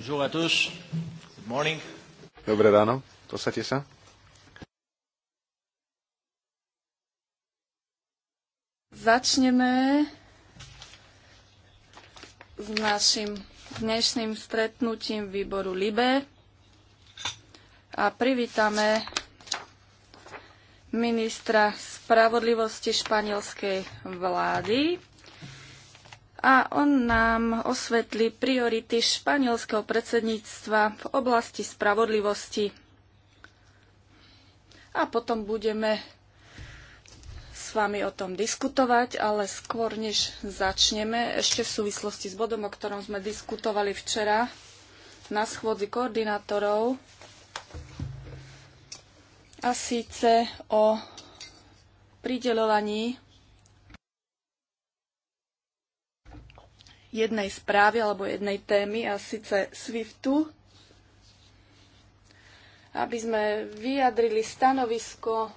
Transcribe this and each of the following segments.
Bonjour à tous. Good morning. Dobré ráno. Posadte sa. Začneme s našim dnešným stretnutím výboru LIBE a privítame ministra spravodlivosti španielskej vlády, a on nám osvetlí priority španielského predsedníctva v oblasti spravodlivosti. A potom budeme s vami o tom diskutovať, ale skôr než začneme, ešte v súvislosti s bodom, o ktorom sme diskutovali včera na schôdzi koordinátorov, a síce o prideľovaní jednej správy alebo jednej témy a síce SWIFTu, aby sme vyjadrili stanovisko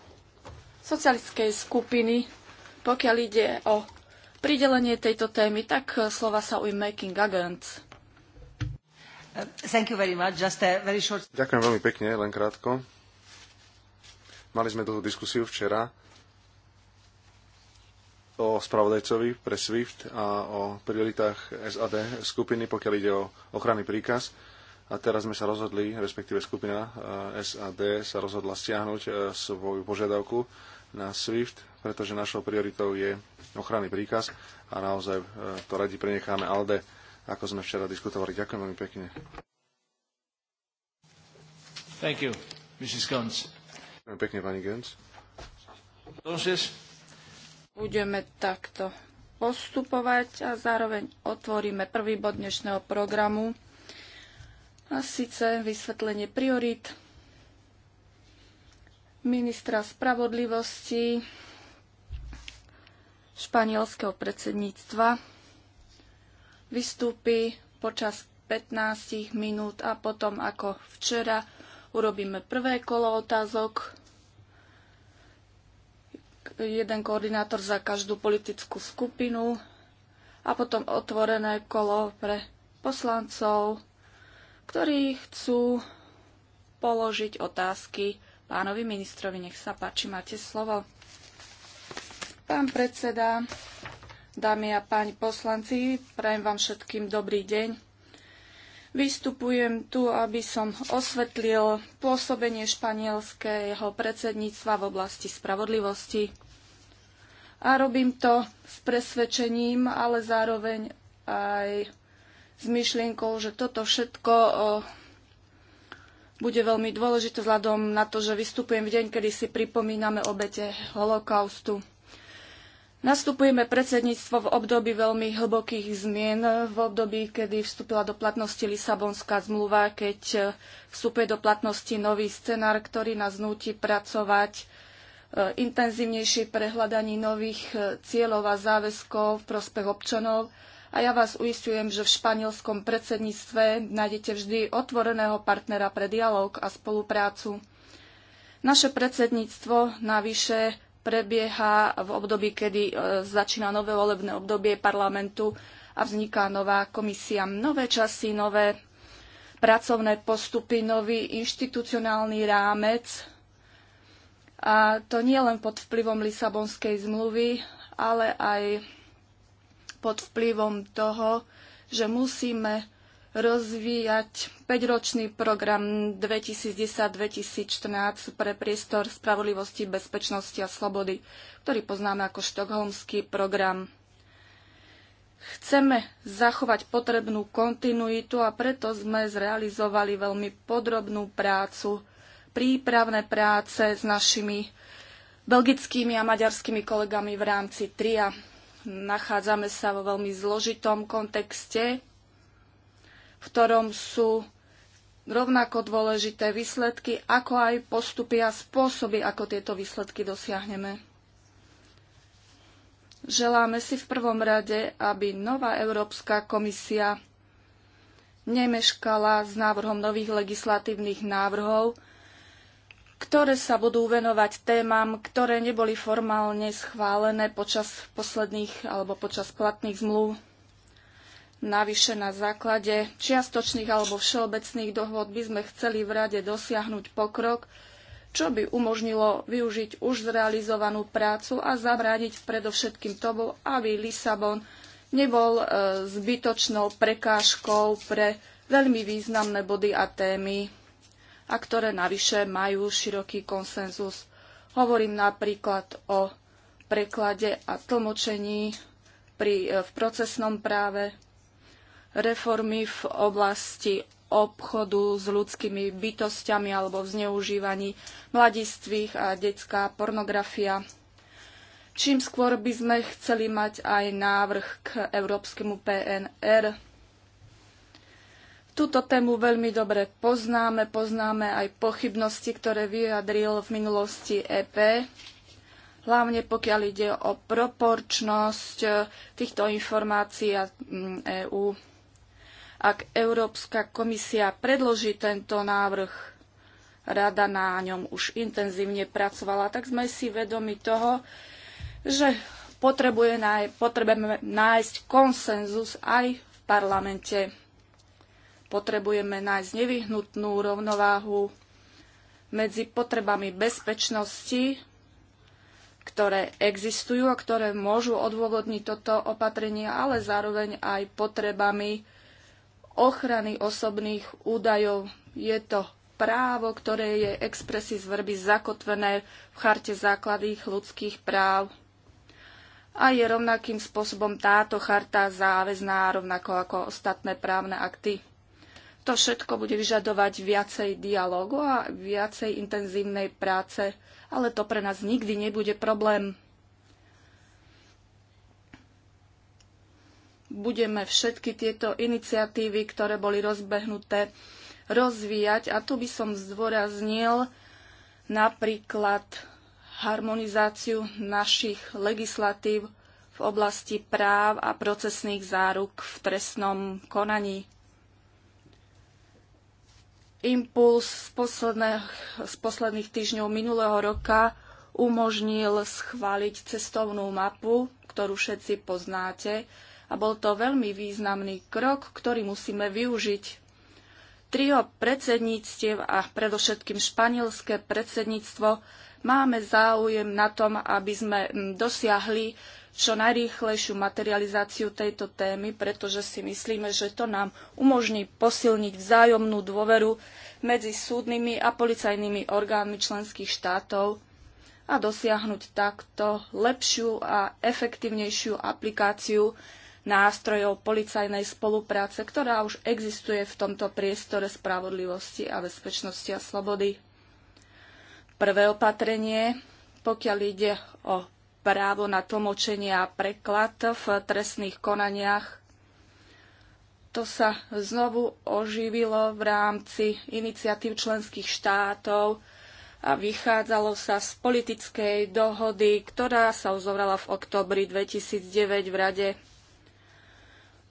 socialistickej skupiny, pokiaľ ide o pridelenie tejto témy, tak slova sa ujme King Agents. Short... Ďakujem veľmi pekne, len krátko. Mali sme dlhú diskusiu včera o spravodajcovi pre SWIFT a o prioritách SAD skupiny, pokiaľ ide o ochranný príkaz. A teraz sme sa rozhodli, respektíve skupina eh, SAD sa rozhodla stiahnuť eh, svoju požiadavku na SWIFT, pretože našou prioritou je ochranný príkaz a naozaj eh, to radi prenecháme ALDE, ako sme včera diskutovali. Ďakujem veľmi pekne. Thank you, Mrs. Guns. Pekne, pani Gens. Entonces, Budeme takto postupovať a zároveň otvoríme prvý bod dnešného programu a síce vysvetlenie priorit ministra spravodlivosti španielského predsedníctva vystúpi počas 15 minút a potom ako včera urobíme prvé kolo otázok jeden koordinátor za každú politickú skupinu a potom otvorené kolo pre poslancov, ktorí chcú položiť otázky pánovi ministrovi. Nech sa páči, máte slovo. Pán predseda, dámy a páni poslanci, prajem vám všetkým dobrý deň. Vystupujem tu, aby som osvetlil pôsobenie španielského predsedníctva v oblasti spravodlivosti. A robím to s presvedčením, ale zároveň aj s myšlienkou, že toto všetko bude veľmi dôležité vzhľadom na to, že vystupujem v deň, kedy si pripomíname obete holokaustu. Nastupujeme predsedníctvo v období veľmi hlbokých zmien, v období, kedy vstúpila do platnosti Lisabonská zmluva, keď vstúpuje do platnosti nový scenár, ktorý nás núti pracovať e, intenzívnejšie prehľadaní nových e, cieľov a záväzkov v prospech občanov. A ja vás uistujem, že v španielskom predsedníctve nájdete vždy otvoreného partnera pre dialog a spoluprácu. Naše predsedníctvo navyše prebieha v období, kedy e, začína nové volebné obdobie parlamentu a vzniká nová komisia. Nové časy, nové pracovné postupy, nový inštitucionálny rámec. A to nie len pod vplyvom Lisabonskej zmluvy, ale aj pod vplyvom toho, že musíme rozvíjať 5-ročný program 2010-2014 pre priestor spravodlivosti, bezpečnosti a slobody, ktorý poznáme ako štokholmský program. Chceme zachovať potrebnú kontinuitu a preto sme zrealizovali veľmi podrobnú prácu, prípravné práce s našimi belgickými a maďarskými kolegami v rámci TRIA. Nachádzame sa vo veľmi zložitom kontexte v ktorom sú rovnako dôležité výsledky, ako aj postupy a spôsoby, ako tieto výsledky dosiahneme. Želáme si v prvom rade, aby nová Európska komisia nemeškala s návrhom nových legislatívnych návrhov, ktoré sa budú venovať témam, ktoré neboli formálne schválené počas posledných alebo počas platných zmluv Navyše na základe čiastočných alebo všeobecných dohôd by sme chceli v rade dosiahnuť pokrok, čo by umožnilo využiť už zrealizovanú prácu a zabrániť predovšetkým tomu, aby Lisabon nebol e, zbytočnou prekážkou pre veľmi významné body a témy, a ktoré navyše majú široký konsenzus. Hovorím napríklad o preklade a tlmočení pri, e, v procesnom práve, reformy v oblasti obchodu s ľudskými bytostiami alebo v zneužívaní mladistvých a detská pornografia. Čím skôr by sme chceli mať aj návrh k európskemu PNR. Túto tému veľmi dobre poznáme, poznáme aj pochybnosti, ktoré vyjadril v minulosti EP, hlavne pokiaľ ide o proporčnosť týchto informácií a mm, EÚ. Ak Európska komisia predloží tento návrh, rada na ňom už intenzívne pracovala, tak sme si vedomi toho, že potrebuje náj, potrebujeme nájsť konsenzus aj v parlamente. Potrebujeme nájsť nevyhnutnú rovnováhu medzi potrebami bezpečnosti, ktoré existujú a ktoré môžu odôvodniť toto opatrenie, ale zároveň aj potrebami ochrany osobných údajov. Je to právo, ktoré je z verby zakotvené v charte základných ľudských práv a je rovnakým spôsobom táto charta záväzná rovnako ako ostatné právne akty. To všetko bude vyžadovať viacej dialogu a viacej intenzívnej práce, ale to pre nás nikdy nebude problém. budeme všetky tieto iniciatívy, ktoré boli rozbehnuté, rozvíjať. A tu by som zdôraznil napríklad harmonizáciu našich legislatív v oblasti práv a procesných záruk v trestnom konaní. Impuls z posledných, z posledných týždňov minulého roka umožnil schváliť cestovnú mapu, ktorú všetci poznáte, a bol to veľmi významný krok, ktorý musíme využiť. Trio predsedníctiev a predovšetkým španielské predsedníctvo máme záujem na tom, aby sme mm, dosiahli čo najrýchlejšiu materializáciu tejto témy, pretože si myslíme, že to nám umožní posilniť vzájomnú dôveru medzi súdnymi a policajnými orgánmi členských štátov a dosiahnuť takto lepšiu a efektívnejšiu aplikáciu nástrojov policajnej spolupráce, ktorá už existuje v tomto priestore spravodlivosti a bezpečnosti a slobody. Prvé opatrenie, pokiaľ ide o právo na tlmočenie a preklad v trestných konaniach, to sa znovu oživilo v rámci iniciatív členských štátov, a vychádzalo sa z politickej dohody, ktorá sa uzovrala v oktobri 2009 v Rade.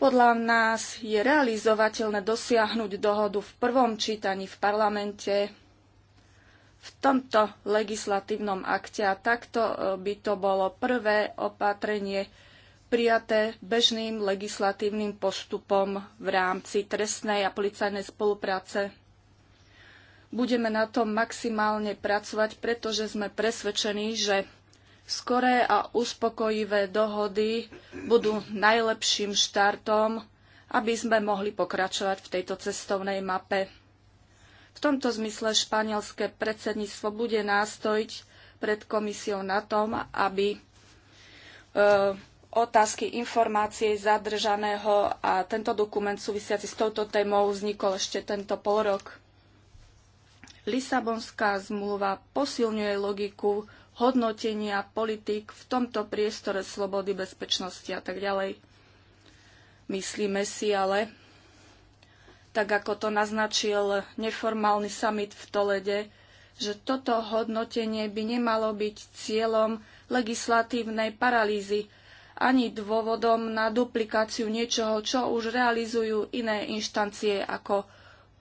Podľa nás je realizovateľné dosiahnuť dohodu v prvom čítaní v parlamente v tomto legislatívnom akte a takto e, by to bolo prvé opatrenie prijaté bežným legislatívnym postupom v rámci trestnej a policajnej spolupráce. Budeme na tom maximálne pracovať, pretože sme presvedčení, že Skoré a uspokojivé dohody budú najlepším štartom, aby sme mohli pokračovať v tejto cestovnej mape. V tomto zmysle španielské predsedníctvo bude nástojiť pred komisiou na tom, aby e, otázky informácie zadržaného a tento dokument súvisiaci s touto témou vznikol ešte tento polrok. Lisabonská zmluva posilňuje logiku hodnotenia politik v tomto priestore slobody, bezpečnosti a tak ďalej. Myslíme si ale, tak ako to naznačil neformálny summit v Tolede, že toto hodnotenie by nemalo byť cieľom legislatívnej paralýzy ani dôvodom na duplikáciu niečoho, čo už realizujú iné inštancie ako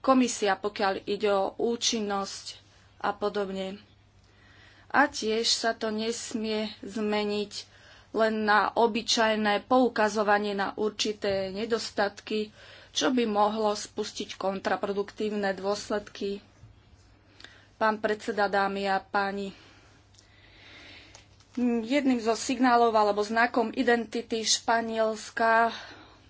komisia, pokiaľ ide o účinnosť a podobne a tiež sa to nesmie zmeniť len na obyčajné poukazovanie na určité nedostatky, čo by mohlo spustiť kontraproduktívne dôsledky. Pán predseda, dámy a páni, jedným zo signálov alebo znakom identity Španielska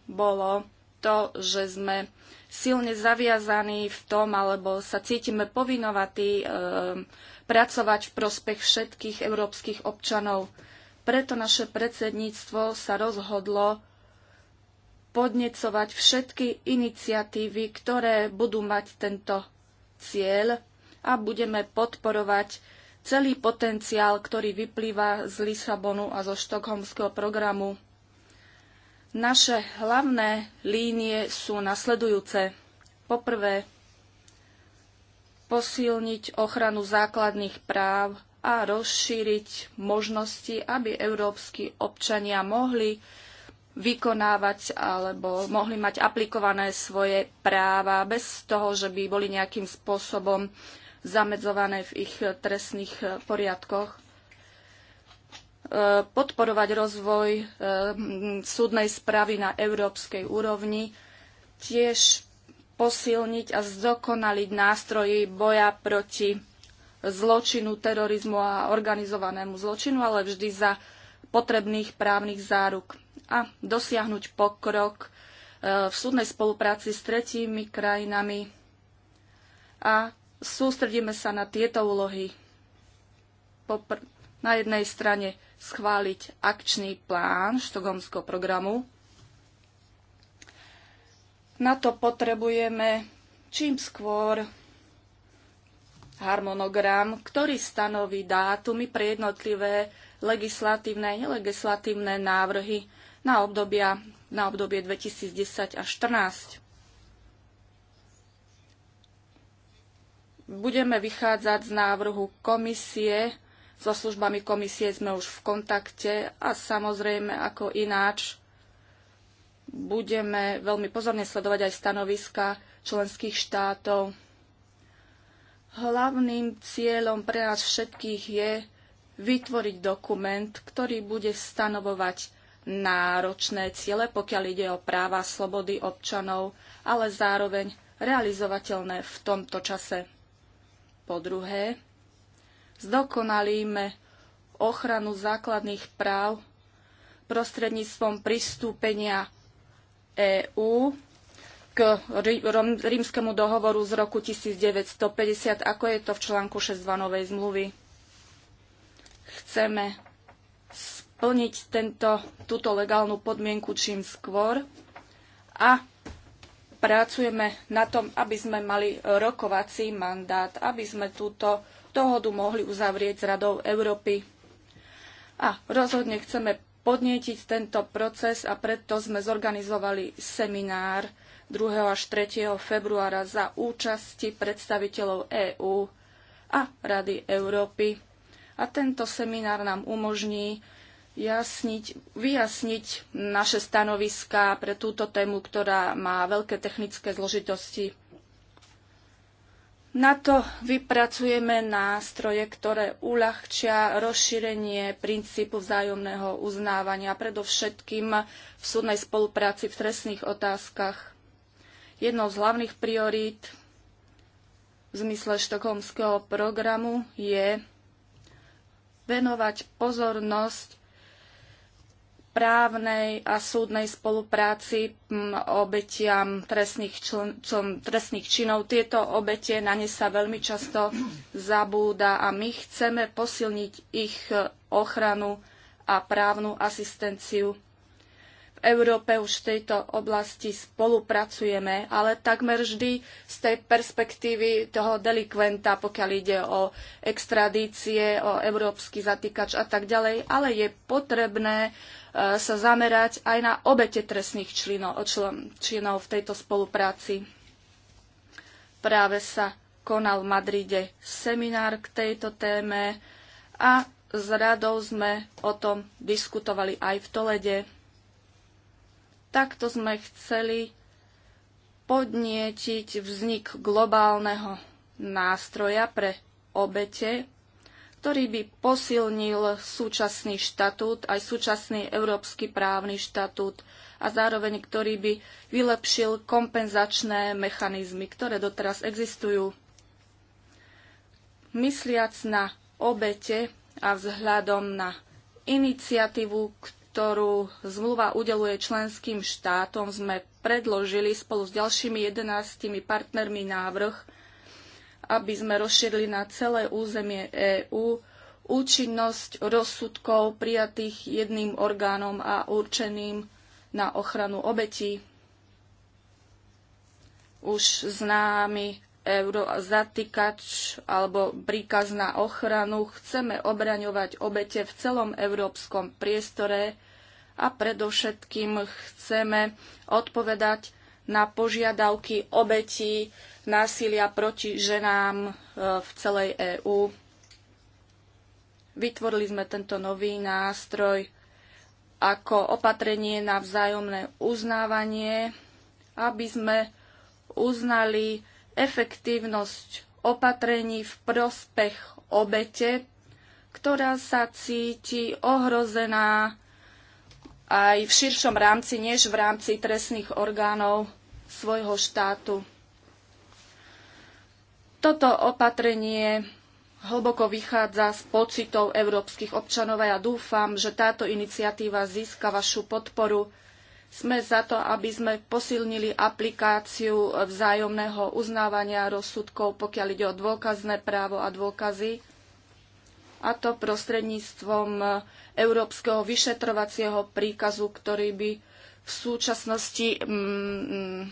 bolo to, že sme silne zaviazaní v tom, alebo sa cítime povinovatí e, eh, pracovať v prospech všetkých európskych občanov. Preto naše predsedníctvo sa rozhodlo podnecovať všetky iniciatívy, ktoré budú mať tento cieľ a budeme podporovať celý potenciál, ktorý vyplýva z Lisabonu a zo štokholmského programu. Naše hlavné línie sú nasledujúce. Poprvé, posilniť ochranu základných práv a rozšíriť možnosti, aby európsky občania mohli vykonávať alebo mohli mať aplikované svoje práva bez toho, že by boli nejakým spôsobom zamedzované v ich trestných eh, poriadkoch eh, podporovať rozvoj eh, súdnej správy na európskej úrovni, tiež posilniť a zdokonaliť nástroji boja proti zločinu, terorizmu a organizovanému zločinu, ale vždy za potrebných právnych záruk a dosiahnuť pokrok e, v súdnej spolupráci s tretími krajinami a sústredíme sa na tieto úlohy. Popr- na jednej strane schváliť akčný plán štogomského programu na to potrebujeme čím skôr harmonogram, ktorý stanoví dátumy pre jednotlivé legislatívne a nelegislatívne návrhy na, obdobia, na obdobie 2010 až 2014. Budeme vychádzať z návrhu komisie. So službami komisie sme už v kontakte a samozrejme ako ináč budeme veľmi pozorne sledovať aj stanoviska členských štátov. Hlavným cieľom pre nás všetkých je vytvoriť dokument, ktorý bude stanovovať náročné ciele, pokiaľ ide o práva a slobody občanov, ale zároveň realizovateľné v tomto čase. Po druhé, zdokonalíme ochranu základných práv prostredníctvom pristúpenia EÚ k rímskemu dohovoru z roku 1950, ako je to v článku 6.2 novej zmluvy. Chceme splniť tento, túto legálnu podmienku čím skôr a pracujeme na tom, aby sme mali rokovací mandát, aby sme túto dohodu mohli uzavrieť s Radou Európy. A rozhodne chceme podnietiť tento proces a preto sme zorganizovali seminár 2. až 3. februára za účasti predstaviteľov EÚ a Rady Európy. A tento seminár nám umožní jasniť, vyjasniť naše stanoviská pre túto tému, ktorá má veľké technické zložitosti. Na to vypracujeme nástroje, ktoré uľahčia rozšírenie princípu vzájomného uznávania, predovšetkým v súdnej spolupráci v trestných otázkach. Jednou z hlavných priorít v zmysle štokholmského programu je venovať pozornosť právnej a súdnej spolupráci mm, obetiam trestných, člen, trestných činov. Tieto obete na ne sa veľmi často zabúda a my chceme posilniť ich e, ochranu a právnu asistenciu. V Európe už v tejto oblasti spolupracujeme, ale takmer vždy z tej perspektívy toho delikventa, pokiaľ ide o extradície, o európsky zatýkač a tak ďalej, ale je potrebné Eh, sa zamerať aj na obete trestných členov, členov v tejto spolupráci. Práve sa konal v Madride seminár k tejto téme a s radou sme o tom diskutovali aj v Tolede. Takto sme chceli podnietiť vznik globálneho nástroja pre obete ktorý by posilnil súčasný štatút, aj súčasný európsky právny štatút a zároveň ktorý by vylepšil kompenzačné mechanizmy, ktoré doteraz existujú. Mysliac na obete a vzhľadom na iniciatívu, ktorú zmluva udeluje členským štátom, sme predložili spolu s ďalšími 11 partnermi návrh, aby sme rozšírili na celé územie EÚ účinnosť rozsudkov prijatých jedným orgánom a určeným na ochranu obetí. Už známy eurozatýkač zatýkač alebo príkaz na ochranu chceme obraňovať obete v celom európskom priestore a predovšetkým chceme odpovedať na požiadavky obetí násilia proti ženám e, v celej EÚ. Vytvorili sme tento nový nástroj ako opatrenie na vzájomné uznávanie, aby sme uznali efektívnosť opatrení v prospech obete, ktorá sa cíti ohrozená aj v širšom rámci, než v rámci trestných orgánov svojho štátu. Toto opatrenie hlboko vychádza z pocitov európskych občanov a ja dúfam, že táto iniciatíva získa vašu podporu. Sme za to, aby sme posilnili aplikáciu vzájomného uznávania rozsudkov, pokiaľ ide o dôkazné právo a dôkazy a to prostredníctvom e, Európskeho vyšetrovacieho príkazu, ktorý by v súčasnosti mm, mm,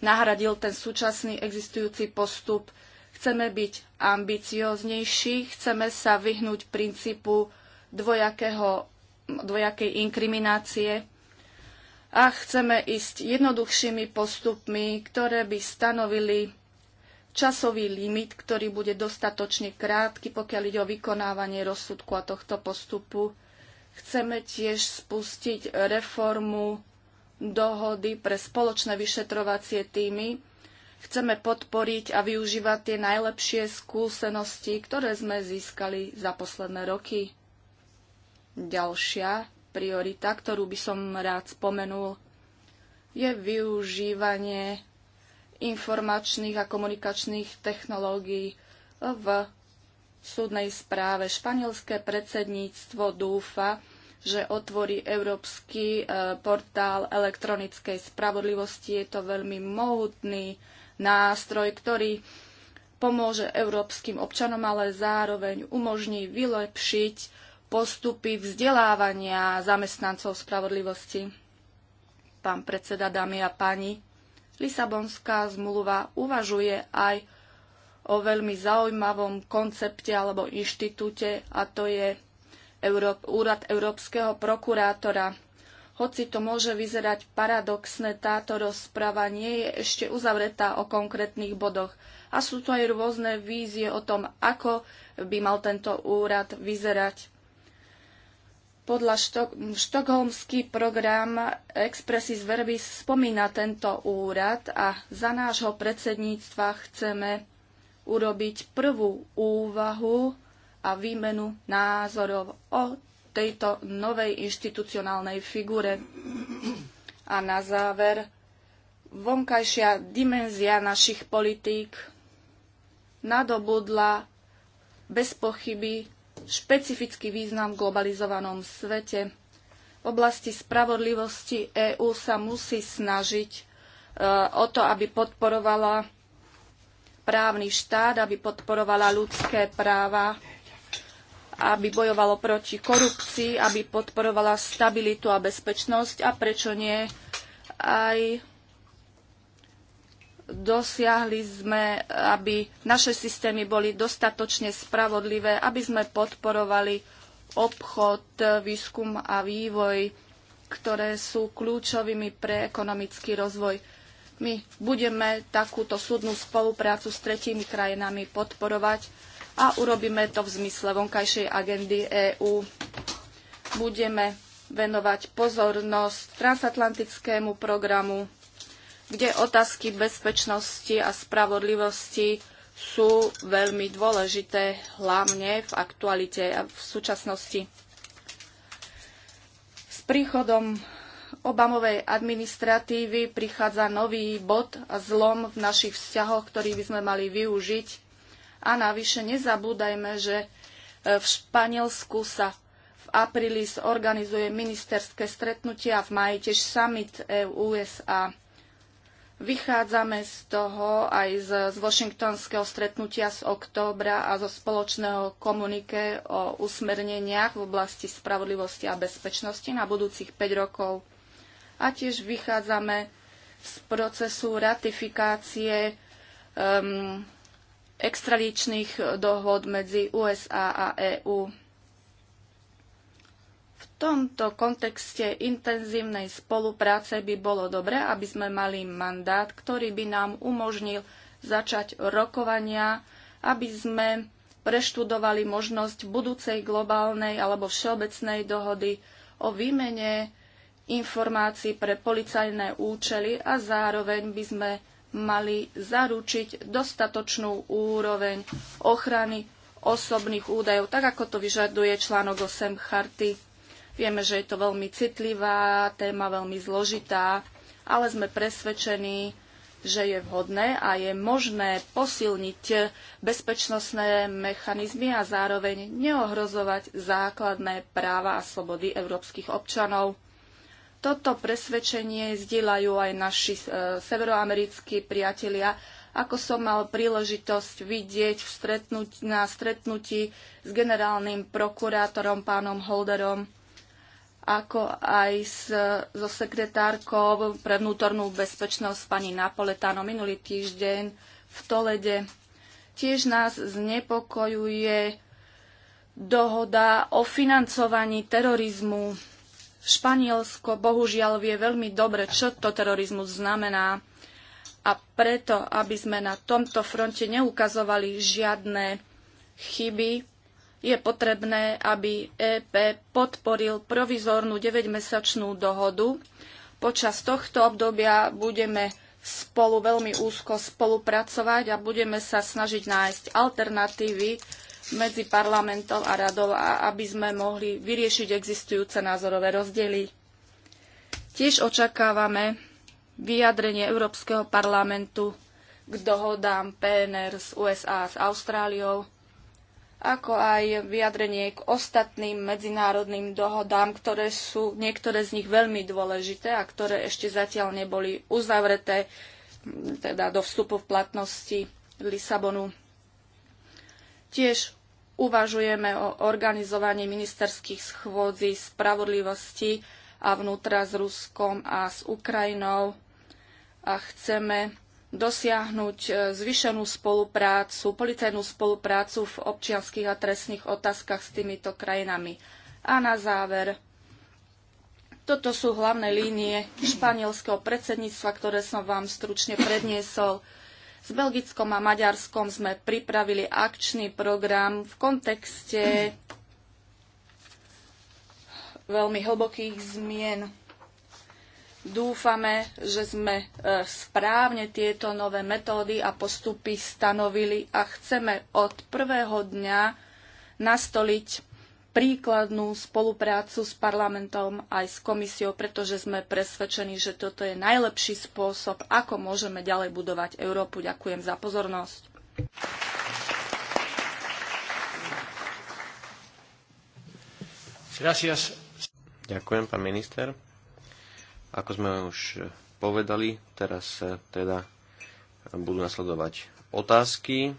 nahradil ten súčasný existujúci postup. Chceme byť ambicioznejší, chceme sa vyhnúť princípu dvojakého, dvojakej inkriminácie a chceme ísť jednoduchšími postupmi, ktoré by stanovili časový limit, ktorý bude dostatočne krátky, pokiaľ ide o vykonávanie rozsudku a tohto postupu. Chceme tiež spustiť reformu dohody pre spoločné vyšetrovacie týmy. Chceme podporiť a využívať tie najlepšie skúsenosti, ktoré sme získali za posledné roky. Ďalšia priorita, ktorú by som rád spomenul, je využívanie informačných a komunikačných technológií v súdnej správe. Španielské predsedníctvo dúfa, že otvorí Európsky e, portál elektronickej spravodlivosti. Je to veľmi mohutný nástroj, ktorý pomôže európskym občanom, ale zároveň umožní vylepšiť postupy vzdelávania zamestnancov spravodlivosti. Pán predseda, dámy a páni, Lisabonská zmluva uvažuje aj o veľmi zaujímavom koncepte alebo inštitúte a to je Európ- Úrad Európskeho prokurátora. Hoci to môže vyzerať paradoxne, táto rozprava nie je ešte uzavretá o konkrétnych bodoch. A sú tu aj rôzne vízie o tom, ako by mal tento úrad vyzerať. Podľa štok- štokholmský program Expressis Verbis spomína tento úrad a za nášho predsedníctva chceme urobiť prvú úvahu a výmenu názorov o tejto novej inštitucionálnej figure. A na záver vonkajšia dimenzia našich politík nadobudla bez pochyby špecifický význam v globalizovanom svete. V oblasti spravodlivosti EÚ sa musí snažiť e, o to, aby podporovala právny štát, aby podporovala ľudské práva, aby bojovalo proti korupcii, aby podporovala stabilitu a bezpečnosť a prečo nie aj dosiahli sme, aby naše systémy boli dostatočne spravodlivé, aby sme podporovali obchod, výskum a vývoj, ktoré sú kľúčovými pre ekonomický rozvoj. My budeme takúto súdnu spoluprácu s tretími krajinami podporovať a urobíme to v zmysle vonkajšej agendy EÚ. Budeme venovať pozornosť transatlantickému programu kde otázky bezpečnosti a spravodlivosti sú veľmi dôležité, hlavne v aktualite a v súčasnosti. S príchodom Obamovej administratívy prichádza nový bod a zlom v našich vzťahoch, ktorý by sme mali využiť. A navyše nezabúdajme, že e, v Španielsku sa v apríli zorganizuje ministerské stretnutie a v maji tiež summit EU-USA. Vychádzame z toho aj z, z Washingtonského stretnutia z októbra a zo spoločného komunike o usmerneniach v oblasti spravodlivosti a bezpečnosti na budúcich 5 rokov. A tiež vychádzame z procesu ratifikácie um, extradičných dohod medzi USA a EÚ tomto kontexte intenzívnej spolupráce by bolo dobré, aby sme mali mandát, ktorý by nám umožnil začať rokovania, aby sme preštudovali možnosť budúcej globálnej alebo všeobecnej dohody o výmene informácií pre policajné účely a zároveň by sme mali zaručiť dostatočnú úroveň ochrany osobných údajov, tak ako to vyžaduje článok 8 charty Vieme, že je to veľmi citlivá téma, veľmi zložitá, ale sme presvedčení, že je vhodné a je možné posilniť bezpečnostné mechanizmy a zároveň neohrozovať základné práva a slobody európskych občanov. Toto presvedčenie zdieľajú aj naši e, severoamerickí priatelia, ako som mal príležitosť vidieť v stretnutí, na stretnutí s generálnym prokurátorom pánom Holderom ako aj s, so sekretárkou pre vnútornú bezpečnosť pani Napoletano minulý týždeň v Tolede. Tiež nás znepokojuje dohoda o financovaní terorizmu. Španielsko bohužiaľ vie veľmi dobre, čo to terorizmus znamená a preto, aby sme na tomto fronte neukazovali žiadne chyby, je potrebné, aby EP podporil provizórnu 9-mesačnú dohodu. Počas tohto obdobia budeme spolu veľmi úzko spolupracovať a budeme sa snažiť nájsť alternatívy medzi parlamentom a radou, aby sme mohli vyriešiť existujúce názorové rozdiely. Tiež očakávame vyjadrenie Európskeho parlamentu k dohodám PNR s USA a s Austráliou ako aj vyjadrenie k ostatným medzinárodným dohodám, ktoré sú niektoré z nich veľmi dôležité a ktoré ešte zatiaľ neboli uzavreté teda do vstupu v platnosti Lisabonu. Tiež uvažujeme o organizovaní ministerských schôdzí spravodlivosti a vnútra s Ruskom a s Ukrajinou a chceme dosiahnuť e, zvyšenú spoluprácu, policajnú spoluprácu v občianských a trestných otázkach s týmito krajinami. A na záver, toto sú hlavné línie španielského predsedníctva, ktoré som vám stručne predniesol. S Belgickom a Maďarskom sme pripravili akčný program v kontekste veľmi hlbokých zmien Dúfame, že sme e, správne tieto nové metódy a postupy stanovili a chceme od prvého dňa nastoliť príkladnú spoluprácu s parlamentom aj s komisiou, pretože sme presvedčení, že toto je najlepší spôsob, ako môžeme ďalej budovať Európu. Ďakujem za pozornosť. Ďakujem, pán minister. Ako sme už e, povedali, teraz e, teda budú nasledovať otázky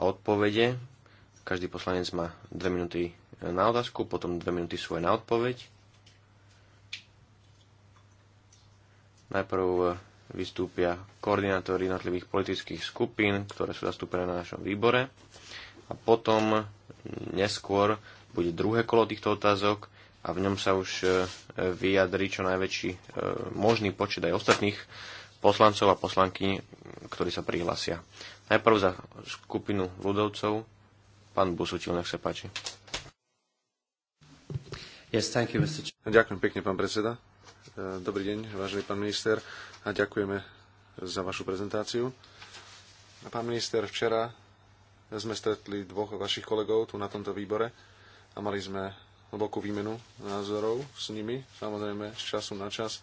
a odpovede. Každý poslanec má dve minúty e, na otázku, potom dve minúty svoje na odpoveď. Najprv vystúpia koordinátori jednotlivých politických skupín, ktoré sú zastúpené na našom výbore. A potom neskôr bude druhé kolo týchto otázok a v ňom sa už e, vyjadri čo najväčší e, možný počet aj ostatných poslancov a poslanky, ktorí sa prihlásia. Najprv za skupinu ľudovcov, pán Busutil, nech sa páči. Yes, thank you, Mr. Ďakujem pekne, pán predseda. E, dobrý deň, vážený pán minister, a ďakujeme za vašu prezentáciu. Pán minister, včera sme stretli dvoch vašich kolegov tu na tomto výbore a mali sme hlbokú výmenu názorov s nimi, samozrejme z času na čas.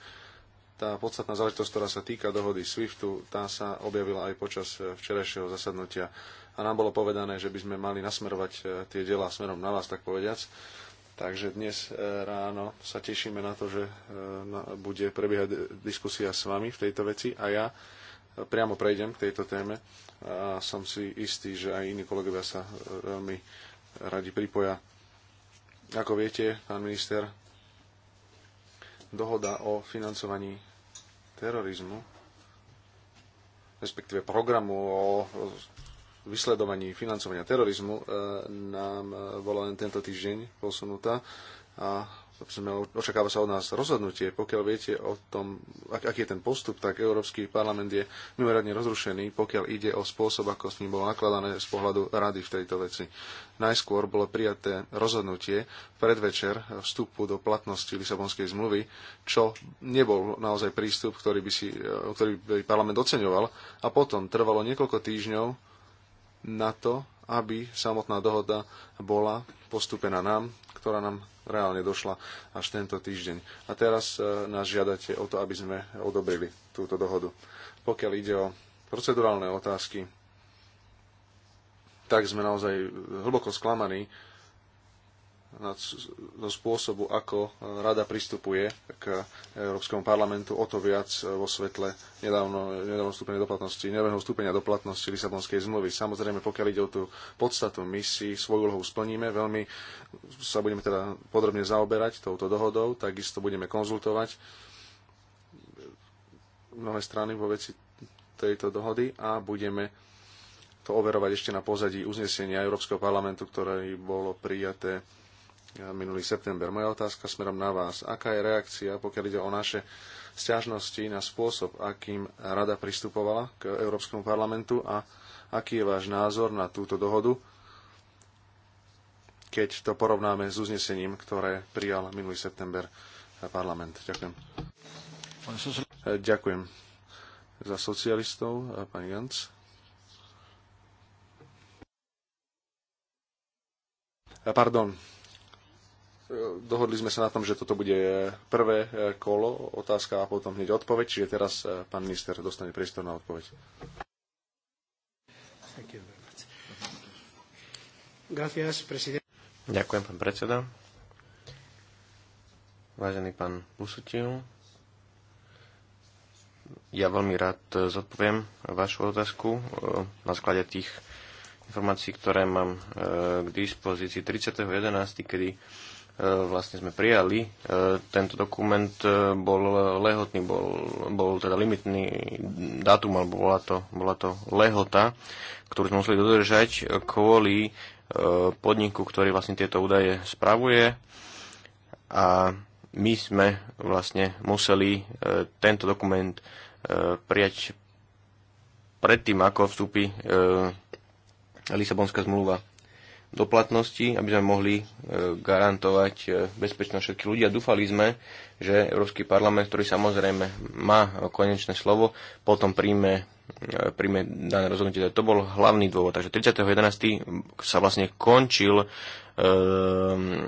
Tá podstatná záležitosť, ktorá sa týka dohody SWIFTu, tá sa objavila aj počas eh, včerajšieho zasadnutia. A nám bolo povedané, že by sme mali nasmerovať eh, tie diela smerom na vás, tak povediac. Takže dnes eh, ráno sa tešíme na to, že bude prebiehať diskusia s vami v tejto veci a ja priamo prejdem k tejto téme a som si istý, že aj iní kolegovia sa veľmi radi pripoja ako viete, pán minister, dohoda o financovaní terorizmu, respektíve programu o vysledovaní financovania terorizmu e, nám e, bola len tento týždeň posunutá a sme, očakáva sa od nás rozhodnutie. Pokiaľ viete o tom, ak, aký je ten postup, tak Európsky parlament je mimoriadne rozrušený, pokiaľ ide o spôsob, ako s ním bolo nakladané z pohľadu rady v tejto veci. Najskôr bolo prijaté rozhodnutie predvečer vstupu do platnosti Lisabonskej zmluvy, čo nebol naozaj prístup, ktorý by, si, e, ktorý by parlament oceňoval. A potom trvalo niekoľko týždňov na to, aby samotná dohoda bola postúpená nám, ktorá nám reálne došla až tento týždeň. A teraz e, nás žiadate o to, aby sme odobrili túto dohodu. Pokiaľ ide o procedurálne otázky, tak sme naozaj hlboko sklamaní, do spôsobu, ako rada pristupuje k Európskemu parlamentu, o to viac e, vo svetle nedávno, nedávno vstúpenia do platnosti, nedávno vstúpenia do platnosti Lisabonskej zmluvy. Samozrejme, pokiaľ ide o tú podstatu, my si svoju úlohu splníme, veľmi sa budeme teda podrobne zaoberať touto dohodou, takisto budeme konzultovať mnohé strany vo veci tejto dohody a budeme to overovať ešte na pozadí uznesenia Európskeho parlamentu, ktoré bolo prijaté minulý september. Moja otázka smerom na vás. Aká je reakcia, pokiaľ ide o naše stiažnosti na spôsob, akým rada pristupovala k Európskemu parlamentu a aký je váš názor na túto dohodu, keď to porovnáme s uznesením, ktoré prijal minulý september parlament. Ďakujem. Ďakujem. Za socialistov, pani Jans. Pardon, Eh, dohodli sme sa na tom, že toto bude eh, prvé eh, kolo, otázka a potom hneď odpoveď, čiže teraz pán minister dostane priestor na odpoveď. Ďakujem, pán predseda. Vážený pán Busutil, ja veľmi rád zodpoviem vašu otázku na sklade tých informácií, ktoré mám k dispozícii 30.11., kedy E, vlastne sme prijali e, tento dokument, e, bol lehotný, bol, bol teda limitný dátum, alebo bola to, bola to lehota, ktorú sme museli dodržať kvôli podniku, ktorý vlastne tieto údaje spravuje a my sme vlastne museli tento dokument prijať predtým, ako vstúpi Lisabonská zmluva do platnosti, aby sme mohli e, garantovať e, bezpečnosť všetkých ľudí a dúfali sme, že Európsky parlament, ktorý samozrejme má konečné slovo, potom príjme, e, príjme dané rozhodnutie. To bol hlavný dôvod. Takže 30.11. sa vlastne končil Ehm,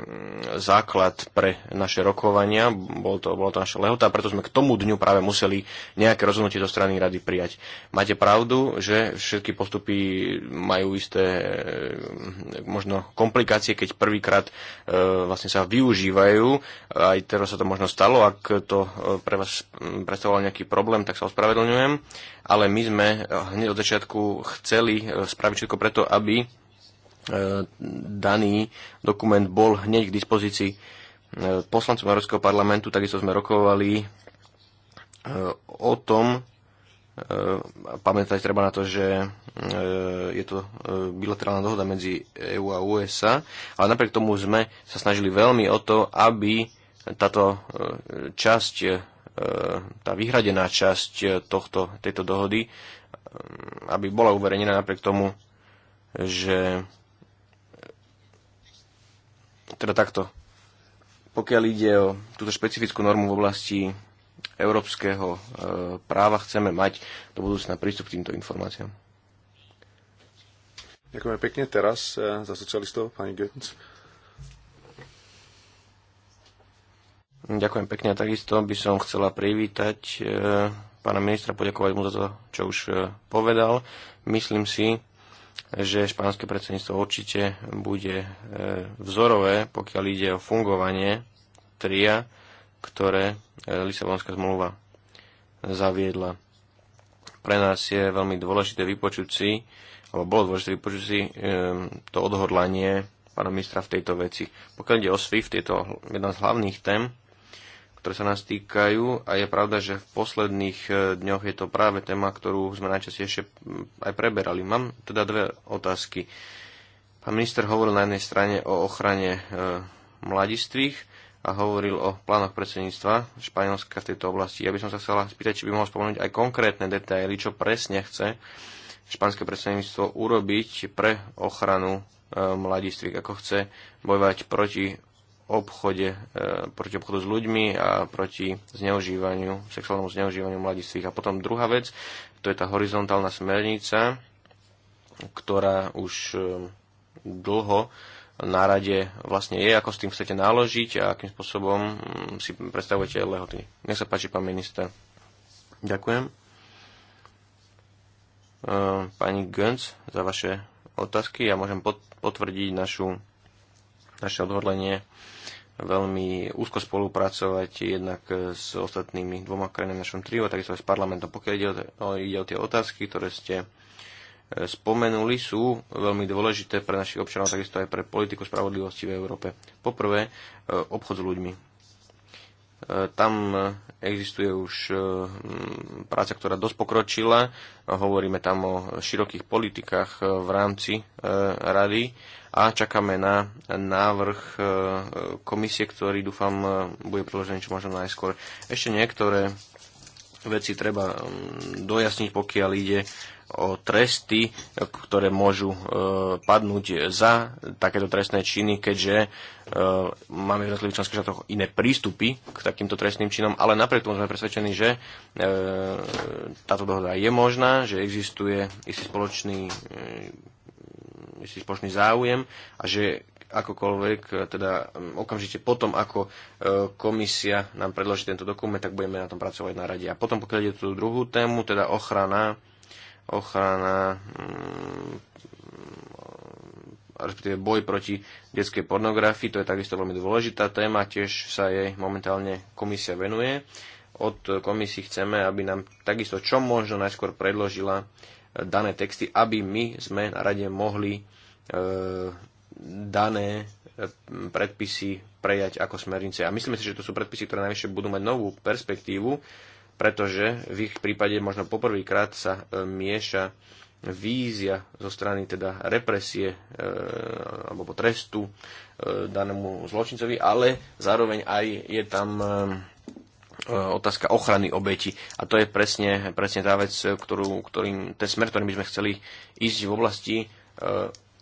základ pre naše rokovania, bolo to, bolo to naša lehota, preto sme k tomu dňu práve museli nejaké rozhodnutie zo strany rady prijať. Máte pravdu, že všetky postupy majú isté ehm, možno komplikácie, keď prvýkrát ehm, vlastne sa využívajú, aj teraz sa to možno stalo, ak to pre vás predstavovalo nejaký problém, tak sa ospravedlňujem, ale my sme eh, hneď od začiatku chceli eh, spraviť všetko preto, aby E, daný dokument bol hneď k dispozícii e, poslancom Európskeho parlamentu, takisto sme rokovali e, o tom, pamätať treba na to, že je to bilaterálna dohoda medzi EU a USA, ale napriek tomu sme sa snažili veľmi o to, aby táto časť, tá vyhradená časť tohto, tejto dohody, aby bola uverejnená napriek tomu, že teda takto. Pokiaľ ide o túto špecifickú normu v oblasti európskeho e, práva, chceme mať do budúcna prístup k týmto informáciám. Ďakujeme pekne. Teraz e, za socialistov, pani Götz. Ďakujem pekne. a Takisto by som chcela privítať e, pána ministra, poďakovať mu za to, čo už povedal. Myslím si, že španské predsedníctvo určite bude e, vzorové, pokiaľ ide o fungovanie tria, ktoré e, Lisabonská zmluva zaviedla. Pre nás je veľmi dôležité vypočuť si, alebo bolo dôležité vypočuť si e, to odhodlanie pána ministra v tejto veci. Pokiaľ ide o SWIFT, je to jedna z hlavných tém, ktoré sa nás týkajú a je pravda, že v posledných e, dňoch je to práve téma, ktorú sme najčastejšie aj preberali. Mám teda dve otázky. Pán minister hovoril na jednej strane o ochrane e, mladistvých a hovoril o plánoch predsedníctva Španielska v tejto oblasti. Ja by som sa chcela spýtať, či by mohol spomenúť aj konkrétne detaily, čo presne chce španské predsedníctvo urobiť pre ochranu e, mladistvých, ako chce bojovať proti obchode, e, proti obchodu s ľuďmi a proti zneužívaniu, sexuálnemu zneužívaniu mladistvých. A potom druhá vec, to je tá horizontálna smernica, ktorá už e, dlho na rade vlastne je, ako s tým chcete naložiť a akým spôsobom mm, si predstavujete lehoty. Nech sa páči, pán minister. Ďakujem. E, pani Gönc, za vaše otázky. Ja môžem potvrdiť našu, naše odhodlenie veľmi úzko spolupracovať jednak s ostatnými dvoma krajinami v našom trio, takisto aj s parlamentom. Pokiaľ ide o, ide o tie otázky, ktoré ste e, spomenuli, sú veľmi dôležité pre našich občanov, takisto aj pre politiku spravodlivosti v Európe. Poprvé, e, obchod s ľuďmi. E, tam existuje už práca, ktorá dosť pokročila. Hovoríme tam o širokých politikách v rámci rady a čakáme na návrh e, komisie, ktorý dúfam e, bude predložený čo možno najskôr. Ešte niektoré veci treba mm, dojasniť, pokiaľ ide o tresty, ktoré môžu e, padnúť za takéto trestné činy, keďže e, máme v jednotlivých členských štátoch iné prístupy k takýmto trestným činom, ale napriek tomu sme presvedčení, že e, táto dohoda je možná, že existuje istý spoločný e, istý spoločný záujem a že akokoľvek, e, teda okamžite potom, ako e, komisia nám predloží tento dokument, tak budeme na tom pracovať na rade. A potom, pokiaľ ide tú druhú tému, teda ochrana, ochrana mm, respektíve boj proti detskej pornografii, to je takisto veľmi dôležitá téma, tiež sa jej momentálne komisia venuje. Od komisii chceme, aby nám takisto čo možno najskôr predložila e, dané texty, aby my sme na rade mohli E, dané e, predpisy prejať ako smernice. A myslíme si, že to sú predpisy, ktoré najvyššie budú mať novú perspektívu, pretože v ich prípade možno poprvýkrát sa e, mieša vízia zo strany teda represie e, alebo trestu e, danému zločincovi, ale zároveň aj je tam e, otázka ochrany obeti. A to je presne, presne tá vec, ktorú, ktorým, ten smer, ktorým by sme chceli ísť v oblasti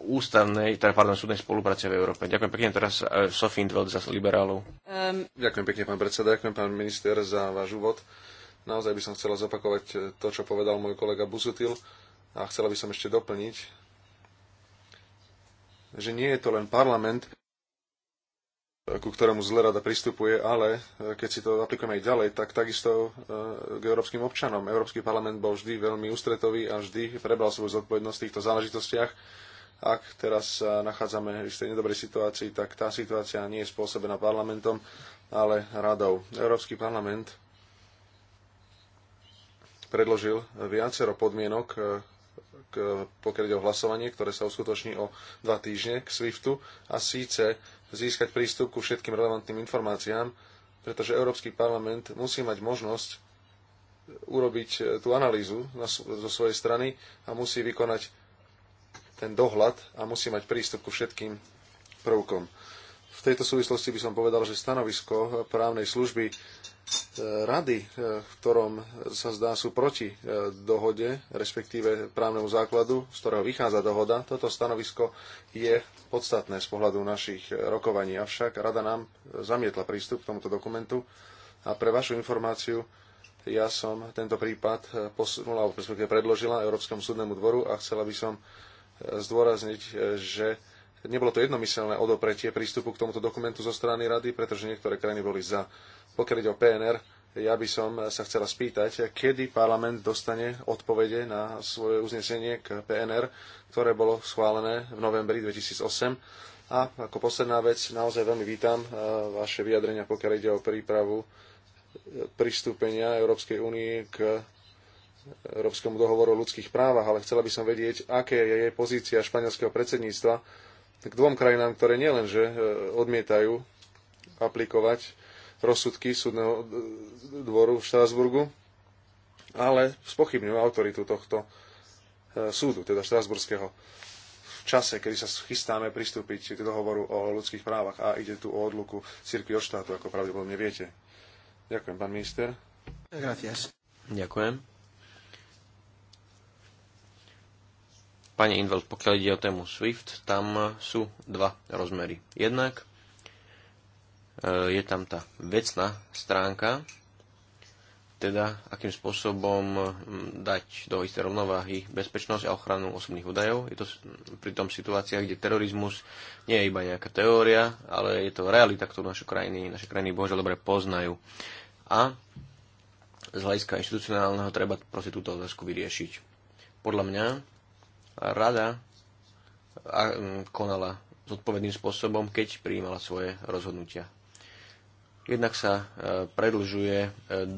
ústavnej, teda pardon, súdnej spolupráce v Európe. Ďakujem pekne teraz e, Sofín Dveld za liberálov. Um... Ďakujem pekne, pán predseda, ďakujem pán minister za váš úvod. Naozaj by som chcela zopakovať e, to, čo povedal môj kolega Busutil a chcela by som ešte doplniť, že nie je to len parlament, e, ku ktorému zle rada pristupuje, ale keď si to aplikujeme aj ďalej, tak takisto k európskym občanom. Európsky parlament bol vždy veľmi ústretový a vždy prebral svoju zodpovednosť v týchto záležitostiach ak teraz sa e, nachádzame v istej nedobrej situácii, tak tá situácia nie je spôsobená parlamentom, ale radou. Európsky parlament predložil viacero podmienok, e, k, pokiaľ ide o hlasovanie, ktoré sa uskutoční o dva týždne k SWIFTu, a síce získať prístup ku všetkým relevantným informáciám, pretože Európsky parlament musí mať možnosť urobiť e, tú analýzu zo svojej strany a musí vykonať ten dohľad a musí mať prístup ku všetkým prvkom. V tejto súvislosti by som povedal, že stanovisko právnej služby e, rady, e, v ktorom sa zdá sú proti e, dohode, respektíve právnemu základu, z ktorého vychádza dohoda. Toto stanovisko je podstatné z pohľadu našich rokovaní, avšak rada nám zamietla prístup k tomuto dokumentu a pre vašu informáciu ja som tento prípad posunula, alebo predložila Európskom súdnemu dvoru a chcela by som zdôrazniť, e, že nebolo to jednomyselné odopretie prístupu k tomuto dokumentu zo strany rady, pretože niektoré krajiny boli za. Pokiaľ ide o PNR, ja by som sa chcela spýtať, kedy parlament dostane odpovede na svoje uznesenie k PNR, ktoré bolo schválené v novembri 2008. A ako posledná vec, naozaj veľmi vítam e, vaše vyjadrenia, pokiaľ ide o prípravu e, pristúpenia Európskej únie k Európskemu dohovoru o ľudských právach, ale chcela by som vedieť, aké je jej pozícia španielského predsedníctva k dvom krajinám, ktoré nielenže e, odmietajú aplikovať rozsudky súdneho e, dvoru v Štrasburgu, ale spochybňujú autoritu tohto e, súdu, teda Štrasburského, v čase, kedy sa chystáme pristúpiť k dohovoru o ľudských právach a ide tu o odluku cirkvi od štátu, ako pravdepodobne viete. Ďakujem, pán minister. Gracias. Ďakujem. kampane Inveld, pokiaľ ide o tému SWIFT, tam sú dva rozmery. Jednak e, je tam tá vecná stránka, teda akým spôsobom dať do istej rovnováhy bezpečnosť a ochranu osobných údajov. Je to pri tom situácia, kde terorizmus nie je iba nejaká teória, ale je to realita, ktorú naše krajiny, naše krajiny bohužiaľ dobre poznajú. A z hľadiska inštitucionálneho treba proste túto otázku vyriešiť. Podľa mňa rada mm, konala zodpovedným spôsobom, keď prijímala svoje rozhodnutia. Jednak sa e, predlžuje e,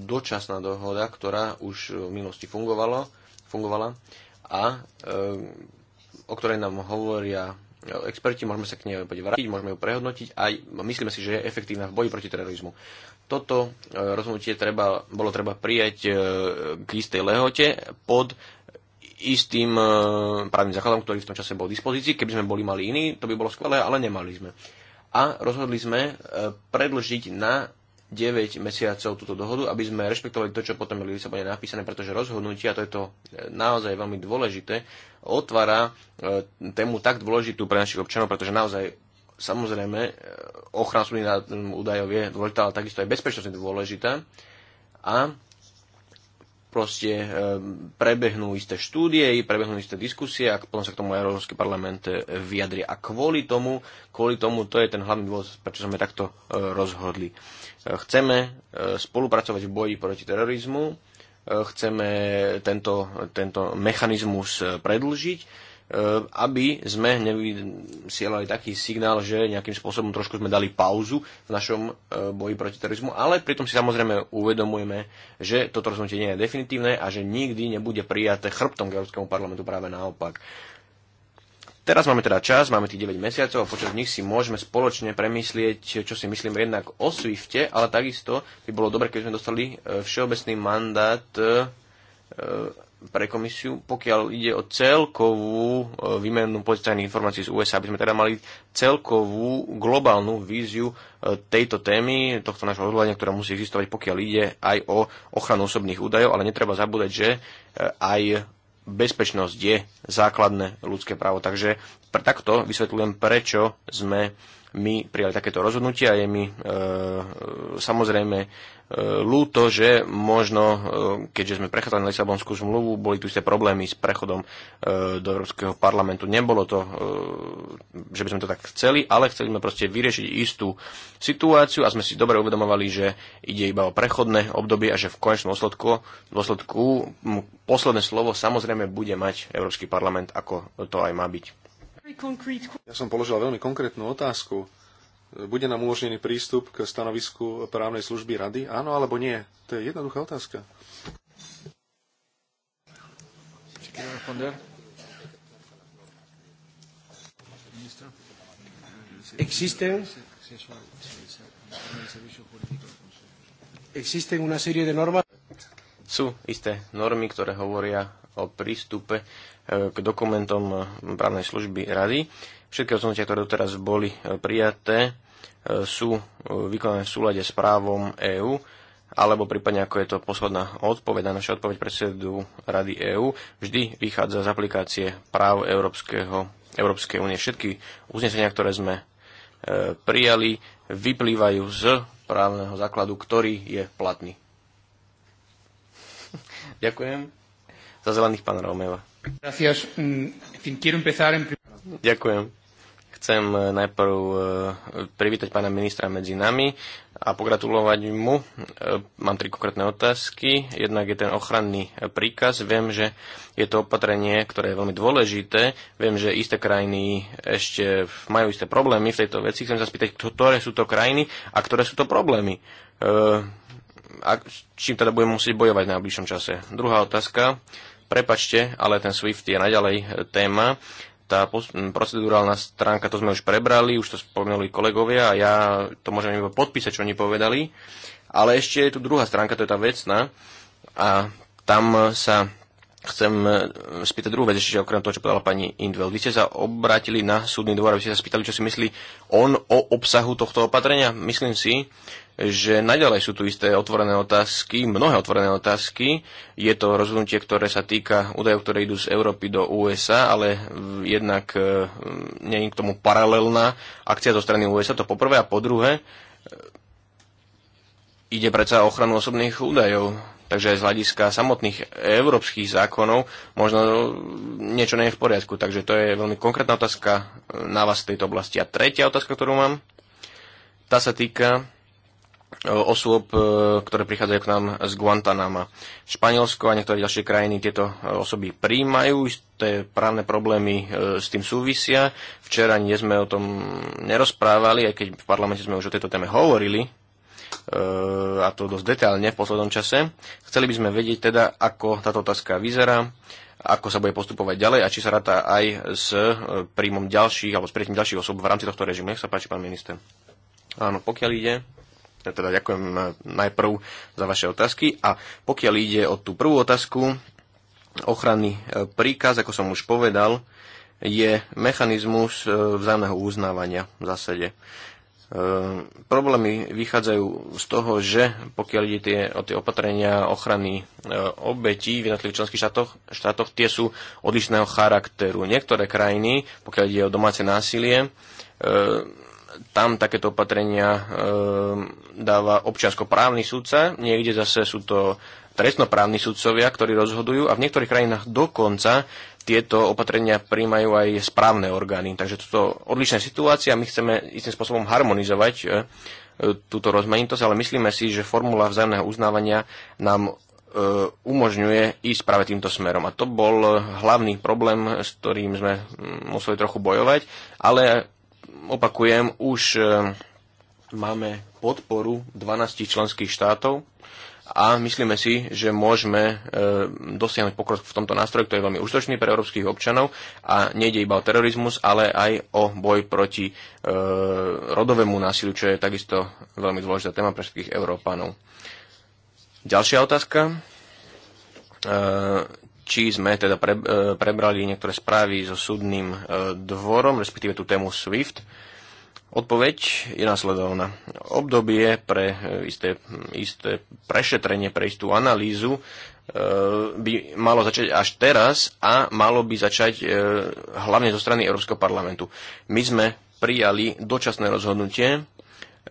dočasná dohoda, ktorá už v minulosti fungovala, fungovala a e, o ktorej nám hovoria experti, môžeme sa k nej opäť vrátiť, môžeme ju prehodnotiť a myslíme si, že je efektívna v boji proti terorizmu. Toto rozhodnutie treba, bolo treba prijať k istej lehote pod istým e, právnym základom, ktorý v tom čase bol v dispozícii. Keby sme boli mali iný, to by bolo skvelé, ale nemali sme. A rozhodli sme e, predlžiť na 9 mesiacov túto dohodu, aby sme rešpektovali to, čo potom je v Lisabone napísané, pretože rozhodnutie, a to je to naozaj veľmi dôležité, otvára e, tému tak dôležitú pre našich občanov, pretože naozaj samozrejme ochrana súdnych údajov je dôležitá, ale takisto aj bezpečnosť je dôležitá. A proste eh, prebehnú isté štúdie, prebehnú isté diskusie a potom sa k tomu Európsky parlament eh, vyjadri. A kvôli tomu, kvôli tomu, to je ten hlavný dôvod, prečo sme takto eh, rozhodli. Chceme spolupracovať v boji proti terorizmu, chceme tento, tento mechanizmus predlžiť Eh, aby sme nevysielali taký signál, že nejakým spôsobom trošku sme dali pauzu v našom eh, boji proti terorizmu, ale pritom si samozrejme uvedomujeme, že toto rozhodnutie nie je definitívne a že nikdy nebude prijaté chrbtom k Európskemu parlamentu práve naopak. Teraz máme teda čas, máme tých 9 mesiacov a počas nich si môžeme spoločne premyslieť, čo si myslíme jednak o Swifte, ale takisto by bolo dobre, keby sme dostali eh, všeobecný mandát pre komisiu, pokiaľ ide o celkovú e, výmenu policajných informácií z USA, aby sme teda mali celkovú globálnu víziu e, tejto témy, tohto nášho odhľadania, ktorá musí existovať, pokiaľ ide aj o ochranu osobných údajov, ale netreba zabúdať, že e, aj bezpečnosť je základné ľudské právo. Takže takto vysvetľujem, prečo sme my prijali takéto rozhodnutie a je mi e, samozrejme e, ľúto, že možno, e, keďže sme prechádzali na Lisabonskú zmluvu, boli tu isté problémy s prechodom e, do Európskeho parlamentu. Nebolo to, e, že by sme to tak chceli, ale chceli sme proste vyriešiť istú situáciu a sme si dobre uvedomovali, že ide iba o prechodné obdobie a že v konečnom dôsledku, dôsledku posledné slovo samozrejme bude mať Európsky parlament, ako to aj má byť. Ja som položil veľmi konkrétnu otázku. Bude nám umožnený prístup k stanovisku právnej služby rady? Áno alebo nie? To je jednoduchá otázka. Existen existen una serie de normas sú isté normy, ktoré hovoria o prístupe k dokumentom právnej služby rady. Všetky rozhodnutia, ktoré doteraz boli e, prijaté, e, sú e, vykonané v súlade s právom EÚ, alebo prípadne ako je to posledná odpoveď naša odpoveď predsedu Rady EÚ, vždy vychádza z aplikácie práv Európskeho, Európskej únie. Všetky uznesenia, ktoré sme prijali, vyplývajú z právneho základu, ktorý je platný. Ďakujem. Za zelených pán Romeva. Mm, Ďakujem. Chcem eh, najprv eh, privítať pána ministra medzi nami a pogratulovať mu. Eh, mám tri konkrétne otázky. Jednak je ten ochranný príkaz. Viem, že je to opatrenie, ktoré je veľmi dôležité. Viem, že isté krajiny ešte majú isté problémy v tejto veci. Chcem sa spýtať, ktoré sú to krajiny a ktoré sú to problémy. A čím teda budeme musieť bojovať v najbližšom čase? Druhá otázka prepačte, ale ten SWIFT je naďalej e, téma. Tá procedurálna stránka, to sme už prebrali, už to spomenuli kolegovia a ja to môžem iba podpísať, čo oni povedali. Ale ešte je tu druhá stránka, to je tá vecná. A tam sa chcem e, spýtať druhú vec, že okrem toho, čo povedala pani Indvel. Vy ste sa obrátili na súdny dvor, aby ste sa spýtali, čo si myslí on o obsahu tohto opatrenia. Myslím si, že naďalej sú tu isté otvorené otázky, mnohé otvorené otázky. Je to rozhodnutie, ktoré sa týka údajov, ktoré idú z Európy do USA, ale jednak nie je k tomu paralelná akcia zo strany USA, to poprvé. A po druhé, e, ide predsa o ochranu osobných údajov Takže aj z hľadiska samotných európskych zákonov možno niečo nie je v poriadku. Takže to je veľmi konkrétna otázka e, na vás v tejto oblasti. A tretia otázka, ktorú mám, tá sa týka e, osôb, e, ktoré prichádzajú k nám z Guantanama. Španielsko a niektoré ďalšie krajiny tieto osoby príjmajú, isté právne problémy s tým súvisia. Včera nie sme o tom nerozprávali, aj keď v parlamente sme už o tejto téme hovorili, E, a to dosť detailne v poslednom čase. Chceli by sme vedieť teda, ako táto otázka vyzerá, ako sa bude postupovať ďalej a či sa ráta aj s e, príjmom ďalších alebo s príjmom ďalších osob v rámci tohto režimu. Nech sa páči, pán minister. Áno, pokiaľ ide, ja teda ďakujem e, najprv za vaše otázky a pokiaľ ide o tú prvú otázku, ochranný príkaz, ako som už povedal, je mechanizmus vzájomného uznávania v zásade. Ehm, problémy vychádzajú z toho, že pokiaľ ide tie, o tie opatrenia ochrany ehm, obetí v jednotlivých členských štátoch, štátoch, tie sú odlišného charakteru. Niektoré krajiny, pokiaľ ide o domáce násilie, ehm, tam takéto opatrenia dáva občiansko právny súdca, niekde zase sú to trestnoprávni sudcovia, ktorí rozhodujú a v niektorých krajinách dokonca tieto opatrenia príjmajú aj správne orgány. Takže toto odlišná situácia, my chceme istým spôsobom harmonizovať e, e, túto rozmanitosť, ale myslíme si, že formula vzájomného uznávania nám e, umožňuje ísť práve týmto smerom. A to bol hlavný problém, s ktorým sme mm, museli trochu bojovať, ale opakujem, už máme podporu 12 členských štátov a myslíme si, že môžeme e, dosiahnuť pokrok v tomto nástroji, ktorý je veľmi užitočný pre európskych občanov a nejde iba o terorizmus, ale aj o boj proti e, rodovému násiliu, čo je takisto veľmi dôležitá téma pre všetkých Európanov. Ďalšia otázka. E, či sme teda prebrali niektoré správy so súdnym dvorom, respektíve tú tému SWIFT Odpoveď je nasledovná. Obdobie pre e, isté, isté prešetrenie, pre istú analýzu e, by malo začať až teraz a malo by začať e, hlavne zo strany Európskeho parlamentu. My sme prijali dočasné rozhodnutie,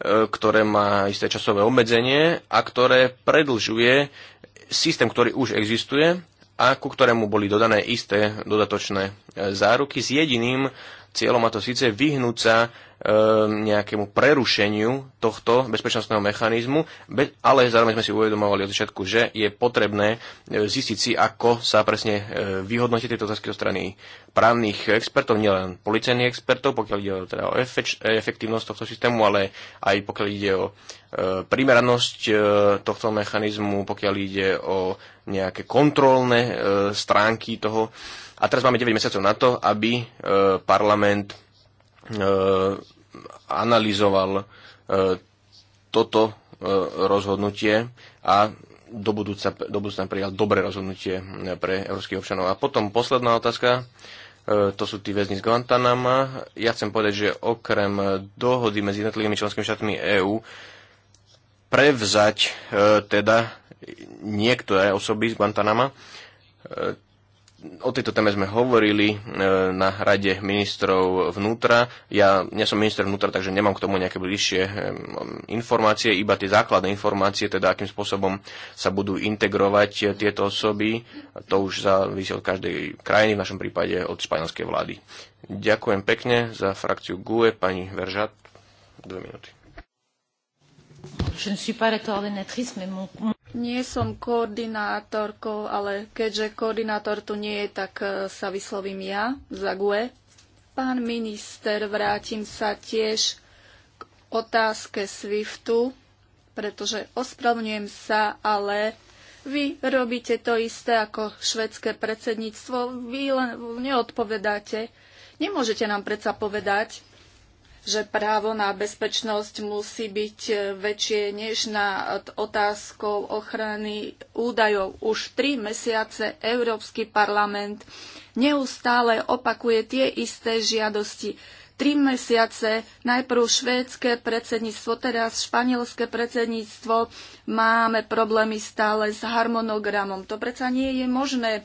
ktoré má isté časové obmedzenie a ktoré predlžuje systém, ktorý už existuje a ku ktorému boli dodané isté dodatočné záruky s jediným cieľom, a to síce vyhnúť sa Ehm, nejakému prerušeniu tohto bezpečnostného mechanizmu, ale zároveň sme si uvedomovali od začiatku, že je potrebné e, zistiť si, ako sa presne e, vyhodnotí tieto otázky zo strany právnych expertov, nielen policajných expertov, pokiaľ ide o, teda o efektívnosť tohto systému, ale aj pokiaľ ide o e, primeranosť tohto mechanizmu, pokiaľ ide o nejaké kontrolné stránky toho. A teraz máme 9 mesiacov na to, aby parlament Eh, analyzoval eh, toto eh, rozhodnutie a do budúca, do budúca prijal dobré rozhodnutie pre európskych občanov. A potom posledná otázka, to sú tí väzni z Guantanama. Ja chcem povedať, že okrem dohody medzi jednotlivými členskými štátmi EÚ prevzať teda niektoré osoby z Guantanama, o tejto téme sme hovorili e, na rade ministrov vnútra. Ja nie som minister vnútra, takže nemám k tomu nejaké bližšie e, informácie, iba tie základné informácie, teda akým spôsobom sa budú integrovať e, tieto osoby. To už závisí od každej krajiny, v našom prípade od španielskej vlády. Ďakujem pekne za frakciu GUE, pani Veržat. Dve minúty. Nie som koordinátorkou, ale keďže koordinátor tu nie je, tak eh, sa vyslovím ja za GUE. Pán minister, vrátim sa tiež k otázke SWIFTu, pretože ospravňujem sa, ale vy robíte to isté ako švedské predsedníctvo. Vy len neodpovedáte. Nemôžete nám predsa povedať, že právo na bezpečnosť musí byť e, väčšie než na otázkou ochrany údajov. Už tri mesiace Európsky parlament neustále opakuje tie isté žiadosti. Tri mesiace, najprv švédske predsedníctvo, teraz španielské predsedníctvo, máme problémy stále s harmonogramom. To predsa nie je možné.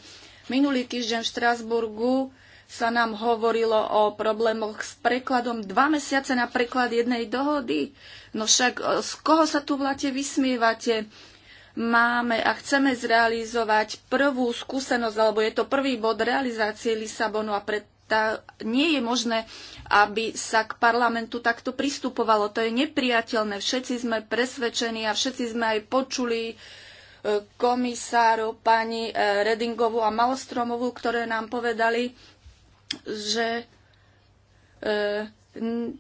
Minulý týždeň v Štrásburgu sa nám hovorilo o problémoch s prekladom dva mesiace na preklad jednej dohody. No však e, z koho sa tu vlate vysmievate? Máme a chceme zrealizovať prvú skúsenosť, alebo je to prvý bod realizácie Lisabonu a pred tá, nie je možné, aby sa k parlamentu takto pristupovalo. To je nepriateľné. Všetci sme presvedčení a všetci sme aj počuli e, komisáru, pani e, Redingovú a Malostromovú, ktoré nám povedali, že e,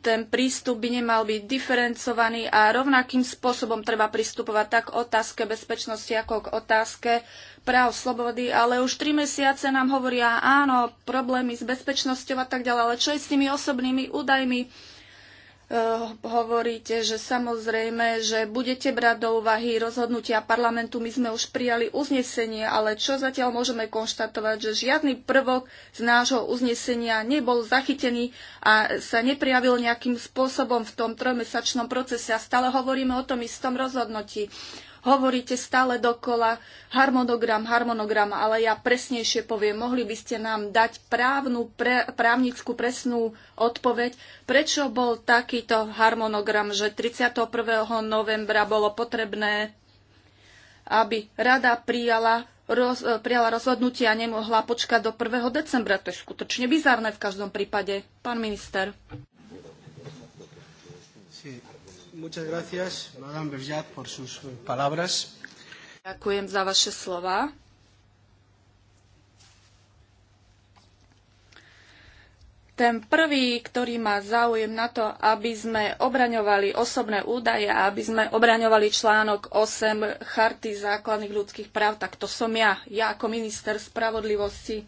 ten prístup by nemal byť diferencovaný a rovnakým spôsobom treba pristupovať tak k otázke bezpečnosti, ako k otázke práv slobody. Ale už tri mesiace nám hovoria, áno, problémy s bezpečnosťou a tak ďalej, ale čo je s tými osobnými údajmi? Eh, hovoríte, že samozrejme, že budete brať do úvahy rozhodnutia parlamentu. My sme už prijali uznesenie, ale čo zatiaľ môžeme konštatovať, že žiadny prvok z nášho uznesenia nebol zachytený a sa neprijavil nejakým spôsobom v tom trojmesačnom procese a stále hovoríme o tom istom rozhodnutí. Hovoríte stále dokola harmonogram, harmonogram, ale ja presnejšie poviem, mohli by ste nám dať právnu, pre, právnickú presnú odpoveď, prečo bol takýto harmonogram, že 31. novembra bolo potrebné, aby rada prijala, roz, prijala rozhodnutie a nemohla počkať do 1. decembra. To je skutočne bizarné v každom prípade. Pán minister. Sí, Muchas gracias, Madame Berjat, por sus eh, palabras. Ďakujem za vaše slova. Ten prvý, ktorý má záujem na to, aby sme obraňovali osobné údaje a aby sme obraňovali článok 8 Charty základných ľudských práv, tak to som ja, ja ako minister spravodlivosti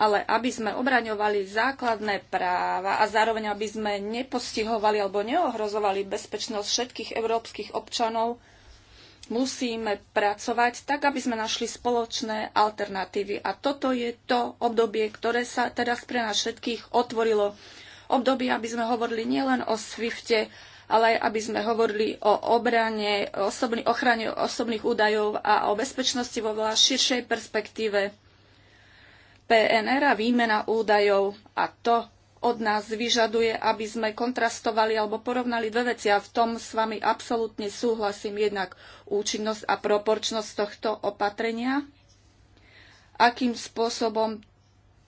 ale aby sme obraňovali základné práva a zároveň aby sme nepostihovali alebo neohrozovali bezpečnosť všetkých európskych občanov, musíme pracovať tak, aby sme našli spoločné alternatívy. A toto je to obdobie, ktoré sa teraz pre nás všetkých otvorilo. Obdobie, aby sme hovorili nielen o Swifte, ale aj aby sme hovorili o obrane, osobný, ochrane osobných údajov a o bezpečnosti vo veľa širšej perspektíve. PNR a výmena údajov. A to od nás vyžaduje, aby sme kontrastovali alebo porovnali dve veci. A v tom s vami absolútne súhlasím jednak účinnosť a proporčnosť tohto opatrenia. Akým spôsobom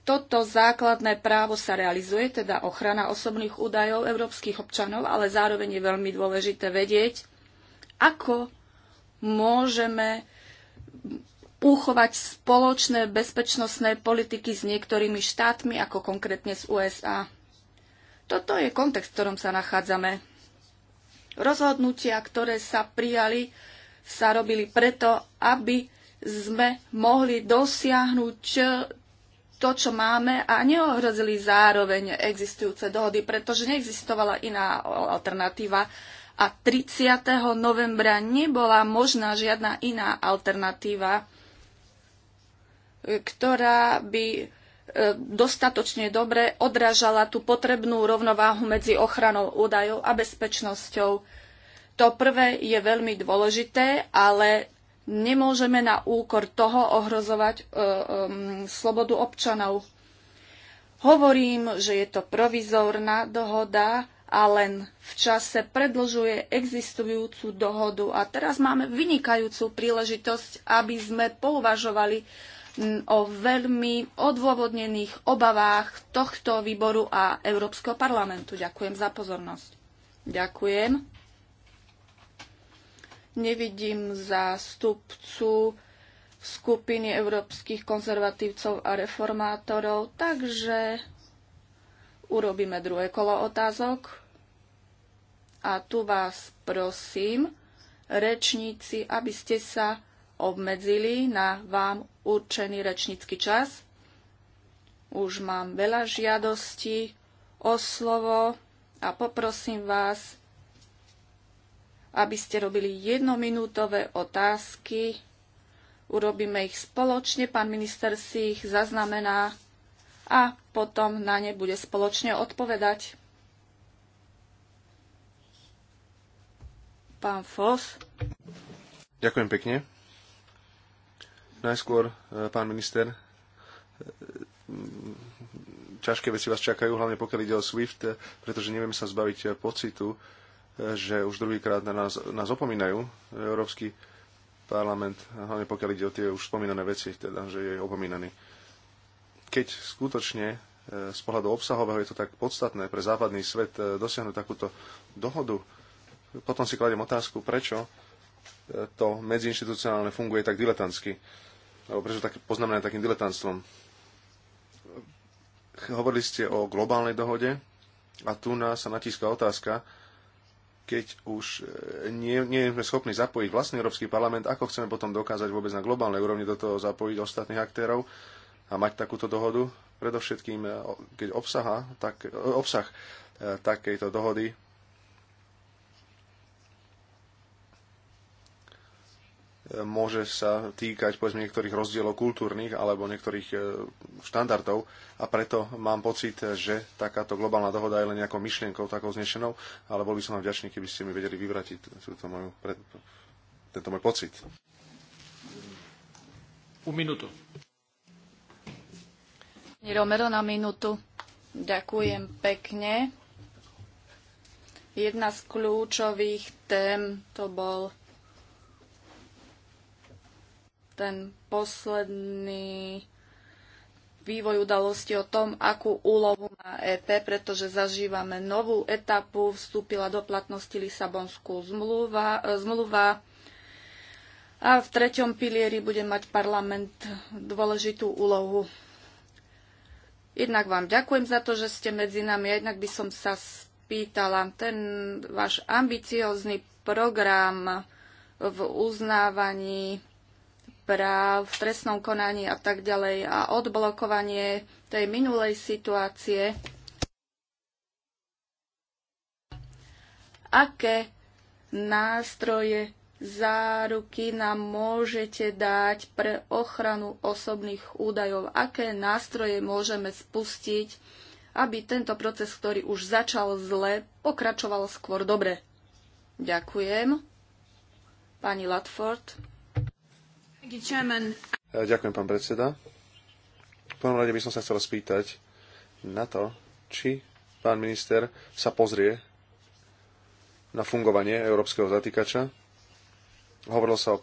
toto základné právo sa realizuje, teda ochrana osobných údajov európskych občanov, ale zároveň je veľmi dôležité vedieť, ako môžeme uchovať spoločné bezpečnostné politiky s niektorými štátmi, ako konkrétne s USA. Toto je kontext, v ktorom sa nachádzame. Rozhodnutia, ktoré sa prijali, sa robili preto, aby sme mohli dosiahnuť to, čo máme a neohrozili zároveň existujúce dohody, pretože neexistovala iná alternatíva a 30. novembra nebola možná žiadna iná alternatíva ktorá by e, dostatočne dobre odrážala tú potrebnú rovnováhu medzi ochranou údajov a bezpečnosťou. To prvé je veľmi dôležité, ale nemôžeme na úkor toho ohrozovať e, e, slobodu občanov. Hovorím, že je to provizórna dohoda a len v čase predlžuje existujúcu dohodu. A teraz máme vynikajúcu príležitosť, aby sme pouvažovali o veľmi odôvodnených obavách tohto výboru a Európskeho parlamentu. Ďakujem za pozornosť. Ďakujem. Nevidím zástupcu skupiny európskych konzervatívcov a reformátorov, takže urobíme druhé kolo otázok. A tu vás prosím, rečníci, aby ste sa obmedzili na vám určený rečnícky čas. Už mám veľa žiadostí o slovo a poprosím vás, aby ste robili jednominútové otázky. Urobíme ich spoločne, pán minister si ich zaznamená a potom na ne bude spoločne odpovedať. Pán Fos. Ďakujem pekne. Najskôr, e, pán minister, e, ťažké veci vás čakajú, hlavne pokiaľ ide o SWIFT, e, pretože nevieme sa zbaviť pocitu, že už druhýkrát na nás, nás opomínajú Európsky parlament, hlavne pokiaľ ide o tie už spomínané veci, teda, že je opomínaný. Keď skutočne z pohľadu obsahového je to tak podstatné pre západný svet dosiahnuť takúto dohodu, potom si kladem otázku, prečo to medziinstitucionálne funguje tak diletantsky alebo prečo tak poznamené takým diletantstvom. Hovorili ste o globálnej dohode a tu nás sa natíska otázka, keď už e, nie, nie sme schopní zapojiť vlastný Európsky parlament, ako chceme potom dokázať vôbec na globálnej úrovni do toho zapojiť ostatných aktérov a mať takúto dohodu, predovšetkým e, keď obsaha, tak, e, obsah takejto dohody môže sa týkať povedzme niektorých rozdielov kultúrnych alebo niektorých e, štandardov a preto mám pocit, že takáto globálna dohoda je len nejakou myšlienkou takou znešenou, ale bol by som vám vďačný, keby ste mi vedeli vyvratiť túto moju, tento môj pocit. U minútu. Romero na minútu. Ďakujem pekne. Jedna z kľúčových tém to bol ten posledný vývoj udalosti o tom, akú úlohu má EP, pretože zažívame novú etapu. Vstúpila do platnosti Lisabonskú zmluva, e, zmluva a v treťom pilieri bude mať parlament dôležitú úlohu. Jednak vám ďakujem za to, že ste medzi nami. a Jednak by som sa spýtala, ten váš ambiciózny program v uznávaní práv v trestnom konaní a tak ďalej a odblokovanie tej minulej situácie. Aké nástroje záruky nám môžete dať pre ochranu osobných údajov? Aké nástroje môžeme spustiť, aby tento proces, ktorý už začal zle, pokračoval skôr dobre? Ďakujem. Pani Latford. Ďakujem, pán predseda. V prvom rade by som sa chcel spýtať na to, či pán minister sa pozrie na fungovanie európskeho zatýkača. Hovorilo sa o e,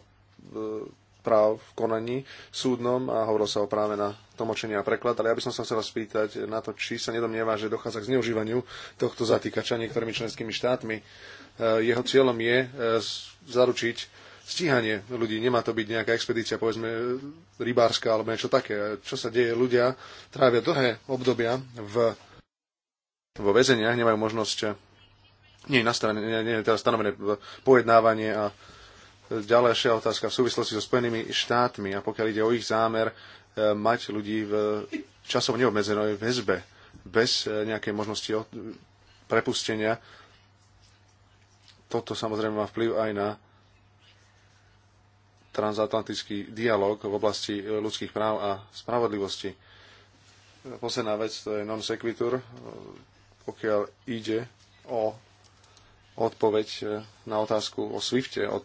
práv v konaní súdnom a hovorilo sa o práve na tlmočenie a preklad, ale ja by som sa chcel spýtať na to, či sa nedomnieva, že dochádza k zneužívaniu tohto zatýkača niektorými členskými štátmi. E, jeho cieľom je e, zaručiť stíhanie ľudí. Nemá to byť nejaká expedícia, povedzme, rybárska alebo niečo také. Čo sa deje? Ľudia trávia dlhé obdobia v, vo väzeniach, nemajú možnosť, nie je, nastavené, nie je teraz stanovené pojednávanie a ďalšia otázka v súvislosti so Spojenými štátmi a pokiaľ ide o ich zámer eh, mať ľudí v časov neobmedzenej väzbe bez eh, nejakej možnosti prepustenia. Toto samozrejme má vplyv aj na transatlantický dialog v oblasti e, ľudských práv a spravodlivosti. Posledná vec to je non sequitur, e, pokiaľ ide o odpoveď e, na otázku o Swifte od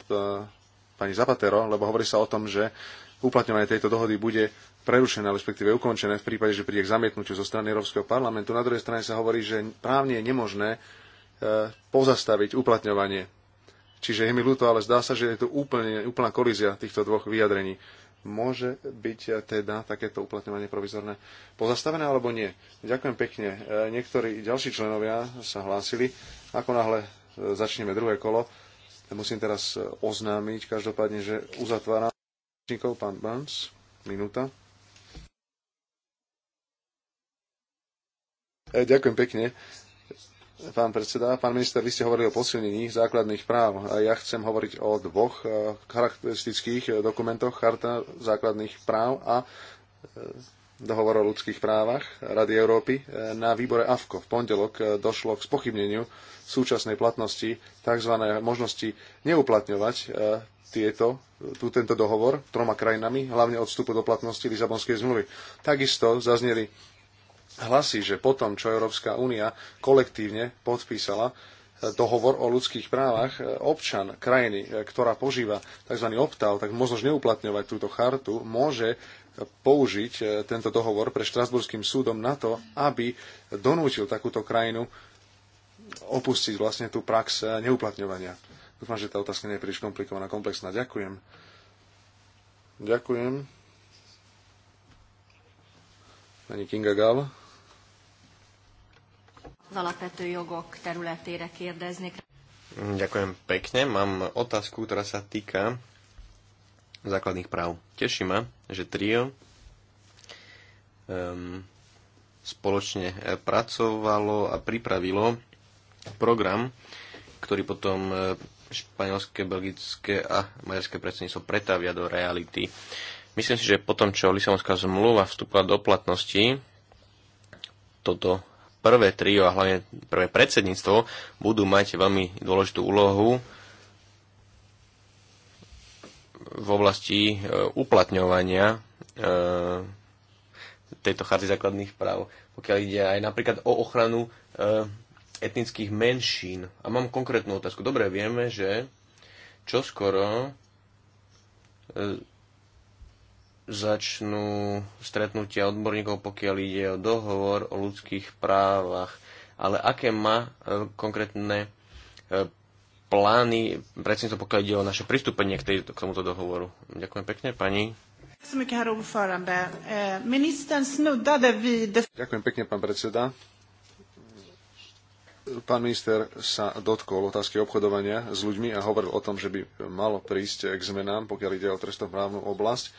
pani Zapatero, lebo hovorí sa o tom, že uplatňovanie tejto dohody bude prerušené, respektíve ukončené v prípade, že príde k zamietnutiu zo strany Európskeho parlamentu. Na druhej strane sa hovorí, že právne je nemožné pozastaviť uplatňovanie Čiže je mi ľúto, ale zdá sa, že je tu úplne, úplná kolízia týchto dvoch vyjadrení. Môže byť teda takéto uplatňovanie provizorné pozastavené alebo nie? Ďakujem pekne. E, niektorí ďalší členovia sa hlásili. Ako náhle e, začneme druhé kolo, musím teraz oznámiť každopádne, že uzatváram pán Burns. Minúta. E, ďakujem pekne pán predseda. Pán minister, vy ste hovorili o posilnení základných práv. A ja chcem hovoriť o dvoch e, charakteristických e, dokumentoch, Charta základných práv a e, dohovor o ľudských právach Rady Európy. Na výbore AFKO v pondelok došlo k spochybneniu súčasnej platnosti tzv. možnosti neuplatňovať tieto, tú, tento dohovor troma krajinami, hlavne od vstupu do platnosti Lisabonskej zmluvy. Takisto zazneli hlasy, že potom, čo Európska únia kolektívne podpísala eh, dohovor o ľudských právach, eh, občan krajiny, eh, ktorá požíva tzv. optav, tak možnož neuplatňovať túto chartu, môže použiť tento dohovor pre Štrasburským súdom na to, aby donútil takúto krajinu opustiť vlastne tú prax neuplatňovania. Dúfam, že tá otázka nie je príliš komplikovaná, komplexná. Ďakujem. Ďakujem. Pani Kinga Gal az alapvető jogok területére kérdeznék. Ďakujem pekne. Mám otázku, ktorá sa týka základných práv. Teší ma, že trio um, spoločne pracovalo a pripravilo program, ktorý potom e, španielské, belgické a maďarské predsedníctvo pretavia do reality. Myslím si, že potom, čo Lisabonská zmluva vstúpila do platnosti, toto prvé trio a hlavne prvé predsedníctvo budú mať veľmi dôležitú úlohu v oblasti e, uplatňovania e, tejto charty základných práv, pokiaľ ide aj napríklad o ochranu e, etnických menšín. A mám konkrétnu otázku. Dobre, vieme, že čoskoro začnú stretnutia odborníkov, pokiaľ ide o dohovor o ľudských právach. Ale aké má e, konkrétne e, plány, to pokiaľ ide o naše pristúpenie k, tej, k tomuto dohovoru? Ďakujem pekne, pani. Ďakujem pekne, pán predseda. Pán minister sa dotkol otázky obchodovania s ľuďmi a hovoril o tom, že by malo prísť k zmenám, pokiaľ ide o trestnoprávnu oblasť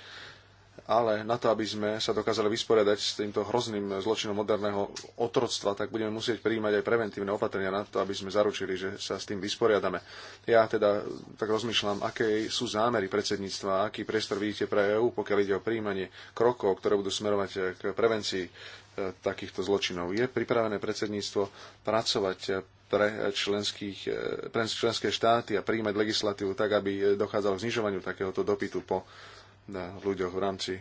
ale na to, aby sme sa dokázali vysporiadať s týmto hrozným zločinom moderného otroctva, tak budeme musieť prijímať aj preventívne opatrenia na to, aby sme zaručili, že sa s tým vysporiadame. Ja teda tak rozmýšľam, aké sú zámery predsedníctva, aký priestor vidíte pre EÚ, pokiaľ ide o príjmanie krokov, ktoré budú smerovať eh, k prevencii eh, takýchto zločinov. Je pripravené predsedníctvo pracovať pre, členských, eh, pre členské štáty a príjmať legislatívu tak, aby dochádzalo k znižovaniu takéhoto dopytu po na ľuďoch v rámci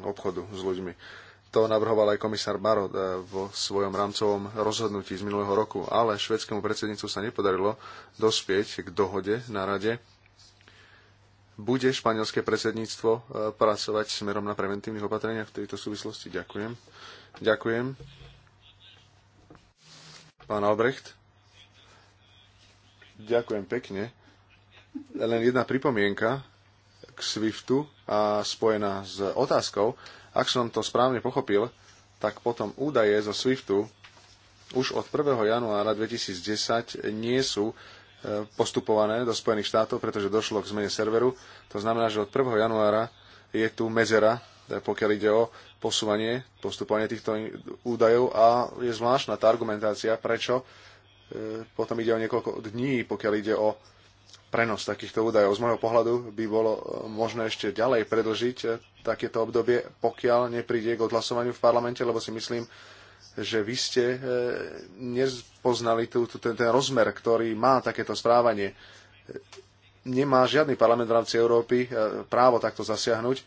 obchodu s ľuďmi. To navrhoval aj komisár Barot eh, vo svojom rámcovom rozhodnutí z minulého roku, ale švedskému predsedníctvu sa nepodarilo dospieť k dohode na rade. Bude španielské predsedníctvo eh, pracovať smerom na preventívnych opatreniach v tejto súvislosti? Ďakujem. Ďakujem. Pán Albrecht. Ďakujem pekne. Len jedna pripomienka k SWIFTu a spojená s otázkou, ak som to správne pochopil, tak potom údaje zo SWIFTu už od 1. januára 2010 nie sú e, postupované do Spojených štátov, pretože došlo k zmene serveru. To znamená, že od 1. januára je tu medzera, e, pokiaľ ide o posúvanie, postupovanie týchto údajov a je zvláštna tá argumentácia, prečo e, potom ide o niekoľko dní, pokiaľ ide o prenos takýchto údajov. Z môjho pohľadu by bolo e, možné ešte ďalej predlžiť e, takéto obdobie, pokiaľ nepríde k odhlasovaniu v parlamente, lebo si myslím, že vy ste e, nepoznali tú, tú, ten, ten rozmer, ktorý má takéto správanie. Nemá žiadny parlament v rámci Európy právo takto zasiahnuť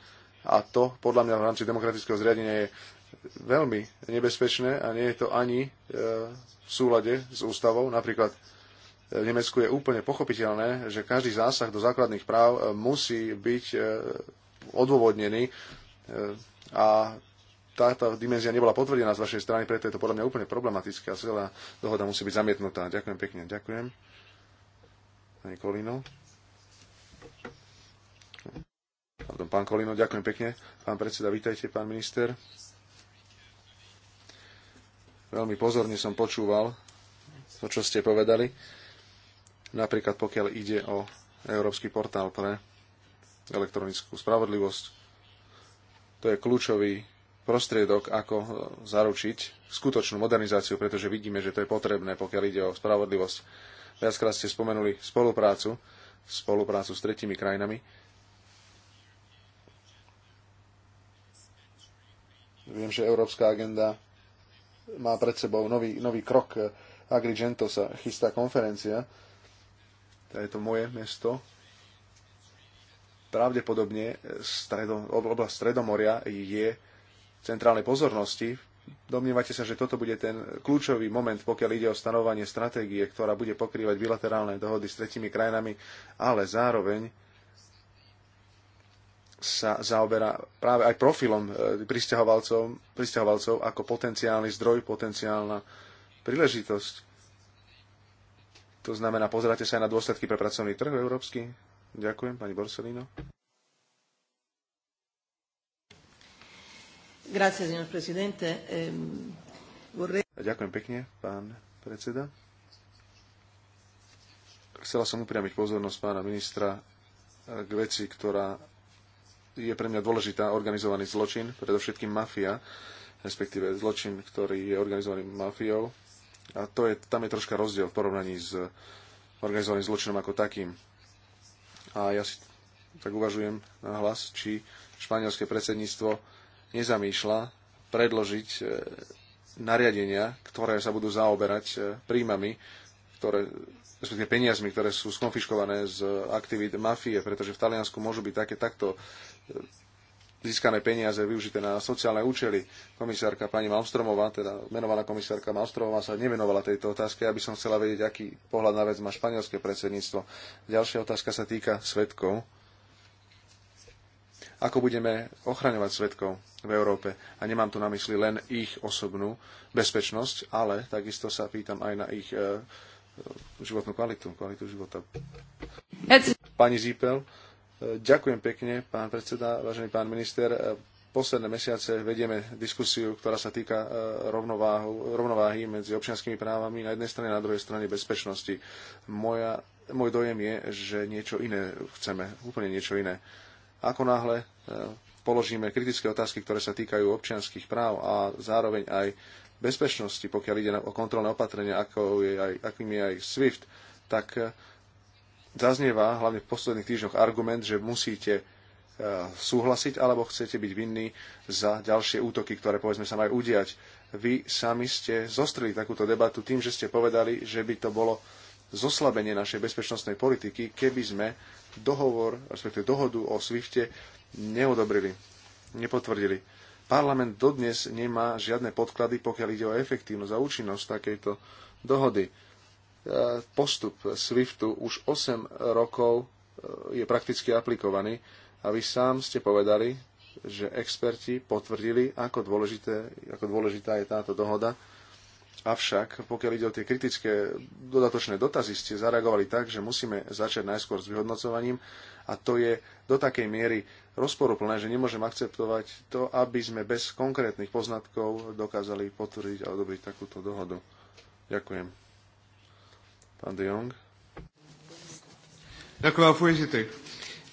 a to podľa mňa v rámci demokratického zriadenia je veľmi nebezpečné a nie je to ani v súlade s ústavou. Napríklad v Nemecku je úplne pochopiteľné, že každý zásah do základných práv e, musí byť e, odôvodnený e, a táto dimenzia nebola potvrdená z vašej strany, preto je to podľa mňa úplne problematické a celá dohoda musí byť zamietnutá. Ďakujem pekne. Ďakujem. Pani Kolino. Pardon, pán Kolino, ďakujem pekne. Pán predseda, vítajte, pán minister. Veľmi pozorne som počúval to, čo ste povedali. Napríklad pokiaľ ide o Európsky portál pre elektronickú spravodlivosť, to je kľúčový prostriedok, ako e, zaručiť skutočnú modernizáciu, pretože vidíme, že to je potrebné, pokiaľ ide o spravodlivosť. Viackrát ste spomenuli spoluprácu, spoluprácu s tretimi krajinami. Viem, že Európska agenda má pred sebou nový, nový krok. E, Agrigento sa chystá konferencia, teda je to moje mesto, pravdepodobne stredo, oblasť Stredomoria je v centrálnej pozornosti. Domnievate sa, že toto bude ten kľúčový moment, pokiaľ ide o stanovanie stratégie, ktorá bude pokrývať bilaterálne dohody s tretimi krajinami, ale zároveň sa zaoberá práve aj profilom e, pristahovalcov, pristahovalcov ako potenciálny zdroj, potenciálna príležitosť to znamená, pozeráte sa aj na dôsledky pre pracovný trh európsky? Ďakujem, pani Borsellino. Grazie, signor presidente. Ehm, vorrei... Ďakujem pekne, pán predseda. Chcela som upriamiť pozornosť pána ministra eh, k veci, ktorá je pre mňa dôležitá, organizovaný zločin, predovšetkým mafia, respektíve zločin, ktorý je organizovaný mafiou, a to je, tam je troška rozdiel v porovnaní s organizovaným zločinom ako takým. A ja si tak uvažujem na hlas, či španielské predsedníctvo nezamýšľa predložiť e, nariadenia, ktoré sa budú zaoberať e, príjmami, ktoré, respektíve peniazmi, ktoré sú skonfiškované z aktivít mafie, pretože v Taliansku môžu byť také takto e, získané peniaze využité na sociálne účely. Komisárka pani Malmstromová, teda menovaná komisárka Malmstromová sa nemenovala tejto otázke, aby som chcela vedieť, aký pohľad na vec má španielské predsedníctvo. Ďalšia otázka sa týka svetkov. Ako budeme ochraňovať svetkov v Európe? A nemám tu na mysli len ich osobnú bezpečnosť, ale takisto sa pýtam aj na ich e, životnú kvalitu, kvalitu života. Pani Zípel. Ďakujem pekne, pán predseda, vážený pán minister. Posledné mesiace vedieme diskusiu, ktorá sa týka e, rovnováhy medzi občianskými právami na jednej strane a na druhej strane bezpečnosti. Moja, môj dojem je, že niečo iné chceme, úplne niečo iné. Ako náhle e, položíme kritické otázky, ktoré sa týkajú občianských práv a zároveň aj bezpečnosti, pokiaľ ide o kontrolné opatrenia, ako je aj, akým je aj SWIFT, tak e, zaznieva hlavne v posledných týždňoch argument, že musíte e, súhlasiť alebo chcete byť vinní za ďalšie útoky, ktoré povedzme sa majú udiať. Vy sami ste zostrili takúto debatu tým, že ste povedali, že by to bolo zoslabenie našej bezpečnostnej politiky, keby sme dohovor, respektíve dohodu o Swifte neodobrili, nepotvrdili. Parlament dodnes nemá žiadne podklady, pokiaľ ide o efektívnosť a účinnosť takejto dohody postup SWIFTu už 8 rokov e, je prakticky aplikovaný a vy sám ste povedali, že experti potvrdili, ako, dôležité, ako dôležitá je táto dohoda. Avšak, pokiaľ ide o tie kritické dodatočné dotazy, ste zareagovali tak, že musíme začať najskôr s vyhodnocovaním a to je do takej miery rozporuplné, že nemôžem akceptovať to, aby sme bez konkrétnych poznatkov dokázali potvrdiť a odobriť takúto dohodu. Ďakujem. Pán de Jong. Eh,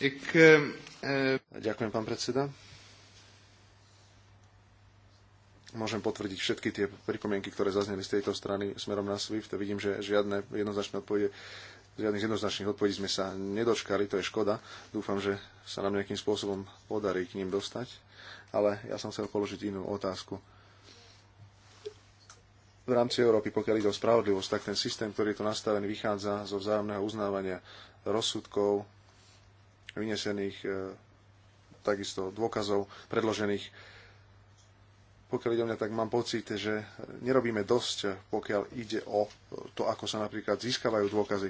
eh, Ďakujem, pán predseda. Môžem potvrdiť všetky tie pripomienky, ktoré zazneli z tejto strany smerom na SWIFT. Vidím, že žiadne jednoznačné odpovede žiadnych jednoznačných odpovedí sme sa nedočkali, to je škoda. Dúfam, že sa nám nejakým spôsobom podarí k ním dostať. Ale ja som chcel položiť inú otázku v rámci Európy, pokiaľ ide o spravodlivosť, tak ten systém, ktorý je tu nastavený, vychádza zo vzájomného uznávania rozsudkov, vynesených e, takisto dôkazov, predložených. Pokiaľ ide o mňa, tak mám pocit, že nerobíme dosť, pokiaľ ide o to, ako sa napríklad získavajú dôkazy.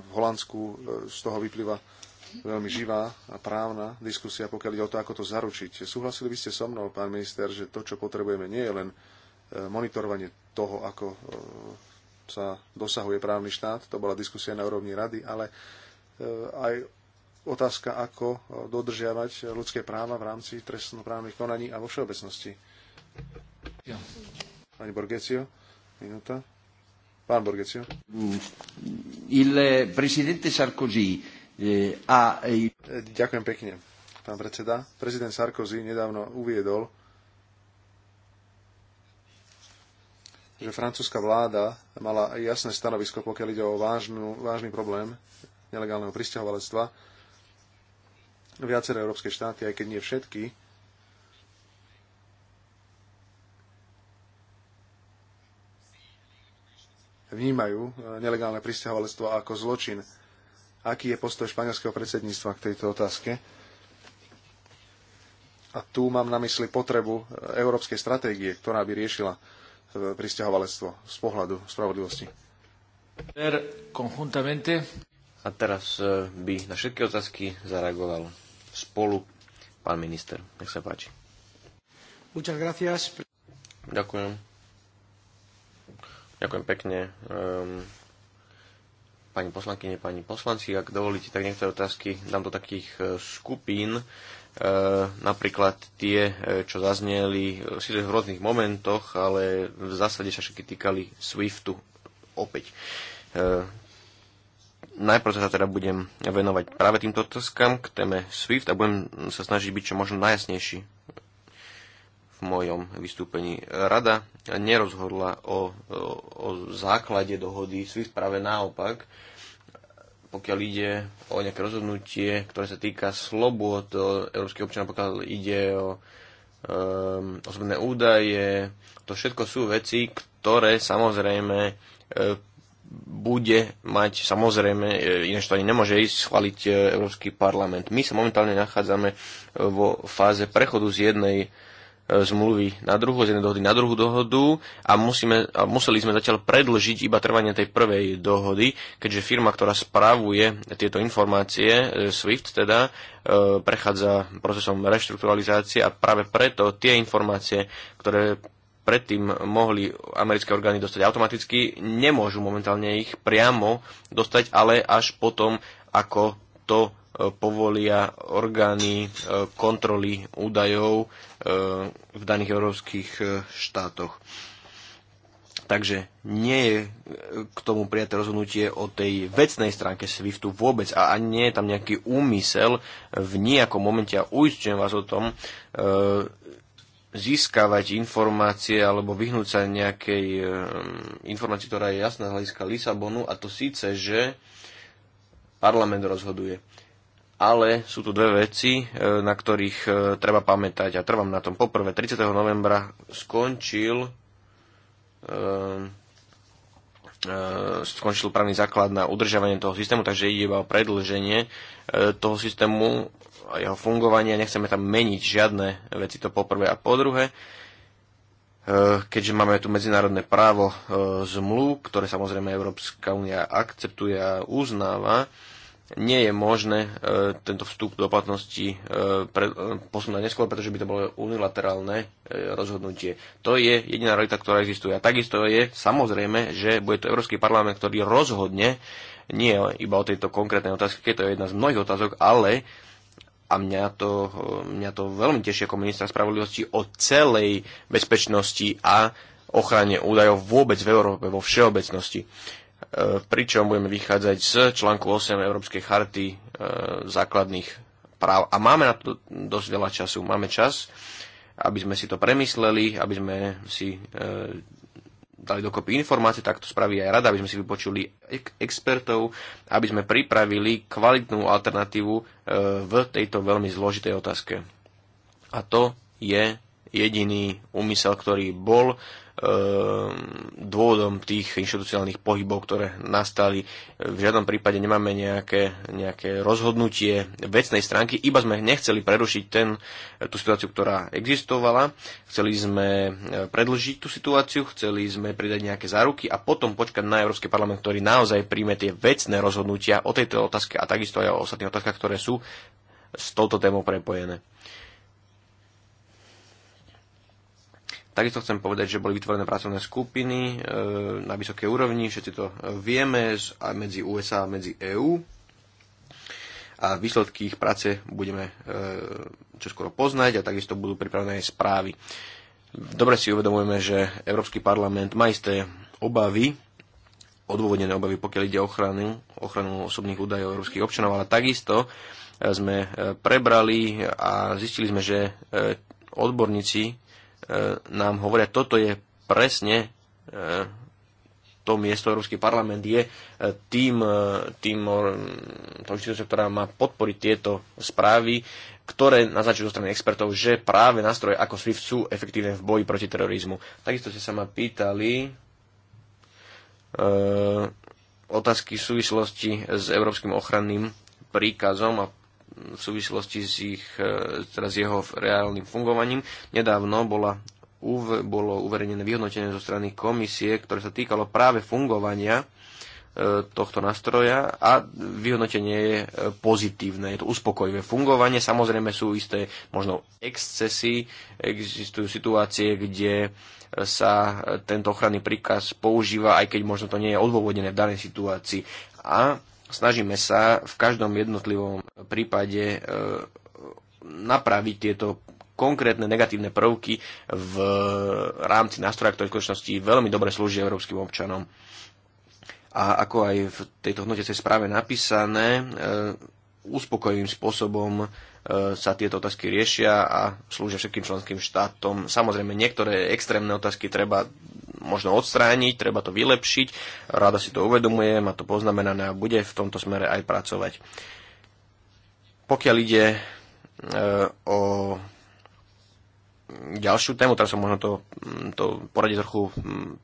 V Holandsku e, z toho vyplýva veľmi živá a právna diskusia, pokiaľ ide o to, ako to zaručiť. Súhlasili by ste so mnou, pán minister, že to, čo potrebujeme, nie je len E, monitorovanie toho, ako e, sa dosahuje právny štát. To bola diskusia na úrovni rady, ale e, aj otázka, ako dodržiavať ľudské práva v rámci trestnoprávnych konaní a vo všeobecnosti. Ja. Pani Borgecio, minúta. Pán Borgecio. Il presidente Sarkozy a... Ďakujem pekne, pán predseda. Prezident Sarkozy nedávno uviedol, že francúzska vláda mala jasné stanovisko, pokiaľ ide o vážnu, vážny problém nelegálneho pristahovalectva. Viaceré európske štáty, aj keď nie všetky, vnímajú e, nelegálne pristahovalectvo ako zločin. Aký je postoj španielského predsedníctva k tejto otázke? A tu mám na mysli potrebu e, európskej stratégie, ktorá by riešila pristahovalectvo z pohľadu spravodlivosti. A teraz e, by na všetky otázky zareagoval spolu pán minister. Nech sa páči. Ďakujem. Ďakujem pekne. Ehm, pani poslankyne, pani poslanci, ak dovolíte, tak niektoré otázky dám do takých e, skupín, E, napríklad tie, e, čo zazneli e, síce v rôznych momentoch, ale v zásade sa všetky týkali SWIFTu opäť. Najprv sa teda budem venovať práve týmto otázkam k téme SWIFT a budem sa snažiť byť čo možno najjasnejší v mojom vystúpení. Rada nerozhodla o, o, o základe dohody SWIFT, práve naopak. E, pokiaľ ide o nejaké rozhodnutie, ktoré sa týka slobod e, európskych občanov, pokiaľ ide o um, osobné údaje. To všetko sú veci, ktoré samozrejme e, bude mať, samozrejme, e, ináč to ani nemôže ísť schváliť e, Európsky parlament. My sa momentálne nachádzame e, vo fáze prechodu z jednej E, zmluvy na druhú, z jednej dohody na druhú dohodu a, musíme, a museli sme zatiaľ predlžiť iba trvanie tej prvej dohody, keďže firma, ktorá spravuje tieto informácie, e, SWIFT teda, e, prechádza procesom reštrukturalizácie a práve preto tie informácie, ktoré predtým mohli americké orgány dostať automaticky, nemôžu momentálne ich priamo dostať, ale až potom, ako to povolia orgány e, kontroly údajov e, v daných európskych e, štátoch. Takže nie je k tomu prijaté rozhodnutie o tej vecnej stránke SWIFTu vôbec a ani nie je tam nejaký úmysel v nejakom momente a ujistujem vás o tom, získavať informácie alebo vyhnúť sa nejakej informácii, ktorá je jasná z hľadiska Lisabonu a to síce, že parlament rozhoduje ale sú tu dve veci, e, na ktorých e, treba pamätať a trvám na tom. Poprvé, 30. novembra skončil e, skončil právny základ na udržavanie toho systému, takže ide iba o predlženie toho systému a jeho fungovania. Nechceme tam meniť žiadne veci, to poprvé. A po druhé, keďže máme tu medzinárodné právo zmluv, ktoré samozrejme Európska únia akceptuje a uznáva, nie je možné e, tento vstup do platnosti e, e, posunúť neskôr, pretože by to bolo unilaterálne rozhodnutie. To je jediná realita, ktorá existuje. A takisto je samozrejme, že bude to Európsky parlament, ktorý rozhodne nie iba o tejto konkrétnej otázke, keď to je jedna z mnohých otázok, ale a mňa to, mňa to veľmi teší ako ministra spravodlivosti o celej bezpečnosti a ochrane údajov vôbec v Európe, vo všeobecnosti. E, pričom budeme vychádzať z článku 8 Európskej charty e, základných práv. A máme na to dosť veľa času. Máme čas, aby sme si to premysleli, aby sme si e, dali dokopy informácie, tak to spraví aj rada, aby sme si vypočuli ek- expertov, aby sme pripravili kvalitnú alternatívu v tejto veľmi zložitej otázke. A to je jediný úmysel, ktorý bol Ehm, dôvodom tých inštitucionálnych pohybov, ktoré nastali. V žiadnom prípade nemáme nejaké, nejaké rozhodnutie vecnej stránky, iba sme nechceli prerušiť ten, tú situáciu, ktorá existovala. Chceli sme e, predlžiť tú situáciu, chceli sme pridať nejaké záruky a potom počkať na Európsky parlament, ktorý naozaj príjme tie vecné rozhodnutia o tejto otázke a takisto aj o ostatných otázkach, ktoré sú s touto témou prepojené. Takisto chcem povedať, že boli vytvorené pracovné skupiny e, na vysokej úrovni, všetci to e, vieme, aj medzi USA a medzi EÚ. E a výsledky ich práce budeme čoskoro poznať a takisto budú pripravené aj správy. Dobre si uvedomujeme, že Európsky parlament má isté obavy, odôvodnené obavy, pokiaľ ide o ochranu, ochranu osobných údajov európskych občanov, ale takisto sme prebrali a zistili sme, že odborníci E, nám hovoria, toto je presne e, to miesto Európsky parlament je e, tým, tým ktorá má podporiť tieto správy, ktoré naznačujú zo strany expertov, že práve nástroje ako SWIFT sú efektívne v boji proti terorizmu. Takisto ste sa ma pýtali e, otázky v súvislosti s Európskym ochranným príkazom a v súvislosti s, ich, e, teda s jeho reálnym fungovaním. Nedávno bola, uv, bolo uverejnené vyhodnotenie zo strany komisie, ktoré sa týkalo práve fungovania e, tohto nástroja a vyhodnotenie je e, pozitívne, je to uspokojivé fungovanie. Samozrejme sú isté možno excesy, existujú situácie, kde sa tento ochranný príkaz používa, aj keď možno to nie je odôvodnené v danej situácii. A Snažíme sa v každom jednotlivom prípade e, napraviť tieto konkrétne negatívne prvky v rámci nástroja, ktorý v skutočnosti veľmi dobre slúži európskym občanom. A ako aj v tejto hnotecej správe napísané, e, uspokojivým spôsobom e, sa tieto otázky riešia a slúžia všetkým členským štátom. Samozrejme, niektoré extrémne otázky treba možno odstrániť, treba to vylepšiť. Rada si to uvedomuje, má to poznamenané a bude v tomto smere aj pracovať. Pokiaľ ide e, o ďalšiu tému, teraz som možno to, mm, to poradiť trochu mm,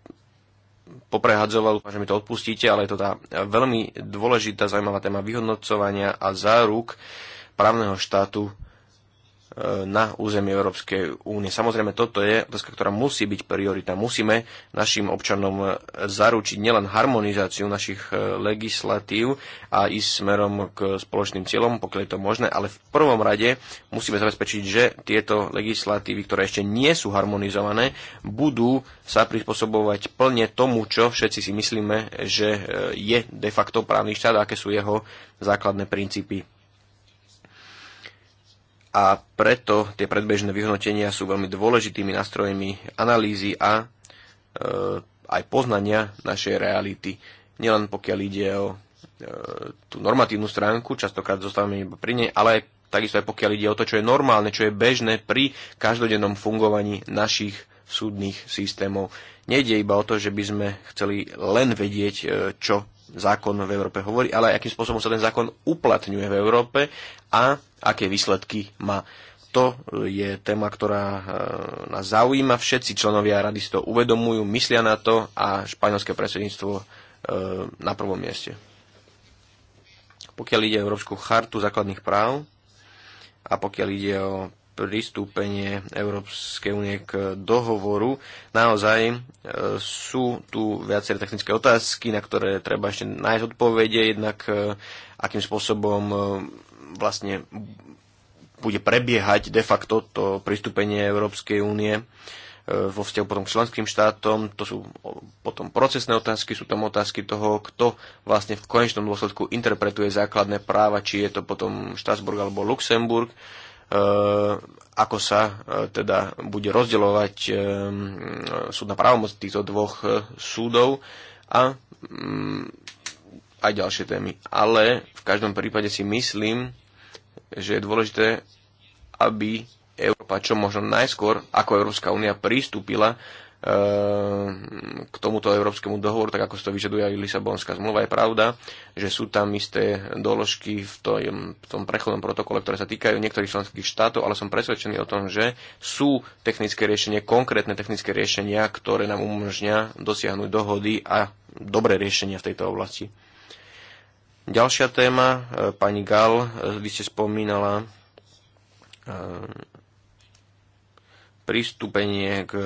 poprehadzoval, že mi to odpustíte, ale je to tá veľmi dôležitá, zaujímavá téma vyhodnocovania a záruk právneho štátu na území Európskej únie. Samozrejme, toto je otázka, ktorá musí byť priorita. Musíme našim občanom e, zaručiť nielen harmonizáciu našich e, legislatív a ísť smerom k spoločným cieľom, pokiaľ je to možné, ale v prvom rade musíme zabezpečiť, že tieto legislatívy, ktoré ešte nie sú harmonizované, budú sa prispôsobovať plne tomu, čo všetci si myslíme, že e, je de facto právny štát a aké sú jeho základné princípy a preto tie predbežné vyhodnotenia sú veľmi dôležitými nástrojmi analýzy a e, aj poznania našej reality. Nielen pokiaľ ide o e, tú normatívnu stránku, častokrát zostávame iba pri nej, ale aj takisto aj pokiaľ ide o to, čo je normálne, čo je bežné pri každodennom fungovaní našich súdnych systémov. Nejde iba o to, že by sme chceli len vedieť, e, čo zákon v Európe hovorí, ale akým spôsobom sa ten zákon uplatňuje v Európe a aké výsledky má. To je téma, ktorá e, nás zaujíma. Všetci členovia rady si to uvedomujú, myslia na to a španielské predsedníctvo e, na prvom mieste. Pokiaľ ide o Európsku chartu základných práv a pokiaľ ide o pristúpenie Európskej únie k dohovoru. Naozaj e, sú tu viaceré technické otázky, na ktoré treba ešte nájsť odpovede, jednak e, akým spôsobom e, vlastne bude prebiehať de facto to pristúpenie Európskej únie vo vzťahu potom k členským štátom, to sú potom procesné otázky, sú tam otázky toho, kto vlastne v konečnom dôsledku interpretuje základné práva, či je to potom Štrasburg alebo Luxemburg. E, ako sa e, teda bude rozdeľovať e, súdna právomoc týchto dvoch súdov a mm, aj ďalšie témy. Ale v každom prípade si myslím, že je dôležité, aby Európa čo možno najskôr ako Európska únia pristúpila Ehm, k tomuto európskemu dohovoru, tak ako si to vyžaduje aj Lisabonská zmluva. Je pravda, že sú tam isté doložky v tom, v tom prechodnom protokole, ktoré sa týkajú niektorých členských štátov, ale som presvedčený o tom, že sú technické riešenie, konkrétne technické riešenia, ktoré nám umožňa dosiahnuť dohody a dobré riešenia v tejto oblasti. Ďalšia téma, e, pani Gal, e, vy ste spomínala e, pristúpenie k e,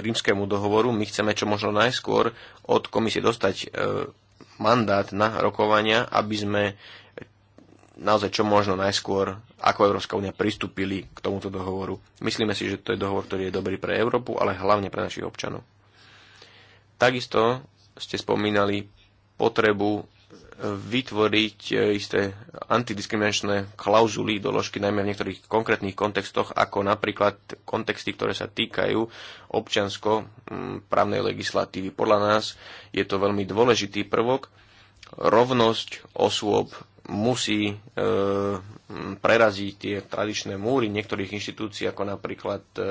rímskému dohovoru. My chceme čo možno najskôr od komisie dostať e, mandát na rokovania, aby sme naozaj čo možno najskôr ako Európska únia pristúpili k tomuto dohovoru. Myslíme si, že to je dohovor, ktorý je dobrý pre Európu, ale hlavne pre našich občanov. Takisto ste spomínali potrebu vytvoriť eh, isté antidiskriminačné klauzuly, doložky najmä v niektorých konkrétnych kontextoch, ako napríklad kontexty, ktoré sa týkajú občiansko-právnej legislatívy. Podľa nás je to veľmi dôležitý prvok. Rovnosť osôb musí e, preraziť tie tradičné múry niektorých inštitúcií, ako napríklad e,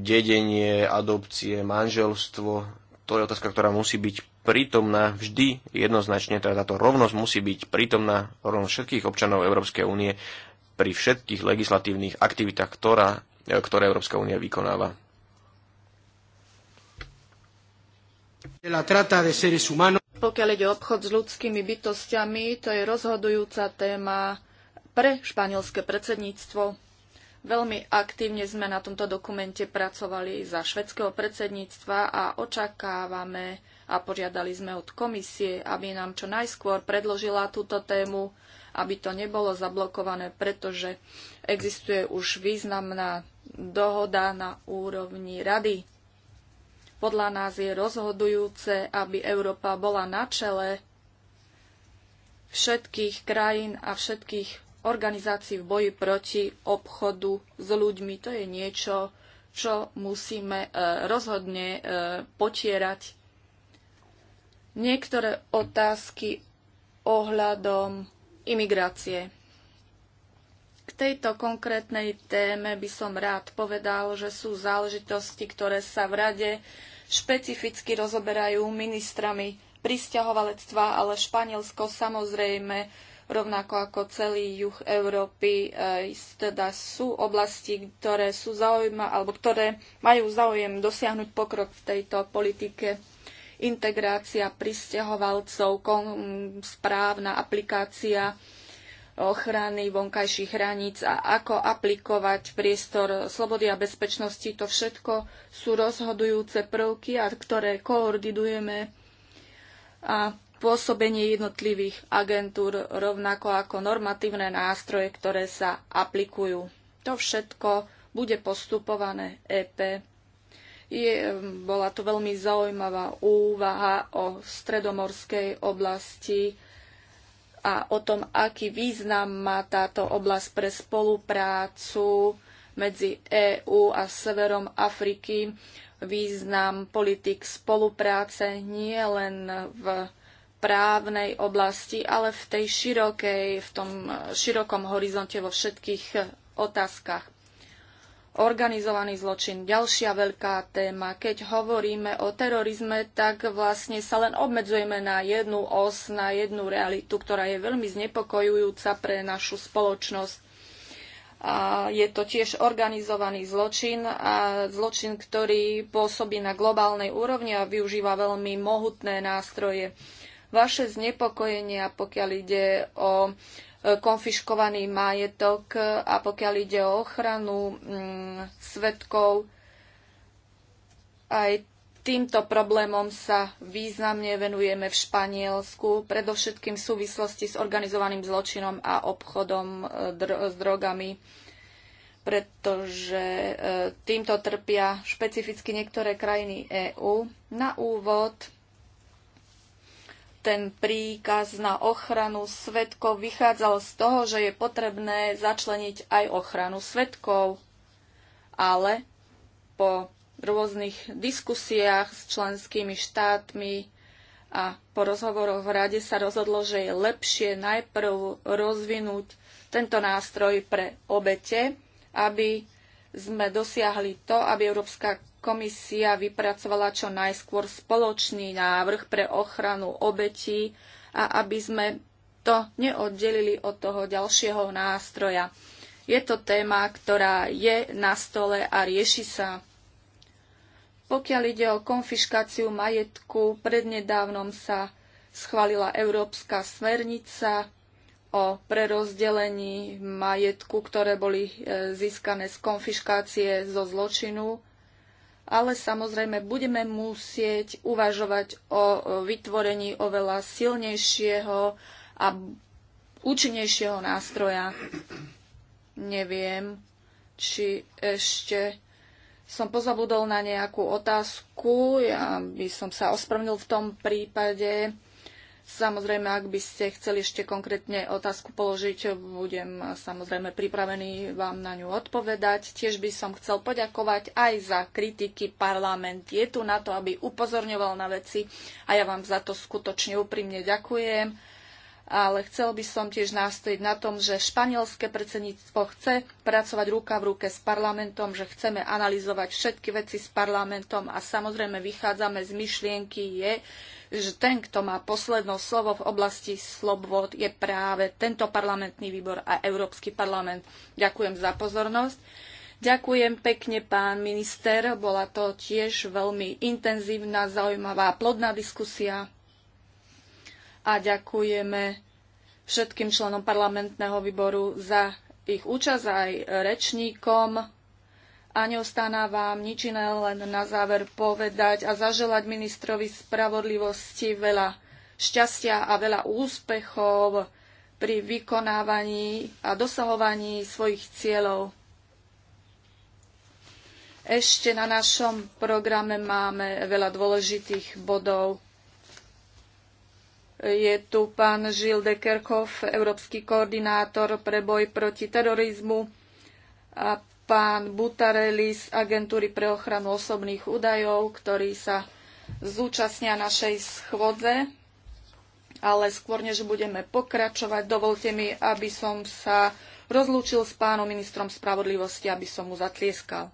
dedenie, adopcie, manželstvo, to je otázka, ktorá musí byť prítomná vždy jednoznačne, teda táto rovnosť musí byť prítomná rovnosť všetkých občanov Európskej únie pri všetkých legislatívnych aktivitách, ktorá, e, ktoré Európska únia vykonáva. Pokiaľ ide o obchod s ľudskými bytostiami, to je rozhodujúca téma pre španielské predsedníctvo. Veľmi aktívne sme na tomto dokumente pracovali za švedského predsedníctva a očakávame a požiadali sme od komisie, aby nám čo najskôr predložila túto tému, aby to nebolo zablokované, pretože existuje už významná dohoda na úrovni rady. Podľa nás je rozhodujúce, aby Európa bola na čele všetkých krajín a všetkých organizácií v boji proti obchodu s ľuďmi. To je niečo, čo musíme e, rozhodne e, potierať. Niektoré otázky ohľadom imigrácie. K tejto konkrétnej téme by som rád povedal, že sú záležitosti, ktoré sa v rade špecificky rozoberajú ministrami pristahovalectva, ale Španielsko samozrejme rovnako ako celý juh Európy. Eh, teda sú oblasti, ktoré, sú zaujíma, alebo ktoré majú záujem dosiahnuť pokrok v tejto politike integrácia pristahovalcov, správna aplikácia ochrany vonkajších hraníc a ako aplikovať priestor slobody a bezpečnosti. To všetko sú rozhodujúce prvky, a ktoré koordinujeme a pôsobenie jednotlivých agentúr, rovnako ako normatívne nástroje, ktoré sa aplikujú. To všetko bude postupované EP. Je, bola to veľmi zaujímavá úvaha o stredomorskej oblasti a o tom, aký význam má táto oblasť pre spoluprácu medzi EÚ a severom Afriky, význam politik spolupráce nie len v právnej oblasti, ale v tej širokej, v tom e, širokom horizonte vo všetkých e, otázkach. Organizovaný zločin, ďalšia veľká téma. Keď hovoríme o terorizme, tak vlastne sa len obmedzujeme na jednu os, na jednu realitu, ktorá je veľmi znepokojujúca pre našu spoločnosť. A je to tiež organizovaný zločin a zločin, ktorý pôsobí na globálnej úrovni a využíva veľmi mohutné nástroje vaše znepokojenia, pokiaľ ide o e, konfiškovaný majetok a pokiaľ ide o ochranu mm, svetkov. Aj týmto problémom sa významne venujeme v Španielsku, predovšetkým v súvislosti s organizovaným zločinom a obchodom e, dr- s drogami pretože e, týmto trpia špecificky niektoré krajiny EÚ. Na úvod ten príkaz na ochranu svetkov vychádzal z toho, že je potrebné začleniť aj ochranu svetkov. Ale po rôznych diskusiách s členskými štátmi a po rozhovoroch v rade sa rozhodlo, že je lepšie najprv rozvinúť tento nástroj pre obete, aby sme dosiahli to, aby Európska komisia vypracovala čo najskôr spoločný návrh pre ochranu obetí a aby sme to neoddelili od toho ďalšieho nástroja. Je to téma, ktorá je na stole a rieši sa. Pokiaľ ide o konfiškáciu majetku, prednedávnom sa schválila Európska smernica o prerozdelení majetku, ktoré boli e, získané z konfiškácie zo zločinu ale samozrejme budeme musieť uvažovať o vytvorení oveľa silnejšieho a účinnejšieho nástroja. Neviem, či ešte som pozabudol na nejakú otázku. Ja by som sa ospravnil v tom prípade. Samozrejme, ak by ste chceli ešte konkrétne otázku položiť, budem samozrejme pripravený vám na ňu odpovedať. Tiež by som chcel poďakovať aj za kritiky. Parlament je tu na to, aby upozorňoval na veci a ja vám za to skutočne úprimne ďakujem. Ale chcel by som tiež nástojiť na tom, že španielské predsedníctvo chce pracovať ruka v ruke s parlamentom, že chceme analyzovať všetky veci s parlamentom a samozrejme vychádzame z myšlienky je, že ten, kto má posledné slovo v oblasti slobod, je práve tento parlamentný výbor a Európsky parlament. Ďakujem za pozornosť. Ďakujem pekne, pán minister. Bola to tiež veľmi intenzívna, zaujímavá, plodná diskusia. A ďakujeme všetkým členom parlamentného výboru za ich účasť aj rečníkom a neostána vám nič iné len na záver povedať a zaželať ministrovi spravodlivosti veľa šťastia a veľa úspechov pri vykonávaní a dosahovaní svojich cieľov. Ešte na našom programe máme veľa dôležitých bodov. Je tu pán Žil Dekerkov, európsky koordinátor pre boj proti terorizmu a pán Butarelli z Agentúry pre ochranu osobných údajov, ktorý sa zúčastnia našej schôdze. Ale skôr, než budeme pokračovať, dovolte mi, aby som sa rozlúčil s pánom ministrom spravodlivosti, aby som mu zatlieskal.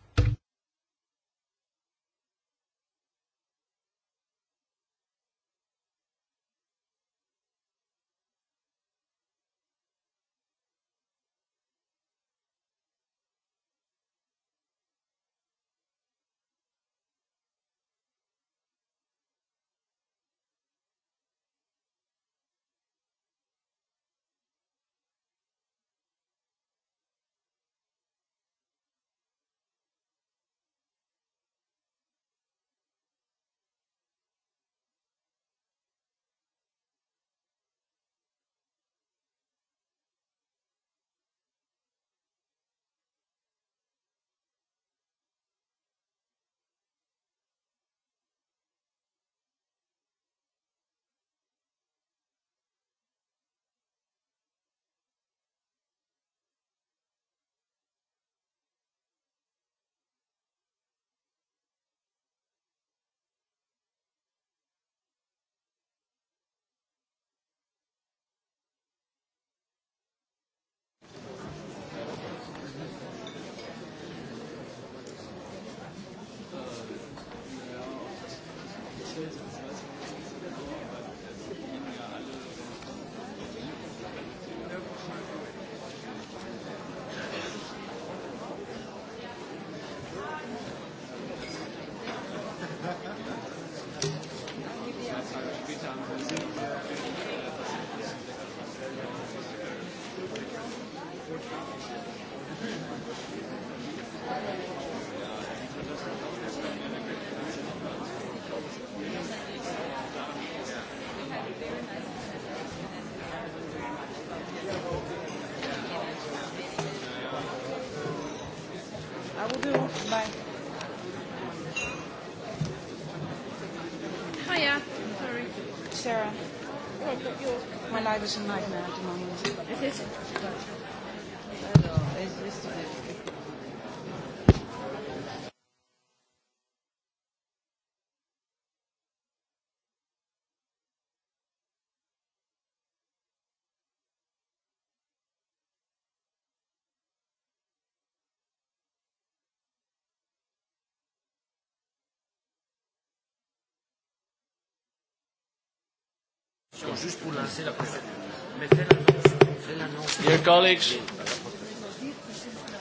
Dear colleagues,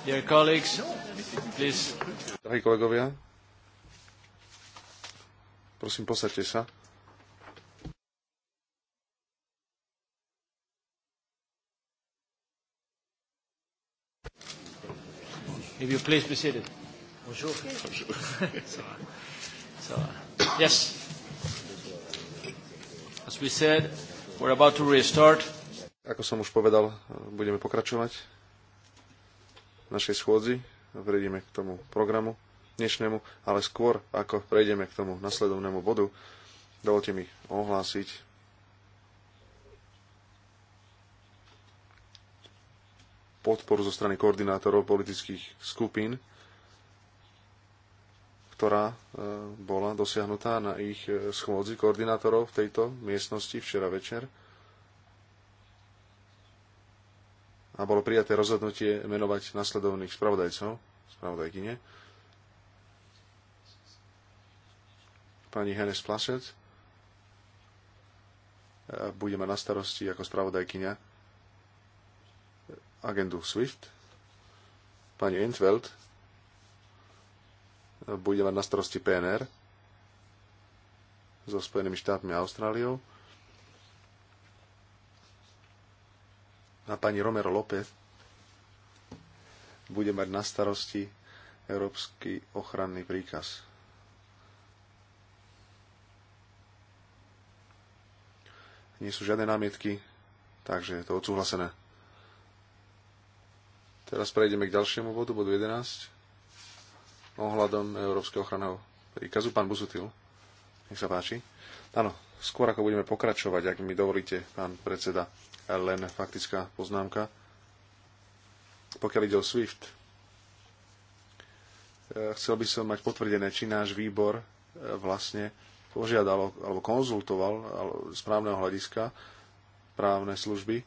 dear colleagues, please. Drahí kolegovia, prosím, posaďte sa. If you please be seated. Bonjour. Bonjour. Ça va. Ça va. Yes. As we said, we're about to restart. Ako som už povedal, budeme pokračovať v našej schôdzi. Prejdeme k tomu programu dnešnému, ale skôr ako prejdeme k tomu nasledovnému bodu, dovolte mi ohlásiť podporu zo strany koordinátorov politických skupín ktorá e, bola dosiahnutá na ich e, schôdzi koordinátorov v tejto miestnosti včera večer. A bolo prijaté rozhodnutie menovať nasledovných spravodajcov, spravodajkyne. Pani Hennes Plašec e, bude mať na starosti ako spravodajkyňa agendu SWIFT. Pani Entveld bude mať na starosti PNR so Spojenými štátmi a Austráliou. A pani Romero López bude mať na starosti Európsky ochranný príkaz. Nie sú žiadne námietky, takže je to odsúhlasené. Teraz prejdeme k ďalšiemu bodu, bodu 11 ohľadom Európskeho ochranného príkazu. Pán Buzutil, nech sa páči. Áno, skôr ako budeme pokračovať, ak mi dovolíte, pán predseda, len faktická poznámka. Pokiaľ ide o SWIFT, eh, chcel by som mať potvrdené, či náš výbor eh, vlastne požiadal alebo konzultoval z právneho hľadiska právne služby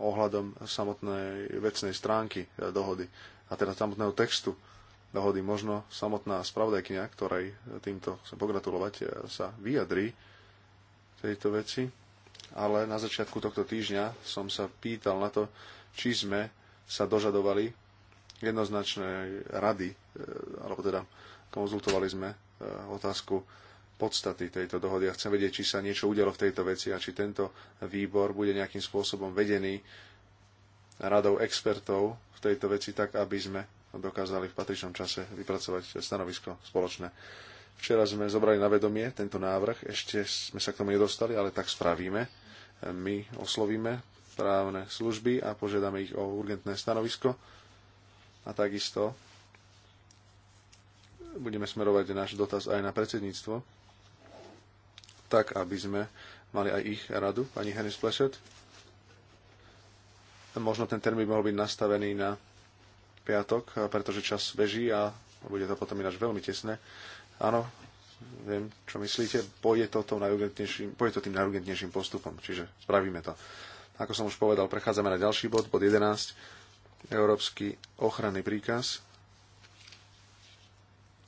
ohľadom samotnej vecnej stránky eh, dohody a teda samotného textu dohody. Možno samotná spravodajkynia, ktorej týmto chcem pogratulovať, e, sa vyjadri tejto veci. Ale na začiatku tohto týždňa som sa pýtal na to, či sme sa dožadovali jednoznačnej rady, e, alebo teda konzultovali sme e, otázku podstaty tejto dohody. a chcem vedieť, či sa niečo udialo v tejto veci a či tento výbor bude nejakým spôsobom vedený radou expertov v tejto veci tak, aby sme dokázali v patričnom čase vypracovať stanovisko spoločné. Včera sme zobrali na vedomie tento návrh, ešte sme sa k tomu nedostali, ale tak spravíme. My oslovíme právne služby a požiadame ich o urgentné stanovisko a takisto budeme smerovať náš dotaz aj na predsedníctvo, tak aby sme mali aj ich radu, pani Hennis Plešet. Možno ten termín by mohol byť nastavený na piatok, pretože čas beží a bude to potom ináč veľmi tesné. Áno, viem, čo myslíte, pôjde to, to pôjde to tým najurgentnejším postupom, čiže spravíme to. Ako som už povedal, prechádzame na ďalší bod, bod 11, Európsky ochranný príkaz.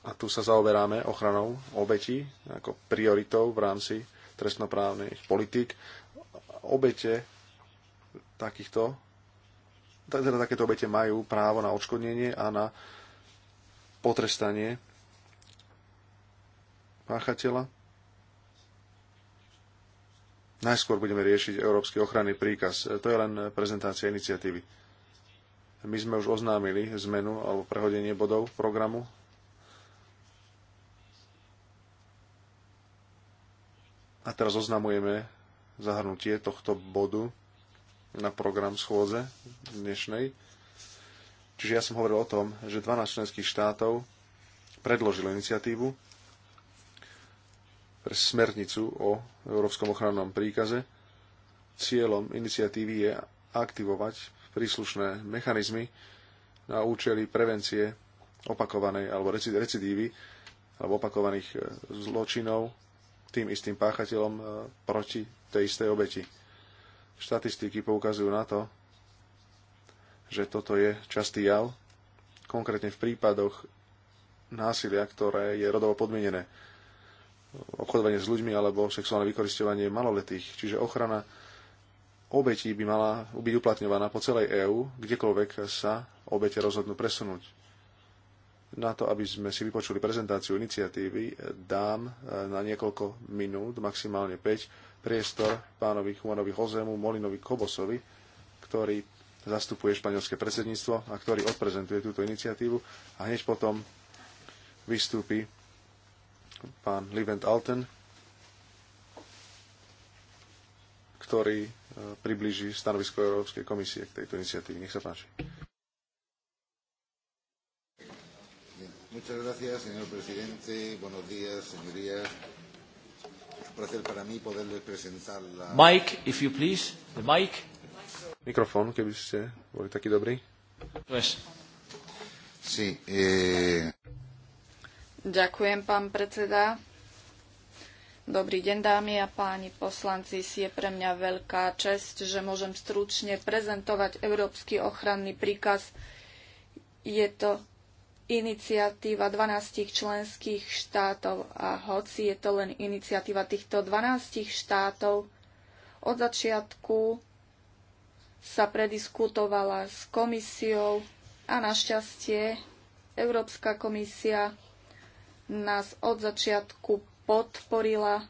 A tu sa zaoberáme ochranou obetí ako prioritou v rámci trestnoprávnych politik. Obete takýchto tak teda takéto obete majú právo na odškodnenie a na potrestanie páchateľa. Najskôr budeme riešiť Európsky ochranný príkaz. To je len prezentácia iniciatívy. My sme už oznámili zmenu alebo prehodenie bodov programu. A teraz oznamujeme zahrnutie tohto bodu na program schôdze dnešnej. Čiže ja som hovoril o tom, že 12 členských štátov predložilo iniciatívu pre smernicu o Európskom ochrannom príkaze. Cieľom iniciatívy je aktivovať príslušné mechanizmy na účely prevencie opakovanej alebo recidívy alebo opakovaných eh, zločinov tým istým páchateľom eh, proti tej istej obeti. Štatistiky poukazujú na to, že toto je častý jav, konkrétne v prípadoch násilia, ktoré je rodovo podmienené. Obchodovanie s ľuďmi alebo sexuálne vykoristovanie maloletých. Čiže ochrana obetí by mala byť uplatňovaná po celej EÚ, kdekoľvek sa obete rozhodnú presunúť. Na to, aby sme si vypočuli prezentáciu iniciatívy, dám na niekoľko minút, maximálne 5, priestor pánovi Juanovi Hozemu Molinovi Kobosovi, ktorý zastupuje španielské predsedníctvo a ktorý odprezentuje túto iniciatívu. A hneď potom vystúpi pán Livent Alten, ktorý e, približí stanovisko Európskej komisie k tejto iniciatíve. Nech sa páči. Muchas gracias, señor presidente. Buenos días, señorías placer para mí poderles presentar la... Mike, if you please, the mic. Mikrofón, keby ste boli taký dobrý. Yes. Sí, eh... Ďakujem, pán predseda. Dobrý deň, dámy a páni poslanci. Si je pre mňa veľká čest, že môžem stručne prezentovať Európsky ochranný príkaz. Je to iniciatíva 12 členských štátov a hoci je to len iniciatíva týchto 12 štátov, od začiatku sa prediskutovala s komisiou a našťastie Európska komisia nás od začiatku podporila,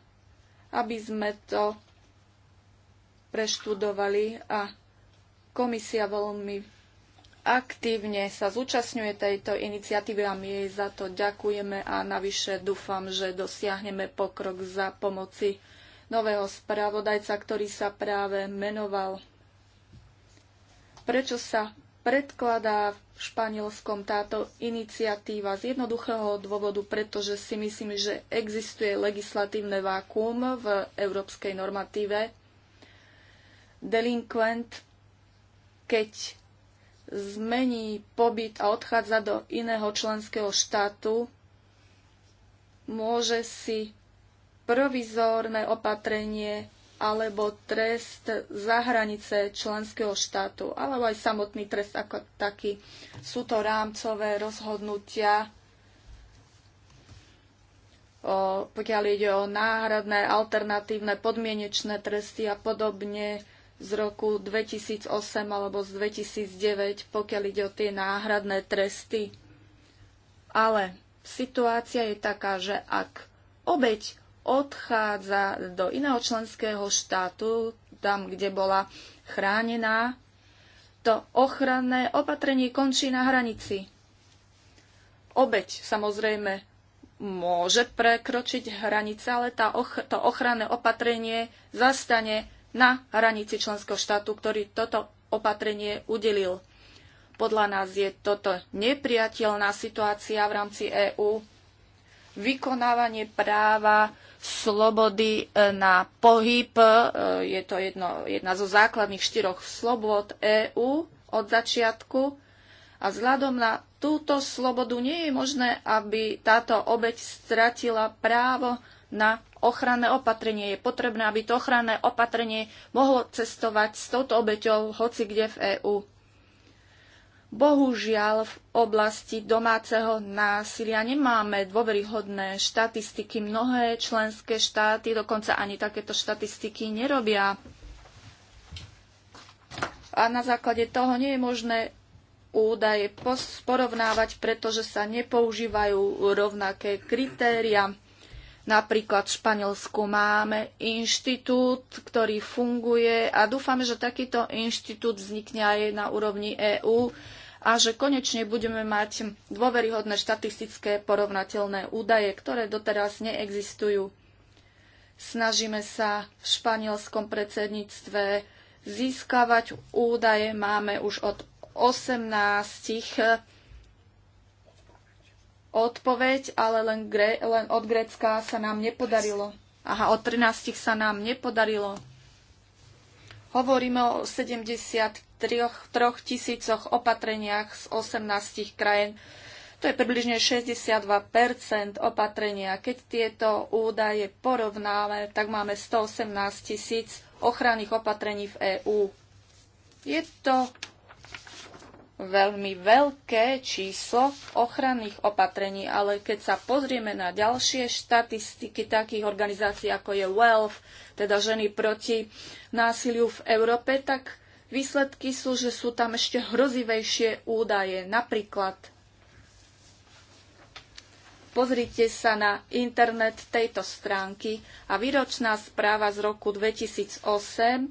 aby sme to preštudovali a komisia veľmi aktívne sa zúčastňuje tejto iniciatívy a my jej za to ďakujeme a navyše dúfam, že dosiahneme pokrok za pomoci nového spravodajca, ktorý sa práve menoval. Prečo sa predkladá v Španielskom táto iniciatíva? Z jednoduchého dôvodu, pretože si myslím, že existuje legislatívne vákuum v európskej normatíve. Delinquent, keď zmení pobyt a odchádza do iného členského štátu, môže si provizórne opatrenie alebo trest za hranice členského štátu, alebo aj samotný trest ako taký. Sú to rámcové rozhodnutia, o, pokiaľ ide o náhradné, alternatívne, podmienečné tresty a podobne z roku 2008 alebo z 2009, pokiaľ ide o tie náhradné tresty. Ale situácia je taká, že ak obeď odchádza do iného členského štátu, tam, kde bola chránená, to ochranné opatrenie končí na hranici. Obeď samozrejme môže prekročiť hranice, ale tá och- to ochranné opatrenie zastane na hranici členského štátu, ktorý toto opatrenie udelil. Podľa nás je toto nepriateľná situácia v rámci EÚ. Vykonávanie práva slobody e, na pohyb e, je to jedno, jedna zo základných štyroch slobod EÚ od začiatku. A vzhľadom na túto slobodu nie je možné, aby táto obeď stratila právo na ochranné opatrenie. Je potrebné, aby to ochranné opatrenie mohlo cestovať s touto obeťou hoci kde v EÚ. Bohužiaľ v oblasti domáceho násilia nemáme dôveryhodné štatistiky. Mnohé členské štáty dokonca ani takéto štatistiky nerobia. A na základe toho nie je možné údaje porovnávať, pretože sa nepoužívajú rovnaké kritéria. Napríklad v Španielsku máme inštitút, ktorý funguje a dúfame, že takýto inštitút vznikne aj na úrovni EÚ a že konečne budeme mať dôveryhodné štatistické porovnateľné údaje, ktoré doteraz neexistujú. Snažíme sa v španielskom predsedníctve získavať údaje. Máme už od 18 odpoveď, ale len, gre, len od Grécka sa nám nepodarilo. Aha, od 13 sa nám nepodarilo. Hovoríme o 73 tisícoch opatreniach z 18 krajín. To je približne 62 opatrenia. Keď tieto údaje porovnáme, tak máme 118 tisíc ochranných opatrení v EÚ. Je to veľmi veľké číslo ochranných opatrení, ale keď sa pozrieme na ďalšie štatistiky takých organizácií ako je WELF, teda ženy proti násiliu v Európe, tak výsledky sú, že sú tam ešte hrozivejšie údaje. Napríklad pozrite sa na internet tejto stránky a výročná správa z roku 2008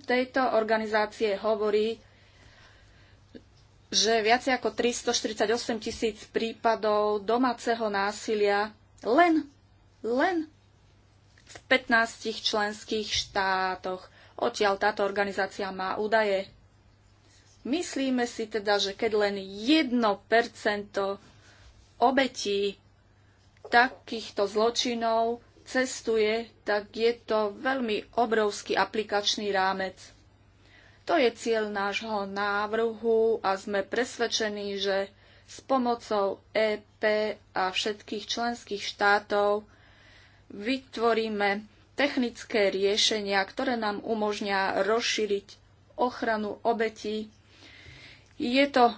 tejto organizácie hovorí, že viac ako 348 tisíc prípadov domáceho násilia len, len v 15 členských štátoch. Odtiaľ táto organizácia má údaje. Myslíme si teda, že keď len 1% obetí takýchto zločinov cestuje, tak je to veľmi obrovský aplikačný rámec. To je cieľ nášho návrhu a sme presvedčení, že s pomocou EP a všetkých členských štátov vytvoríme technické riešenia, ktoré nám umožňa rozšíriť ochranu obetí. Je to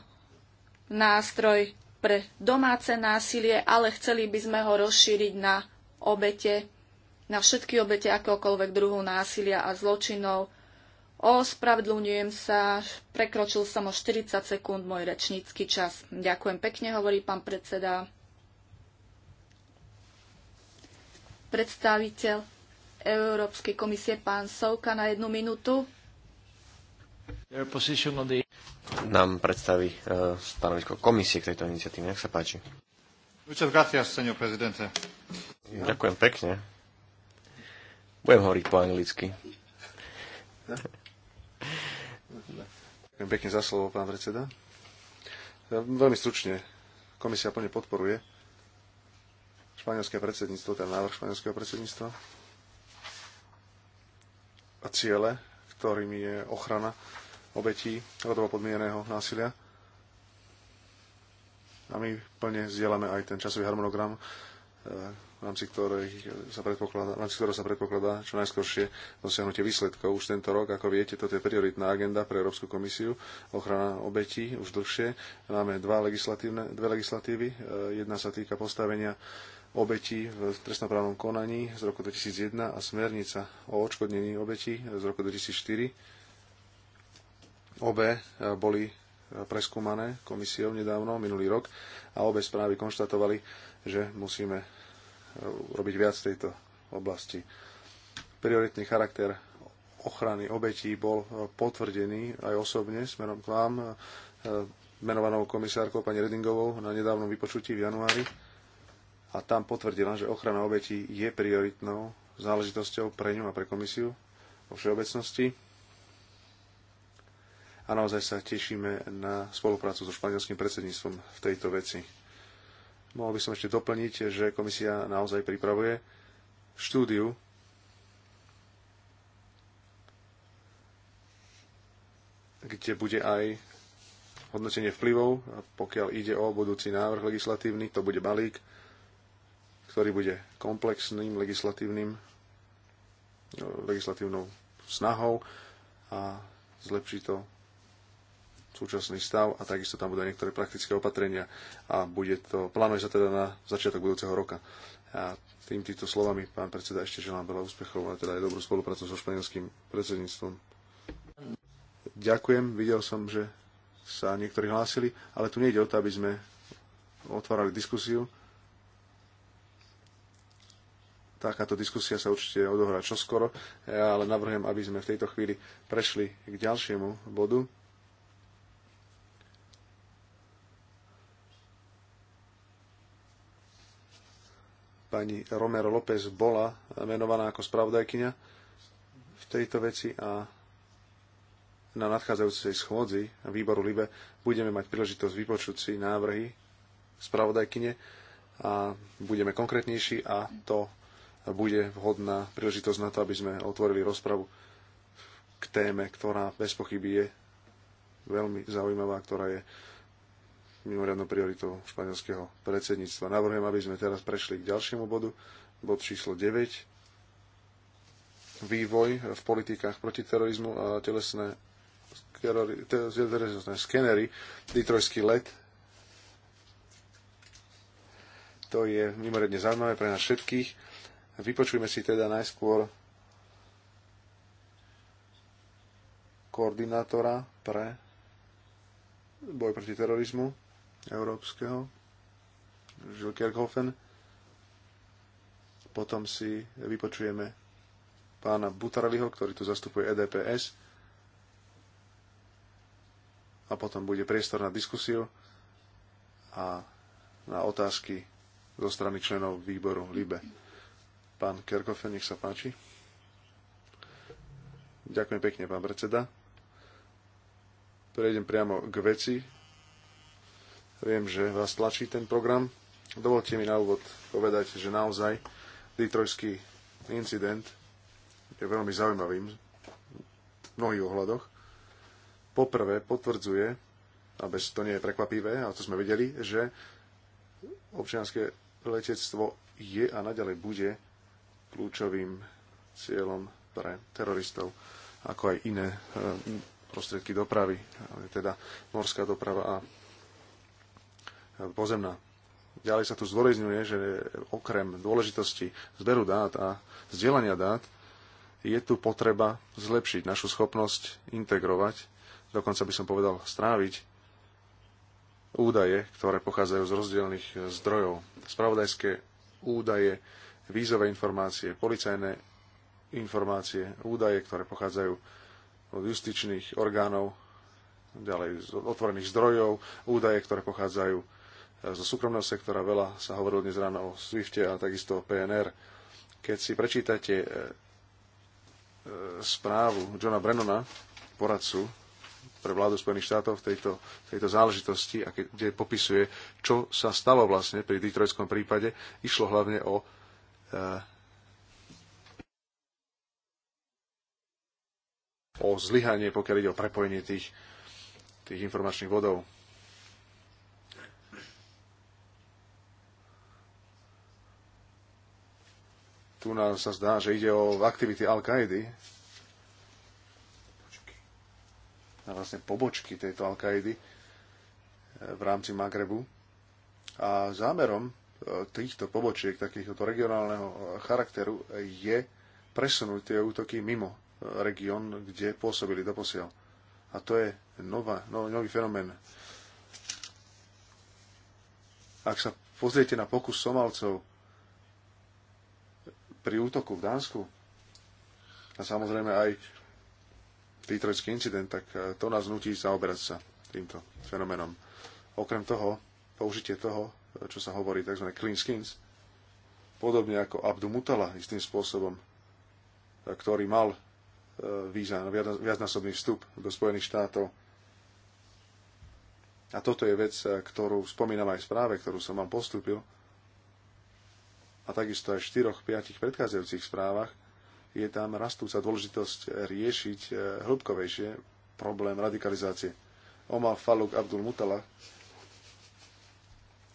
nástroj pre domáce násilie, ale chceli by sme ho rozšíriť na obete, na všetky obete akéhokoľvek druhu násilia a zločinov. Ospravedlňujem sa, prekročil som o 40 sekúnd môj rečnícky čas. Ďakujem pekne, hovorí pán predseda. Predstaviteľ Európskej komisie, pán Sovka na jednu minútu. Nám predstaví e, stanovisko komisie k tejto iniciatíve. Nech sa páči. Ďakujem pekne. Budem hovoriť po anglicky. Ďakujem pekne za slovo, pán predseda. Veľmi stručne, komisia plne podporuje španielské predsedníctvo, ten návrh španielského predsedníctva a ciele, ktorým je ochrana obetí rodovo podmieneného násilia. A my plne zdieľame aj ten časový harmonogram, v rámci, sa v rámci ktorého sa predpokladá čo najskôršie dosiahnutie výsledkov. Už tento rok, ako viete, toto je prioritná agenda pre Európsku komisiu, ochrana obetí už dlhšie. Máme dva legislatívne, dve legislatívy. E, jedna sa týka postavenia obetí v trestnoprávnom konaní z roku 2001 a smernica o odškodnení obetí z roku 2004. Obe e, boli e, preskúmané komisiou nedávno, minulý rok, a obe správy konštatovali, že musíme robiť viac v tejto oblasti. Prioritný charakter ochrany obetí bol potvrdený aj osobne smerom k vám menovanou komisárkou pani Redingovou na nedávnom vypočutí v januári a tam potvrdila, že ochrana obetí je prioritnou záležitosťou pre ňu a pre komisiu vo všeobecnosti. A naozaj sa tešíme na spoluprácu so španielským predsedníctvom v tejto veci. Mohol by som ešte doplniť, že komisia naozaj pripravuje štúdiu kde bude aj hodnotenie vplyvov, pokiaľ ide o budúci návrh legislatívny, to bude balík, ktorý bude komplexným legislatívnym no, legislatívnou snahou a zlepší to súčasný stav a takisto tam budú aj niektoré praktické opatrenia a bude to, plánuje sa teda na začiatok budúceho roka. A tým týmto slovami, pán predseda, ešte želám veľa úspechov a teda aj dobrú spoluprácu so španielským predsedníctvom. Ďakujem, videl som, že sa niektorí hlásili, ale tu nejde o to, aby sme otvárali diskusiu. Takáto diskusia sa určite odohrá čoskoro, ja ale navrhujem, aby sme v tejto chvíli prešli k ďalšiemu bodu pani Romero López bola menovaná ako spravodajkyňa v tejto veci a na nadchádzajúcej schôdzi výboru LIBE budeme mať príležitosť vypočuť si návrhy spravodajkyne a budeme konkrétnejší a to bude vhodná príležitosť na to, aby sme otvorili rozpravu k téme, ktorá bez pochyby je veľmi zaujímavá, ktorá je mimoriadnou prioritou španielského predsedníctva. Navrhujem, aby sme teraz prešli k ďalšiemu bodu, bod číslo 9. Vývoj v politikách proti terorizmu a telesné, skenery, Detroitský let. To je mimoriadne zaujímavé pre nás všetkých. Vypočujme si teda najskôr koordinátora pre boj proti terorizmu európskeho, Žil Kerkhofen. Potom si vypočujeme pána Butarliho, ktorý tu zastupuje EDPS. A potom bude priestor na diskusiu a na otázky zo strany členov výboru LIBE. Pán Kerkofen, nech sa páči. Ďakujem pekne, pán predseda. Prejdem priamo k veci Viem, že vás tlačí ten program. Dovolte mi na úvod povedať, že naozaj Detroitský incident je veľmi zaujímavým v mnohých ohľadoch. Poprvé potvrdzuje, a bez to nie je prekvapivé, a to sme vedeli, že občianské letectvo je a naďalej bude kľúčovým cieľom pre teroristov, ako aj iné e, prostriedky dopravy, teda morská doprava a pozemná. Ďalej sa tu zdôrazňuje, že okrem dôležitosti zberu dát a zdieľania dát je tu potreba zlepšiť našu schopnosť integrovať, dokonca by som povedal stráviť údaje, ktoré pochádzajú z rozdielných zdrojov. Spravodajské údaje, vízové informácie, policajné informácie, údaje, ktoré pochádzajú od justičných orgánov, ďalej z otvorených zdrojov, údaje, ktoré pochádzajú E, zo súkromného sektora. Veľa sa hovorilo dnes ráno o Swifte a takisto o PNR. Keď si prečítate e, e, správu Johna Brennona, poradcu pre vládu Spojených štátov v tejto, tejto záležitosti a kde popisuje, čo sa stalo vlastne pri Detroitskom prípade. Išlo hlavne o o zlyhanie, pokiaľ ide o prepojenie tých, tých informačných vodov. tu nám sa zdá, že ide o aktivity Al-Kaidy. A vlastne pobočky tejto Al-Kaidy eh, v rámci Magrebu. A zámerom eh, týchto pobočiek, takýchto regionálneho eh, charakteru, je presunúť tie útoky mimo región, kde pôsobili doposiaľ. A to je nová, no, nový fenomén. Ak sa pozriete na pokus Somalcov pri útoku v Dánsku a samozrejme aj Detroitský incident, tak eh, to nás nutí zaoberať sa týmto fenomenom. Okrem toho, použitie toho, eh, čo sa hovorí tzv. clean skins, podobne ako Abdu Mutala istým spôsobom, eh, ktorý mal víza, viacnásobný vstup do Spojených štátov. A toto je vec, ktorú spomínam aj v správe, ktorú som vám postúpil, a takisto aj v štyroch piatich predchádzajúcich správach je tam rastúca dôležitosť riešiť e, hĺbkovejšie problém radikalizácie. Omar Faluk Abdul Mutala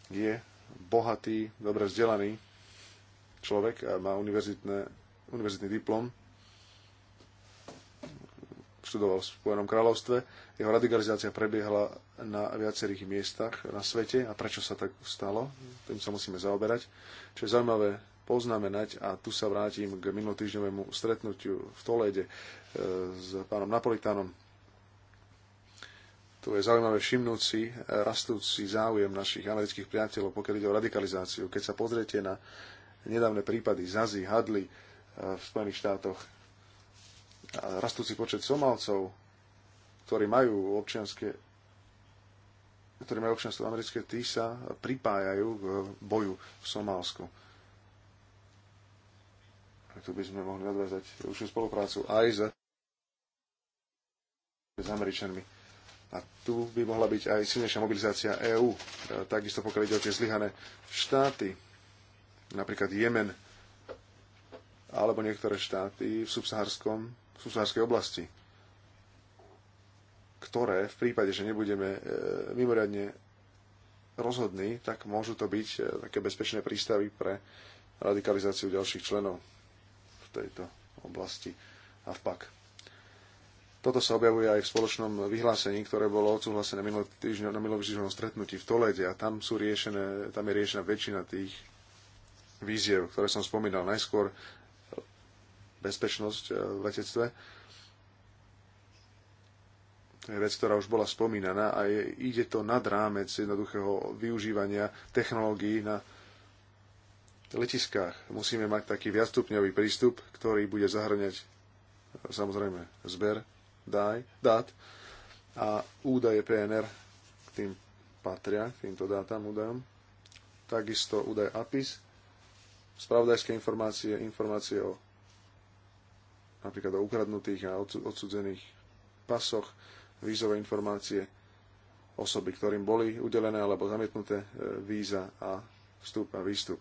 je bohatý, dobre vzdelaný človek, má univerzitný diplom študoval v Spojenom kráľovstve. Jeho radikalizácia prebiehala na viacerých miestach na svete a prečo sa tak stalo, tým sa musíme zaoberať. Čo je zaujímavé poznamenať, a tu sa vrátim k minulotýždňovému stretnutiu v Tolede e, s pánom Napolitánom. Tu je zaujímavé všimnúci e, rastúci záujem našich amerických priateľov, pokiaľ ide o radikalizáciu. Keď sa pozriete na nedávne prípady Zazi, Hadley e, v Spojených štátoch, rastúci počet Somálcov, ktorí majú občianské ktorí majú občianstvo americké, tí sa pripájajú k boju v Somálsku. A tu by sme mohli nadviazať už spoluprácu aj s, s Američanmi. A tu by mohla byť aj silnejšia mobilizácia EÚ, e, takisto pokiaľ ide o tie zlyhané štáty, napríklad Jemen, alebo niektoré štáty v subsaharskom susnárskej oblasti, ktoré v prípade, že nebudeme e, mimoriadne rozhodní, tak môžu to byť e, také bezpečné prístavy pre radikalizáciu ďalších členov v tejto oblasti a vpak. Toto sa objavuje aj v spoločnom vyhlásení, ktoré bolo odsúhlasené minulý na minulom stretnutí v Tolede a tam, sú riešené, tam je riešená väčšina tých výziev, ktoré som spomínal. Najskôr bezpečnosť e, v letectve. To je vec, ktorá už bola spomínaná a je, ide to nad rámec jednoduchého využívania technológií na letiskách. Musíme mať taký viacstupňový prístup, ktorý bude zahrňať e, samozrejme zber daj, dát a údaje PNR k tým patria, k týmto dátam, údajom. Takisto údaj APIS, spravodajské informácie, informácie o napríklad o ukradnutých a odsudzených pasoch, vízové informácie, osoby, ktorým boli udelené alebo zamietnuté e, víza a vstup a výstup.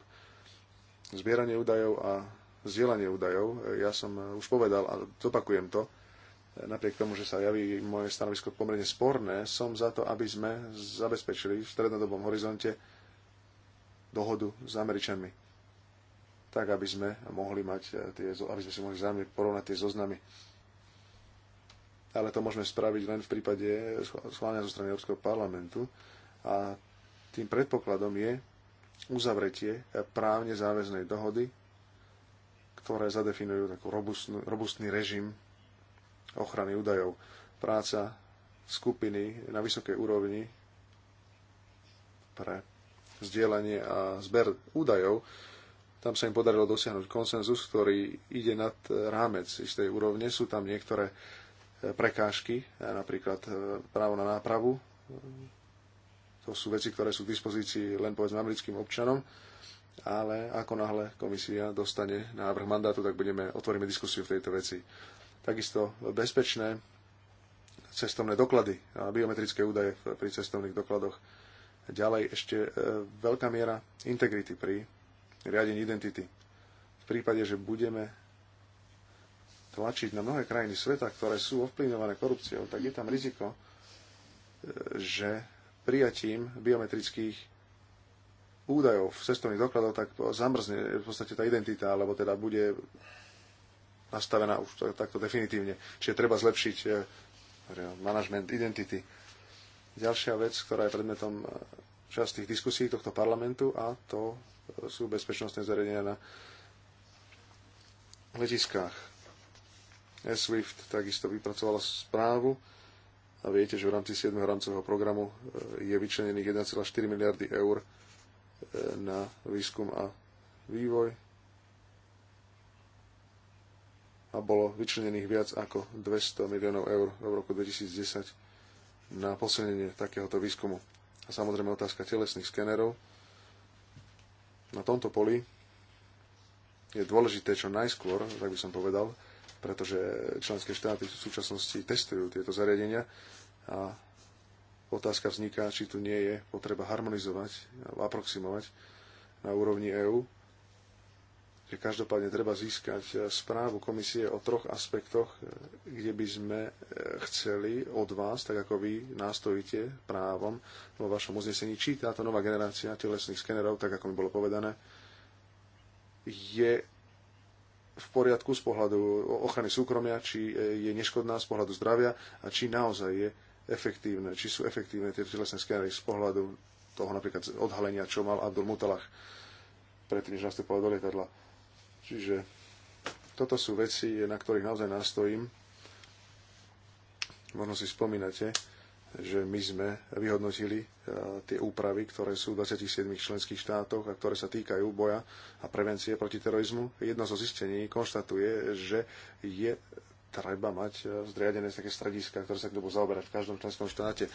Zbieranie údajov a zdieľanie údajov, e, ja som e, už povedal a zopakujem to, napriek tomu, že sa javí moje stanovisko pomerne sporné, som za to, aby sme zabezpečili v strednodobom horizonte dohodu s Američanmi tak aby sme mohli mať eh, tie, aby sme si mohli zámi porovnať tie zoznamy. Ale to môžeme spraviť len v prípade schválenia zo strany Európskeho parlamentu a tým predpokladom je uzavretie eh, právne záväznej dohody, ktoré zadefinujú takú robustný, robustný režim ochrany údajov. Práca skupiny na vysokej úrovni pre zdieľanie a zber údajov tam sa im podarilo dosiahnuť konsenzus, ktorý ide nad rámec istej úrovne. Sú tam niektoré e, prekážky, e, napríklad e, právo na nápravu. To sú veci, ktoré sú k dispozícii len povedzme americkým občanom ale ako náhle komisia dostane návrh mandátu, tak budeme, otvoríme diskusiu v tejto veci. Takisto bezpečné cestovné doklady a biometrické údaje pri cestovných dokladoch. Ďalej ešte veľká miera integrity pri riadení identity. V prípade, že budeme tlačiť na mnohé krajiny sveta, ktoré sú ovplyvňované korupciou, tak je tam riziko, e, že prijatím biometrických údajov v cestovných dokladoch tak zamrzne v podstate tá identita, alebo teda bude nastavená už takto definitívne. Čiže treba zlepšiť e, manažment identity. Ďalšia vec, ktorá je predmetom e, častých diskusí tohto parlamentu a to sú bezpečnostné zariadenia na letiskách. SWIFT takisto vypracovala správu a viete, že v rámci 7. rámcového programu e, je vyčlenených 1,4 miliardy eur e, na výskum a vývoj a bolo vyčlenených viac ako 200 miliónov eur v roku 2010 na posilnenie takéhoto výskumu. A samozrejme otázka telesných skenerov na tomto poli je dôležité čo najskôr, tak by som povedal, pretože členské štáty v súčasnosti testujú tieto zariadenia a otázka vzniká, či tu nie je potreba harmonizovať a aproximovať na úrovni EÚ Každopádne treba získať eh, správu komisie o troch aspektoch, eh, kde by sme eh, chceli od vás, tak ako vy nástojíte právom vo vašom uznesení, či táto nová generácia telesných skenerov, tak ako mi bolo povedané, je v poriadku z pohľadu ochrany súkromia, či je neškodná z pohľadu zdravia a či naozaj je efektívne, či sú efektívne tie telesné skenery z pohľadu toho napríklad odhalenia, čo mal Abdul Mutalach predtým, než nastupoval do lietadla Čiže toto sú veci, na ktorých naozaj nastojím. Možno si spomínate, že my sme vyhodnotili e, tie úpravy, ktoré sú v 27 členských štátoch a ktoré sa týkajú boja a prevencie proti terorizmu. Jedno zo zistení konštatuje, že je treba mať e, zriadené také strediska, ktoré sa k tomu zaoberať v každom členskom štáte.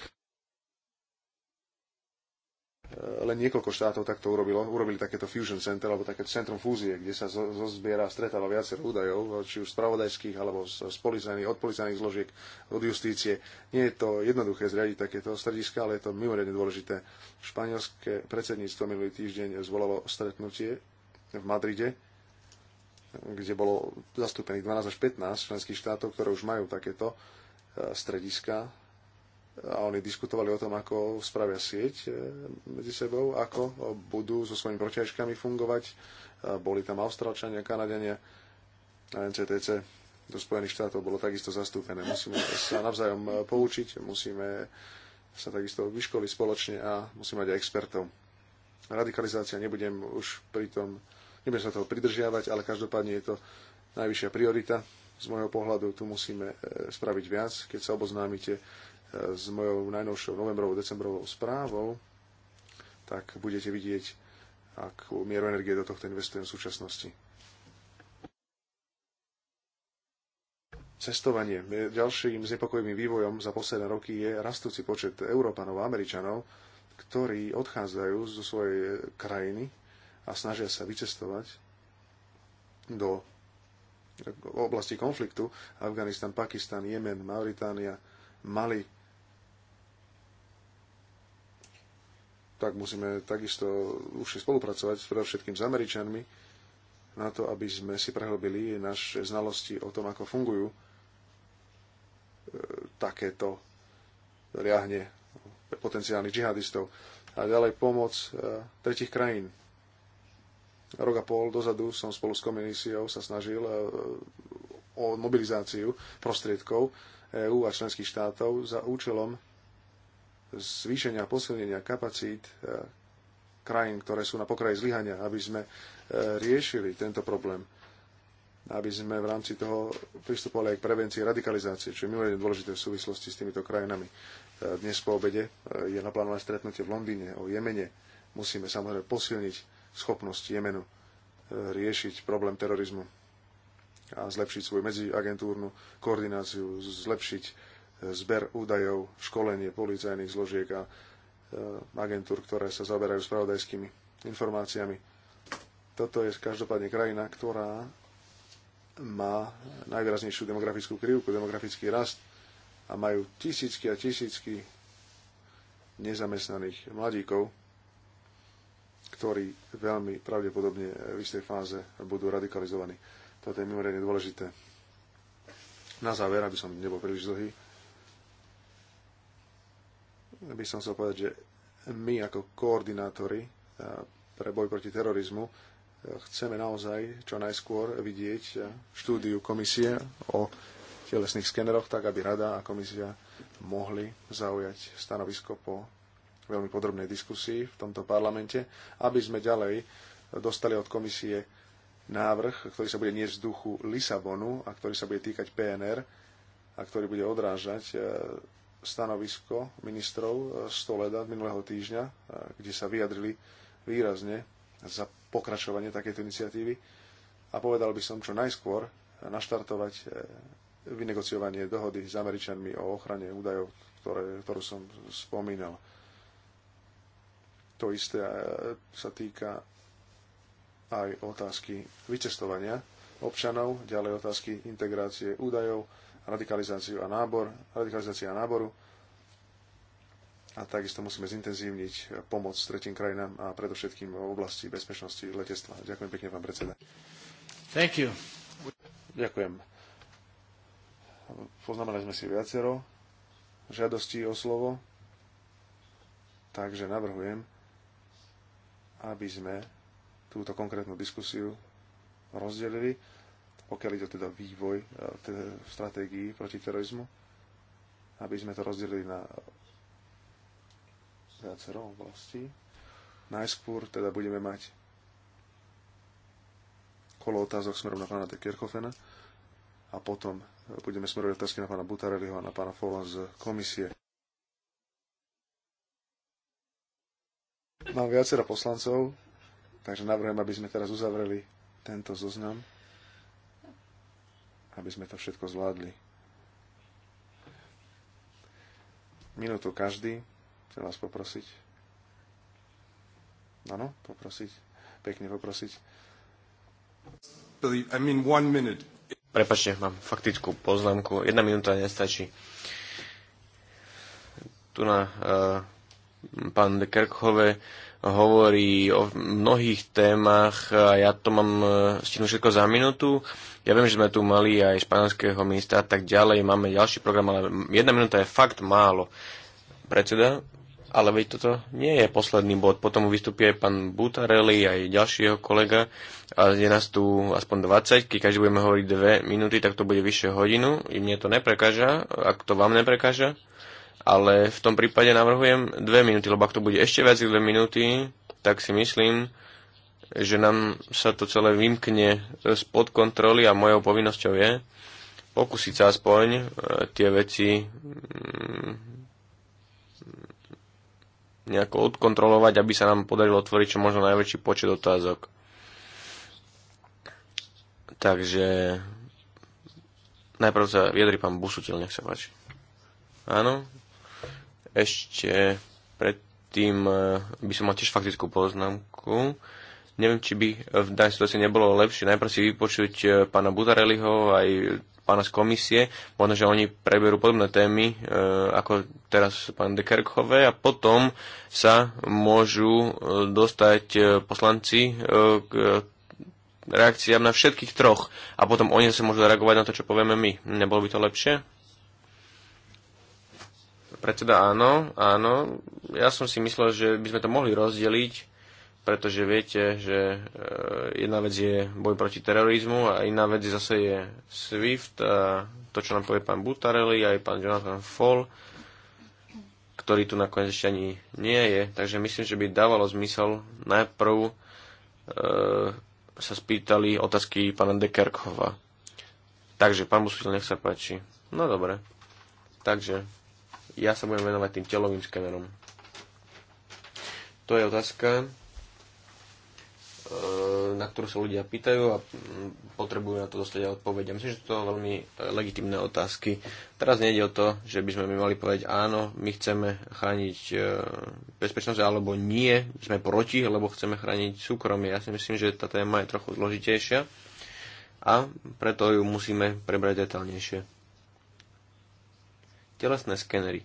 Eh, len niekoľko štátov takto urobilo. Urobili takéto fusion center, alebo také centrum fúzie, kde sa zozbiera a stretáva viacero údajov, či už spravodajských, alebo z, z policajných, od policajných zložiek, od justície. Nie je to jednoduché zriadiť takéto strediska, ale je to mimoriadne dôležité. Španielské predsedníctvo minulý týždeň zvolalo stretnutie v Madride, kde bolo zastúpených 12 až 15 členských štátov, ktoré už majú takéto eh, strediska a oni diskutovali o tom, ako spravia sieť e, medzi sebou, ako budú so svojimi protiažkami fungovať. E, boli tam Austrálčania, Kanadania a NCTC do Spojených štátov bolo takisto zastúpené. Musíme sa navzájom e, poučiť, musíme sa takisto vyškoliť spoločne a musíme mať aj expertov. Radikalizácia nebudem už pri tom, nebudem sa toho pridržiavať, ale každopádne je to najvyššia priorita z môjho pohľadu tu musíme spraviť viac. Keď sa oboznámite s mojou najnovšou novembrovou, decembrovou správou, tak budete vidieť, akú mieru energie do tohto investujem v súčasnosti. Cestovanie. Ďalším znepokojivým vývojom za posledné roky je rastúci počet Európanov a Američanov, ktorí odchádzajú zo svojej krajiny a snažia sa vycestovať do oblasti konfliktu Afganistan, Pakistan, Jemen, Mauritánia, Mali, tak musíme takisto už spolupracovať s predovšetkým s Američanmi na to, aby sme si prehlbili naše znalosti o tom, ako fungujú e, takéto riahne potenciálnych džihadistov. A ďalej pomoc e, tretich krajín. Rok a pol dozadu som spolu s komisiou sa snažil e, o mobilizáciu prostriedkov EÚ a členských štátov za účelom zvýšenia a posilnenia kapacít e, krajín, ktoré sú na pokraji zlyhania, aby sme e, riešili tento problém aby sme v rámci toho pristupovali aj k prevencii radikalizácie, čo je mimoriadne dôležité v súvislosti s týmito krajinami. E, dnes po obede je naplánované stretnutie v Londýne o Jemene. Musíme samozrejme posilniť schopnosť Jemenu riešiť problém terorizmu a zlepšiť svoju medziagentúrnu koordináciu, zlepšiť zber údajov, školenie policajných zložiek a e, agentúr, ktoré sa zaberajú spravodajskými informáciami. Toto je každopádne krajina, ktorá má najvýraznejšiu demografickú krivku, demografický rast a majú tisícky a tisícky nezamestnaných mladíkov, ktorí veľmi pravdepodobne v istej fáze budú radikalizovaní. Toto je mimoriadne dôležité. Na záver, aby som nebol príliš dlhý, by som chcel povedať, že my ako koordinátori eh, pre boj proti terorizmu eh, chceme naozaj čo najskôr vidieť eh, štúdiu komisie o telesných skeneroch, tak aby rada a komisia mohli zaujať stanovisko po veľmi podrobnej diskusii v tomto parlamente, aby sme ďalej dostali od komisie návrh, ktorý sa bude nieť v duchu Lisabonu a ktorý sa bude týkať PNR a ktorý bude odrážať stanovisko ministrov Stoleda e, minulého týždňa, e, kde sa vyjadrili výrazne za pokračovanie takéto iniciatívy a povedal by som čo najskôr e, naštartovať vynegociovanie dohody s Američanmi o ochrane údajov, ktoré, ktorú som spomínal. To isté sa týka aj otázky vycestovania občanov, ďalej otázky integrácie údajov, radikalizáciu a nábor, radikalizácia a náboru a takisto musíme zintenzívniť pomoc tretím krajinám a predovšetkým v oblasti bezpečnosti letectva. Ďakujem pekne, pán predseda. Thank you. Ďakujem. Poznamenali sme si viacero žiadostí o slovo, takže navrhujem, aby sme túto konkrétnu diskusiu rozdelili pokiaľ ide teda vývoj e, teda v stratégii proti terorizmu, aby sme to rozdelili na viacero oblasti. Najskôr teda budeme mať kolo otázok smerom na pána Kierkofena a potom budeme smerovať otázky na pána Butareliho a na pána Folon z komisie. Mám viacero poslancov, takže navrhujem, aby sme teraz uzavreli tento zoznam aby sme to všetko zvládli. Minútu každý. Chcem vás poprosiť. Áno, poprosiť. Pekne poprosiť. I mean one minute. Prepačte, mám faktickú poznámku. Jedna minúta nestačí. Tu na uh, pán de Kerkhove uh, hovorí o mnohých témach a ja to mám e, stihnúť všetko za minútu. Ja viem, že sme tu mali aj španielského ministra a tak ďalej, máme ďalší program, ale jedna minúta je fakt málo. Predseda, ale veď toto nie je posledný bod. Potom vystupí aj pán Butarelli, aj ďalší jeho kolega. A je nás tu aspoň 20, keď každý budeme hovoriť dve minúty, tak to bude vyššie hodinu. I mne to neprekáža, ak to vám neprekáža ale v tom prípade navrhujem dve minúty, lebo ak to bude ešte viac dve minúty, tak si myslím, že nám sa to celé vymkne spod kontroly a mojou povinnosťou je pokúsiť sa aspoň e, tie veci mm, nejako odkontrolovať, aby sa nám podarilo otvoriť čo možno najväčší počet otázok. Takže najprv sa vyjadri pán Busutil, nech sa páči. Áno, ešte predtým eh, by som mal tiež faktickú poznámku. Neviem, či by v danej situácii nebolo lepšie najprv si vypočuť eh, pána Butareliho aj pána z komisie. Možno, že oni preberú podobné témy, eh, ako teraz pán de Kerkhove a potom sa môžu dostať poslanci k reakciám na všetkých troch a potom oni sa môžu reagovať na to, čo povieme my. Nebolo by to lepšie? Predseda, áno, áno. Ja som si myslel, že by sme to mohli rozdeliť, pretože viete, že e, jedna vec je boj proti terorizmu a iná vec zase je SWIFT a to, čo nám povie pán Butarelli aj pán Jonathan Fall, ktorý tu nakoniec ešte ani nie je. Takže myslím, že by dávalo zmysel najprv e, sa spýtali otázky pána Dekerkova. Takže, pán Busutil, nech sa páči. No dobre. Takže, ja sa budem venovať tým telovým skenerom. To je otázka, e, na ktorú sa ľudia pýtajú a mm, potrebujú na to dostať odpoveď. Ja myslím, že to sú veľmi legitimné otázky. Teraz nejde o to, že by sme my mali povedať áno, my chceme chrániť e, bezpečnosť alebo nie, sme proti, lebo chceme chrániť súkromie. Ja si myslím, že tá téma je trochu zložitejšia a preto ju musíme prebrať detálnejšie telesné skenery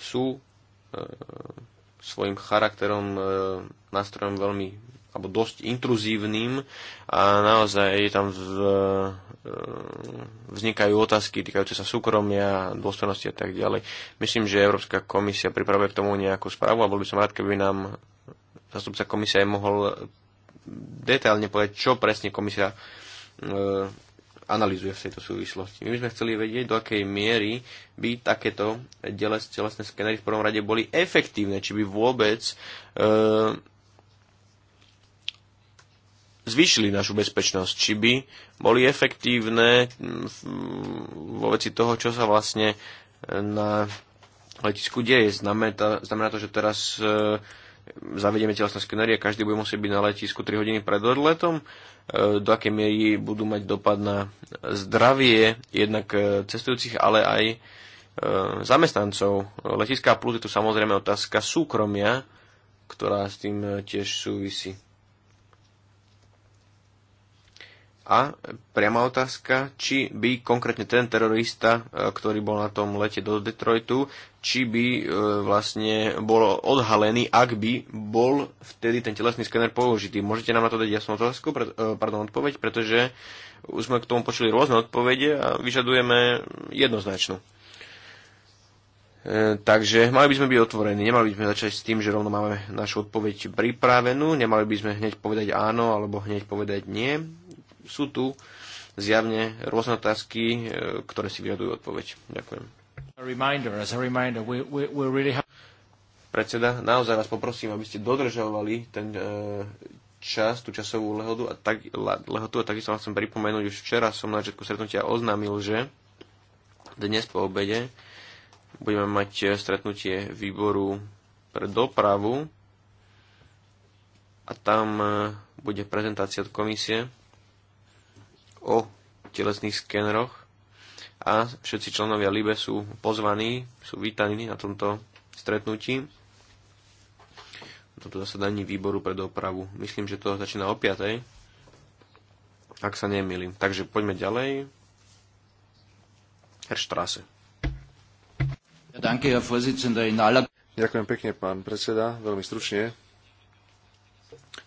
sú e, svojim charakterom, e, nástrojom veľmi alebo dosť intruzívnym a naozaj tam v, e, vznikajú otázky týkajúce sa súkromia, dôstojnosti a tak ďalej. Myslím, že Európska komisia pripravuje k tomu nejakú správu a bol by som rád, keby nám zastupca komisie mohol detailne povedať, čo presne komisia e, analizuje v tejto súvislosti. My sme chceli vedieť, do akej miery by takéto telesné skenery v prvom rade boli efektívne, či by vôbec e, zvýšili našu bezpečnosť, či by boli efektívne vo veci toho, čo sa vlastne e, na letisku deje. Znamená to, znamená to že teraz e, zavedieme telesné skenery a každý bude musieť byť na letisku 3 hodiny pred odletom, e, do akej miery budú mať dopad na zdravie jednak e, cestujúcich, ale aj e, zamestnancov letiska. Plus je tu samozrejme otázka súkromia, ktorá s tým tiež súvisí. A priama otázka, či by konkrétne ten terorista, e, ktorý bol na tom lete do Detroitu, či by e, vlastne bol odhalený, ak by bol vtedy ten telesný skener použitý. Môžete nám na to dať jasnú otázku, e, pardon, odpoveď, pretože už sme k tomu počuli rôzne odpovede a vyžadujeme jednoznačnú. takže mali by sme byť otvorení, nemali by sme začať s tým, že rovno máme našu odpoveď pripravenú, nemali by sme hneď povedať áno alebo hneď povedať nie, sú tu zjavne rôzne otázky, e, ktoré si vyžadujú odpoveď. Ďakujem. Predseda, naozaj vás poprosím, aby ste dodržovali ten e, čas, tú časovú lehodu a tak, lehotu a takisto vám chcem pripomenúť, už včera som na začiatku stretnutia oznámil, že dnes po obede budeme mať e, stretnutie výboru pre dopravu a tam bude prezentácia od komisie o telesných skeneroch a všetci členovia LIBE sú pozvaní, sú vítaní na tomto stretnutí, na tomto zasadaní výboru pre dopravu. Myslím, že to začína o 5. Ak sa nemýlim. Takže poďme ďalej. Herštrase. Ďakujem pekne, pán predseda. Veľmi stručne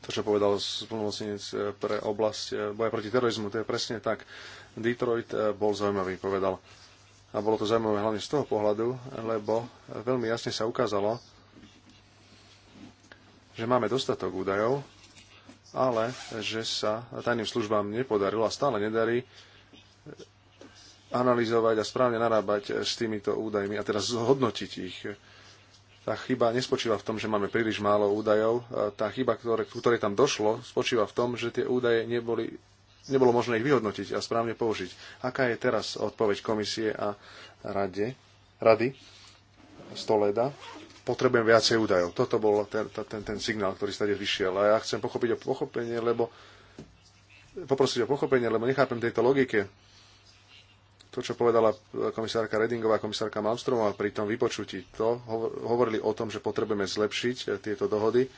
to, čo povedal spolumocnenec eh, pre oblasť eh, boja proti terorizmu, to je presne tak. Detroit eh, bol zaujímavý, povedal. A bolo to zaujímavé hlavne z toho pohľadu, lebo veľmi jasne sa ukázalo, že máme dostatok údajov, ale že sa tajným službám nepodarilo a stále nedarí analyzovať a správne narábať s týmito údajmi a teraz zhodnotiť ich tá chyba nespočíva v tom, že máme príliš málo údajov. Tá chyba, ktoré, ktorej tam došlo, spočíva v tom, že tie údaje neboli, nebolo možné ich vyhodnotiť a správne použiť. Aká je teraz odpoveď komisie a rade, rady Stoleda? Potrebujem viacej údajov. Toto bol ten, ten, ten signál, ktorý stade vyšiel. A ja chcem pochopiť o pochopenie, lebo poprosiť o pochopenie, lebo nechápem tejto logike to, čo povedala komisárka Redingová a komisárka Malmstromová pri tom vypočutí, to hovorili o tom, že potrebujeme zlepšiť e, tieto dohody. E,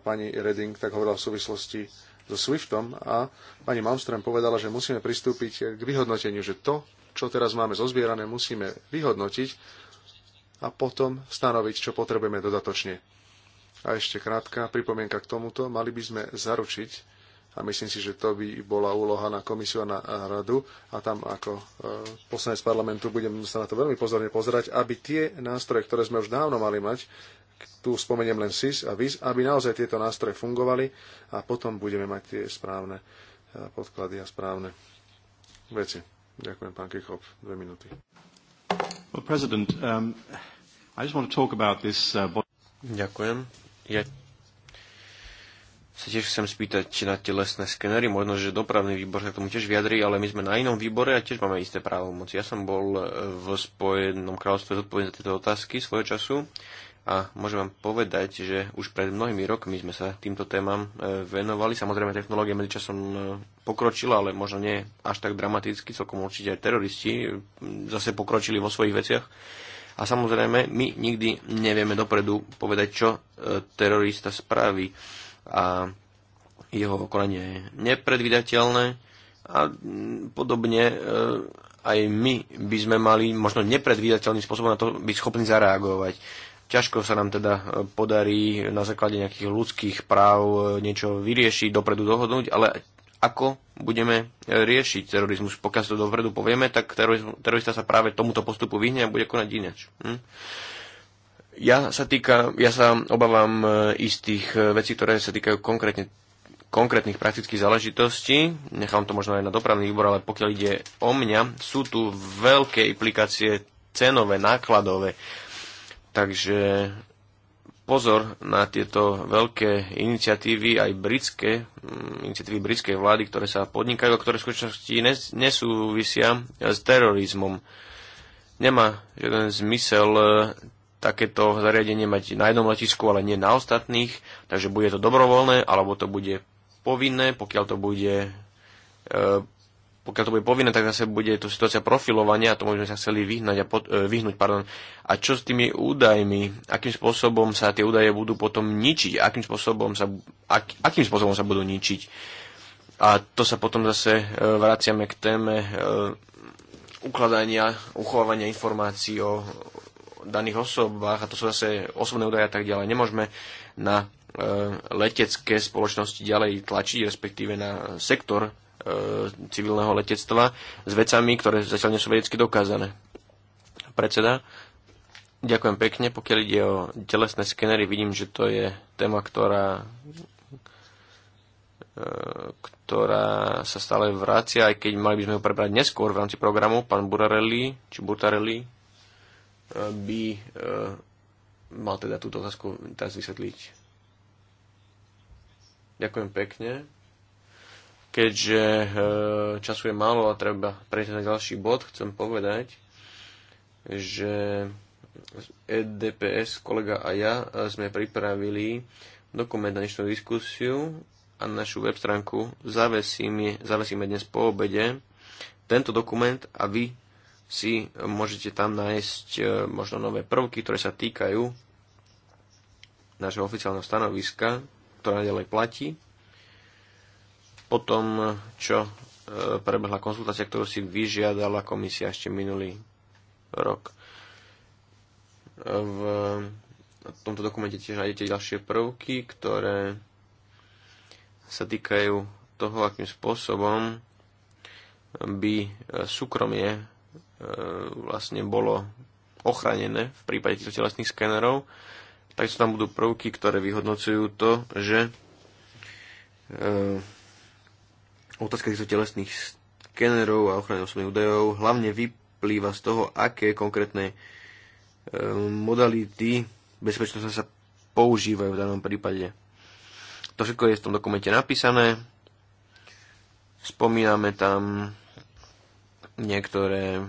pani Reding tak hovorila v súvislosti so SWIFTom a pani Malmström povedala, že musíme pristúpiť k vyhodnoteniu, že to, čo teraz máme zozbierané, musíme vyhodnotiť a potom stanoviť, čo potrebujeme dodatočne. A ešte krátka pripomienka k tomuto. Mali by sme zaručiť, a myslím si, že to by bola úloha na komisiu a na radu a tam ako e, poslanec parlamentu budem sa na to veľmi pozorne pozerať, aby tie nástroje, ktoré sme už dávno mali mať, tu spomeniem len SIS a VIS, aby naozaj tieto nástroje fungovali a potom budeme mať tie správne e, podklady a správne veci. Ďakujem, pán Kichop. Dve minúty. Well, um, this, uh... Ďakujem. Ja sa tiež chcem spýtať na telesné skenery. Možno, že dopravný výbor sa k tomu tiež vyjadrí, ale my sme na inom výbore a tiež máme isté právomoci. Ja som bol e, v Spojenom kráľovstve zodpovedný za tieto otázky svojho času a môžem vám povedať, že už pred mnohými rokmi sme sa týmto témam e, venovali. Samozrejme, technológia medzičasom e, pokročila, ale možno nie až tak dramaticky. Celkom určite aj teroristi zase pokročili vo svojich veciach. A samozrejme, my nikdy nevieme dopredu povedať, čo terorista spraví a jeho konanie je nepredvydateľné a podobne e, aj my by sme mali možno nepredvídateľným spôsobom na to byť schopní zareagovať. Ťažko sa nám teda e, podarí na základe nejakých ľudských práv e, niečo vyriešiť, dopredu dohodnúť, ale ako budeme riešiť terorizmus. Pokiaľ to dopredu povieme, tak terorista sa práve tomuto postupu vyhne a bude konať inač. Hm? Ja sa, týka, ja sa obávam e, istých e, vecí, ktoré sa týkajú konkrétne konkrétnych praktických záležitostí, nechám to možno aj na dopravný výbor, ale pokiaľ ide o mňa, sú tu veľké implikácie cenové, nákladové. Takže pozor na tieto veľké iniciatívy, aj britské, mm, iniciatívy britskej vlády, ktoré sa podnikajú a ktoré v skutočnosti nesúvisia s terorizmom. Nemá žiaden zmysel e, takéto zariadenie mať na jednom letisku, ale nie na ostatných, takže bude to dobrovoľné, alebo to bude povinné, pokiaľ to bude e, pokiaľ to bude povinné, tak zase bude tu situácia profilovania, a tomu sme sa chceli vyhnať a pod, e, vyhnúť. Pardon. A čo s tými údajmi? Akým spôsobom sa tie údaje budú potom ničiť? Akým spôsobom sa, ak, akým spôsobom sa budú ničiť? A to sa potom zase e, vraciame k téme e, ukladania, uchovávania informácií o daných osobách, a to sú zase osobné údaje a tak ďalej. Nemôžeme na e, letecké spoločnosti ďalej tlačiť, respektíve na sektor e, civilného letectva s vecami, ktoré zatiaľ nie sú vedecky dokázané. Predseda, ďakujem pekne. Pokiaľ ide o telesné skenery, vidím, že to je téma, ktorá e, ktorá sa stále vracia, aj keď mali by sme ho prebrať neskôr v rámci programu, pán Burarelli, či Butarelli, by eh, mal teda túto otázku teraz vysvetliť. Ďakujem pekne. Keďže eh, času je málo a treba prejsť na ďalší bod, chcem povedať, že EDPS kolega a ja eh, sme pripravili dokument na dnešnú diskusiu a našu web stránku zavesíme, zavesíme dnes po obede tento dokument a vy si môžete tam nájsť e, možno nové prvky, ktoré sa týkajú nášho oficiálneho stanoviska, ktoré ďalej platí. Potom, tom, čo e, prebehla konzultácia, ktorú si vyžiadala komisia ešte minulý rok. E, v tomto dokumente tiež nájdete ďalšie prvky, ktoré sa týkajú toho, akým spôsobom by súkromie E, vlastne bolo ochránené v prípade týchto telesných tak sú tam budú prvky, ktoré vyhodnocujú to, že e, otázka týchto telesných skénerov a ochrany osobných údajov hlavne vyplýva z toho, aké konkrétne e, modality bezpečnosti sa používajú v danom prípade. To všetko je v tom dokumente napísané. Spomíname tam niektoré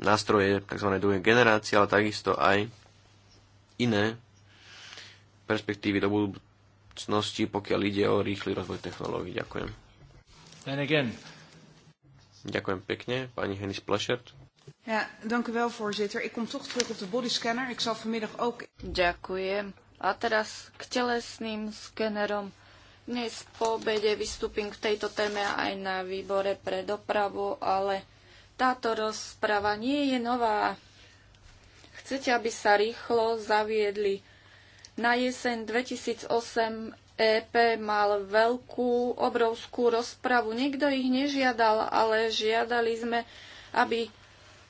nástroje tzv. druhej generácie, ale takisto aj iné perspektívy do budúcnosti, pokiaľ ide o rýchly rozvoj technológií. Ďakujem. And again. Ďakujem pekne, pani Henis Plešert. Ja, dank u wel, voorzitter. Ik kom toch terug op de bodyscanner. Ik zal vanmiddag ook... Ďakujem. A teraz k telesným skenerom. Dnes po obede vystúpim k tejto téme aj na výbore pre dopravu, ale táto rozprava nie je nová. Chcete, aby sa rýchlo zaviedli. Na jeseň 2008 EP mal veľkú, obrovskú rozpravu. Nikto ich nežiadal, ale žiadali sme, aby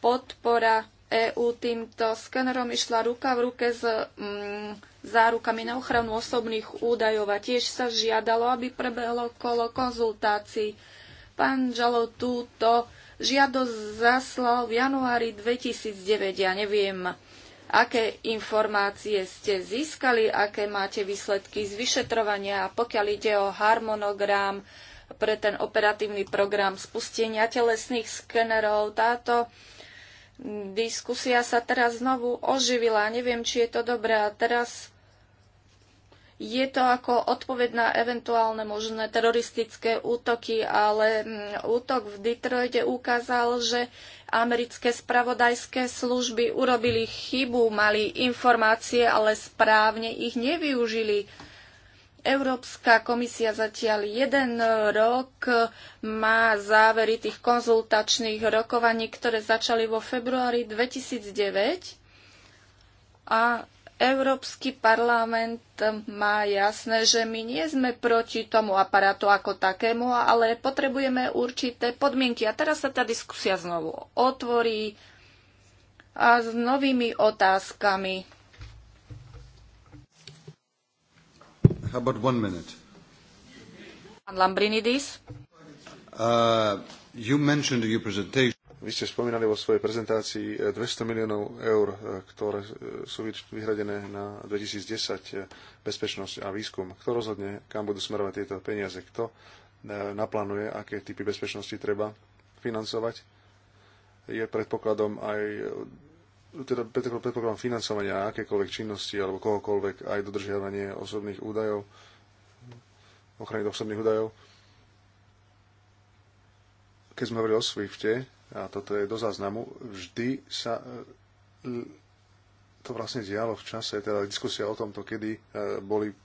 podpora EÚ týmto skenerom išla ruka v ruke s mm, zárukami na ochranu osobných údajov a tiež sa žiadalo, aby prebehlo kolo konzultácií. Pán Žalo túto žiadosť zaslal v januári 2009. Ja neviem, aké informácie ste získali, aké máte výsledky z vyšetrovania a pokiaľ ide o harmonogram pre ten operatívny program spustenia telesných skenerov, táto diskusia sa teraz znovu oživila. Neviem, či je to dobré. A teraz je to ako odpoveď na eventuálne možné teroristické útoky, ale mm, útok v Detroite ukázal, že americké spravodajské služby urobili chybu, mali informácie, ale správne ich nevyužili. Európska komisia zatiaľ jeden rok má závery tých konzultačných rokovaní, ktoré začali vo februári 2009 a Európsky parlament má jasné, že my nie sme proti tomu aparátu ako takému, ale potrebujeme určité podmienky. A teraz sa tá diskusia znovu otvorí a s novými otázkami. How about one minute? Pán Lambrinidis? Uh, you mentioned in your presentation vy ste spomínali vo svojej prezentácii 200 eh, miliónov eur, eh, ktoré eh, sú vyhradené na 2010 bezpečnosť a výskum. Kto rozhodne, kam budú smerovať tieto peniaze? Kto naplánuje, aké typy bezpečnosti treba financovať? Je predpokladom aj teda predpokladom financovania akékoľvek činnosti alebo kohokoľvek aj dodržiavanie osobných údajov, ochrany osobných údajov. Keď sme hovorili o Swifte, a toto je do záznamu, vždy sa e, to vlastne dialo v čase, teda diskusia o tomto, kedy e, boli e,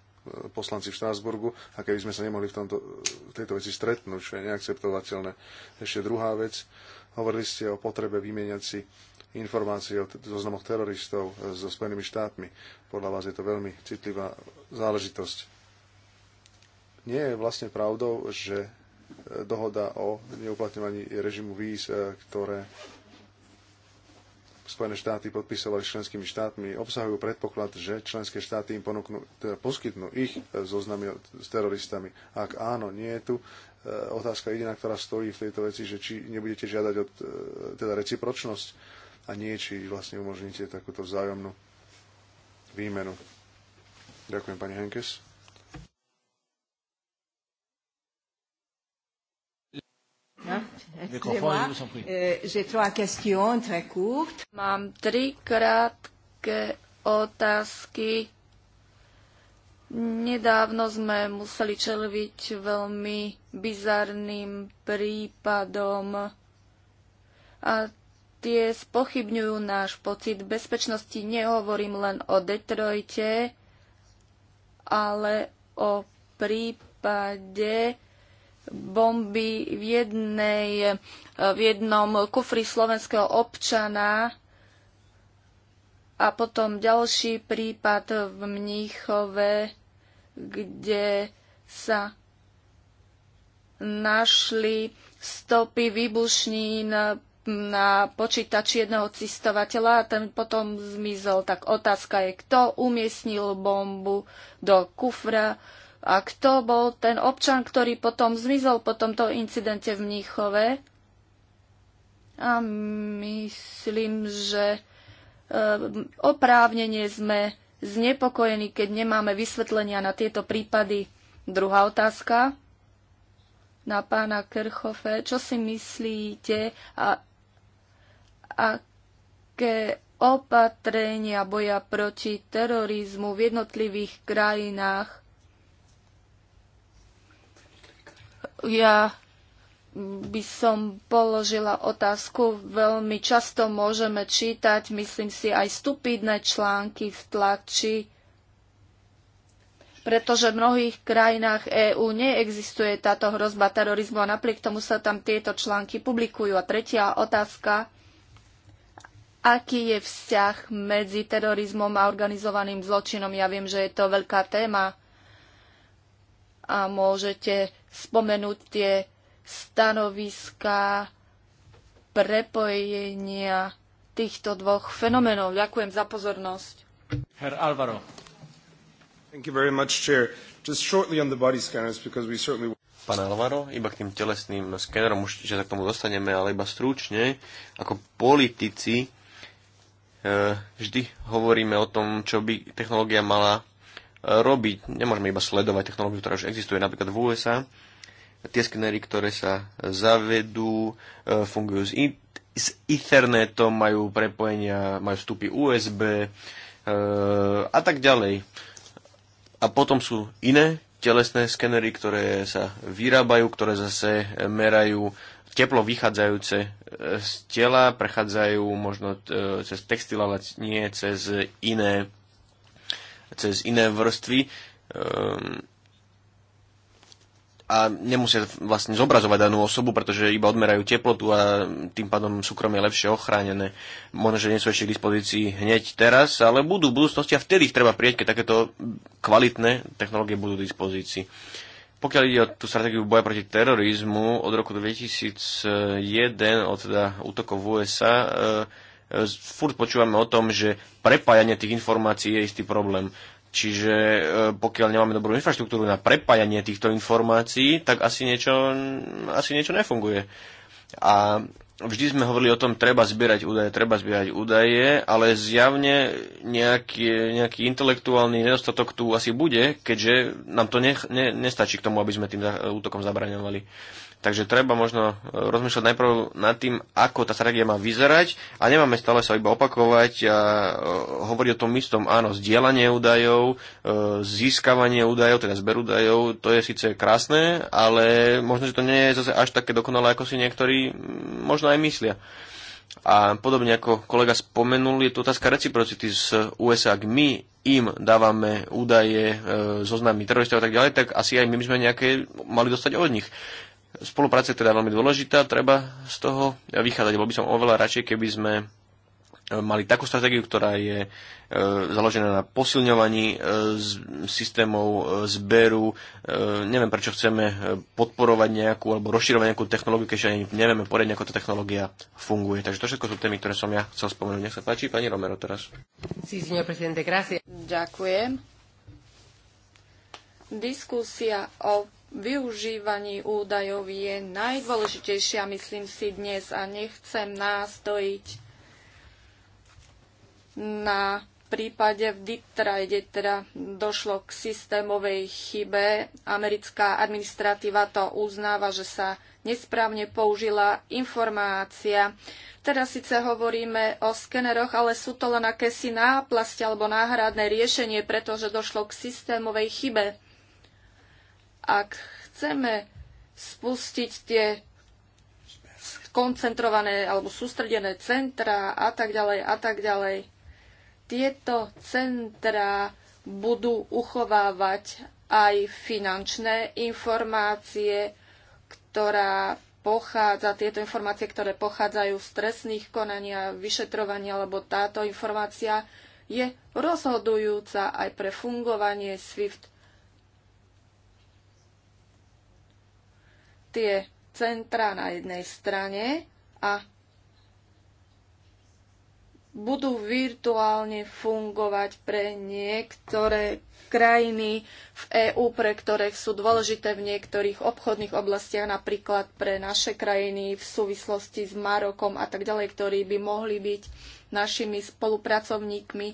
poslanci v Štrásburgu a keby sme sa nemohli v tomto, tejto veci stretnúť, čo je neakceptovateľné. Ešte druhá vec, hovorili ste o potrebe vymieňať si informácie o zoznamoch teroristov so Spojenými štátmi. Podľa vás je to veľmi citlivá záležitosť. Nie je vlastne pravdou, že dohoda o neuplatňovaní režimu víz, e, ktoré Spojené štáty podpisovali s členskými štátmi, obsahujú predpoklad, že členské štáty im ponúknú, teda poskytnú ich e, zoznamy s teroristami. Ak áno, nie je tu e, otázka jediná, ktorá stojí v tejto veci, že či nebudete žiadať od, teda recipročnosť a nie, či vlastne umožníte takúto vzájomnú výmenu. Ďakujem, pani Henkes. Euh, Mám tri krátke otázky. Nedávno sme museli čeliť veľmi bizarným prípadom a tie spochybňujú náš pocit bezpečnosti. Nehovorím len o Detroite, ale o prípade bomby v, jednej, v jednom kufri slovenského občana a potom ďalší prípad v Mníchove, kde sa našli stopy výbušnín na počítači jedného cestovateľa a ten potom zmizol. Tak otázka je, kto umiestnil bombu do kufra a kto bol ten občan, ktorý potom zmizol po tomto incidente v Mníchove? A myslím, že eh, oprávnenie sme znepokojení, keď nemáme vysvetlenia na tieto prípady. Druhá otázka na pána Kerchofe. Čo si myslíte a aké opatrenia boja proti terorizmu v jednotlivých krajinách Ja by som položila otázku. Veľmi často môžeme čítať, myslím si, aj stupidné články v tlači, pretože v mnohých krajinách EÚ neexistuje táto hrozba terorizmu a napriek tomu sa tam tieto články publikujú. A tretia otázka, aký je vzťah medzi terorizmom a organizovaným zločinom? Ja viem, že je to veľká téma a môžete spomenúť tie stanoviská prepojenia týchto dvoch fenomenov. Ďakujem za pozornosť. Herr Alvaro. Thank you very much, Chair. Just shortly on the body scanners, because we certainly... Pán Alvaro, iba k tým telesným skénerom už sa k tomu dostaneme, ale iba stručne, ako politici e, vždy hovoríme o tom, čo by technológia mala robiť. Nemôžeme iba sledovať technológiu, ktorá už existuje napríklad v USA. Tie skenery, ktoré sa zavedú, e, fungujú s, s Ethernetom, majú prepojenia, majú vstupy USB e, a tak ďalej. A potom sú iné telesné skenery, ktoré sa vyrábajú, ktoré zase merajú teplo vychádzajúce e, z tela, prechádzajú možno cez textil, ale nie cez iné cez iné vrstvy um, a nemusia vlastne zobrazovať danú osobu, pretože iba odmerajú teplotu a tým pádom súkromie je lepšie ochránené. Možno, že nie sú ešte k dispozícii hneď teraz, ale budú v budúcnosti a vtedy ich treba prieť, keď takéto kvalitné technológie budú k dispozícii. Pokiaľ ide o tú stratégiu boja proti terorizmu, od roku 2001, od teda útokov v USA, e, eh, E, furt počúvame o tom, že prepájanie tých informácií je istý problém. Čiže e, pokiaľ nemáme dobrú infraštruktúru na prepájanie týchto informácií, tak asi niečo, asi niečo nefunguje. A vždy sme hovorili o tom, treba zbierať údaje, treba zbierať údaje, ale zjavne nejaký, nejaký intelektuálny nedostatok tu asi bude, keďže nám to ne, ne, nestačí k tomu, aby sme tým útokom zabraňovali. Takže treba možno e, rozmýšľať najprv nad tým, ako tá stratégia má vyzerať a nemáme stále sa iba opakovať a e, hovoriť o tom istom. Áno, zdieľanie údajov, e, získavanie údajov, teda zber údajov, to je síce krásne, ale možno, že to nie je zase až také dokonalé, ako si niektorí možno aj myslia. A podobne ako kolega spomenul, je to otázka reciprocity z USA. Ak my im dávame údaje, e, zoznamy teroristov a tak ďalej, tak asi aj my by sme nejaké mali dostať od nich. Spolupráca je teda veľmi dôležitá, treba z toho vychádzať. Bol by som oveľa radšej, keby sme e, mali takú stratégiu, ktorá je e, založená na posilňovaní e, z, systémov e, zberu. E, neviem, prečo chceme e, podporovať nejakú alebo rozširovať nejakú technológiu, keďže ani nevieme poriadne, ako tá technológia funguje. Takže to všetko sú témy, ktoré som ja chcel spomenúť. Nech sa páči, pani Romero teraz. Sí, Ďakujem. Diskusia o využívaní údajov je najdôležitejšia, myslím si, dnes a nechcem nástojiť na prípade v Deeptrade teda došlo k systémovej chybe. Americká administratíva to uznáva, že sa nesprávne použila informácia. Teraz síce hovoríme o skeneroch, ale sú to len akési náplasti alebo náhradné riešenie, pretože došlo k systémovej chybe. Ak chceme spustiť tie koncentrované alebo sústredené centra a tak ďalej a tak ďalej. Tieto centra budú uchovávať aj finančné informácie, ktorá pochádza, tieto informácie, ktoré pochádzajú z trestných konania, vyšetrovania, alebo táto informácia je rozhodujúca aj pre fungovanie SWIFT tie centra na jednej strane a budú virtuálne fungovať pre niektoré krajiny v EÚ, pre ktoré sú dôležité v niektorých obchodných oblastiach, napríklad pre naše krajiny v súvislosti s Marokom a tak ďalej, ktorí by mohli byť našimi spolupracovníkmi,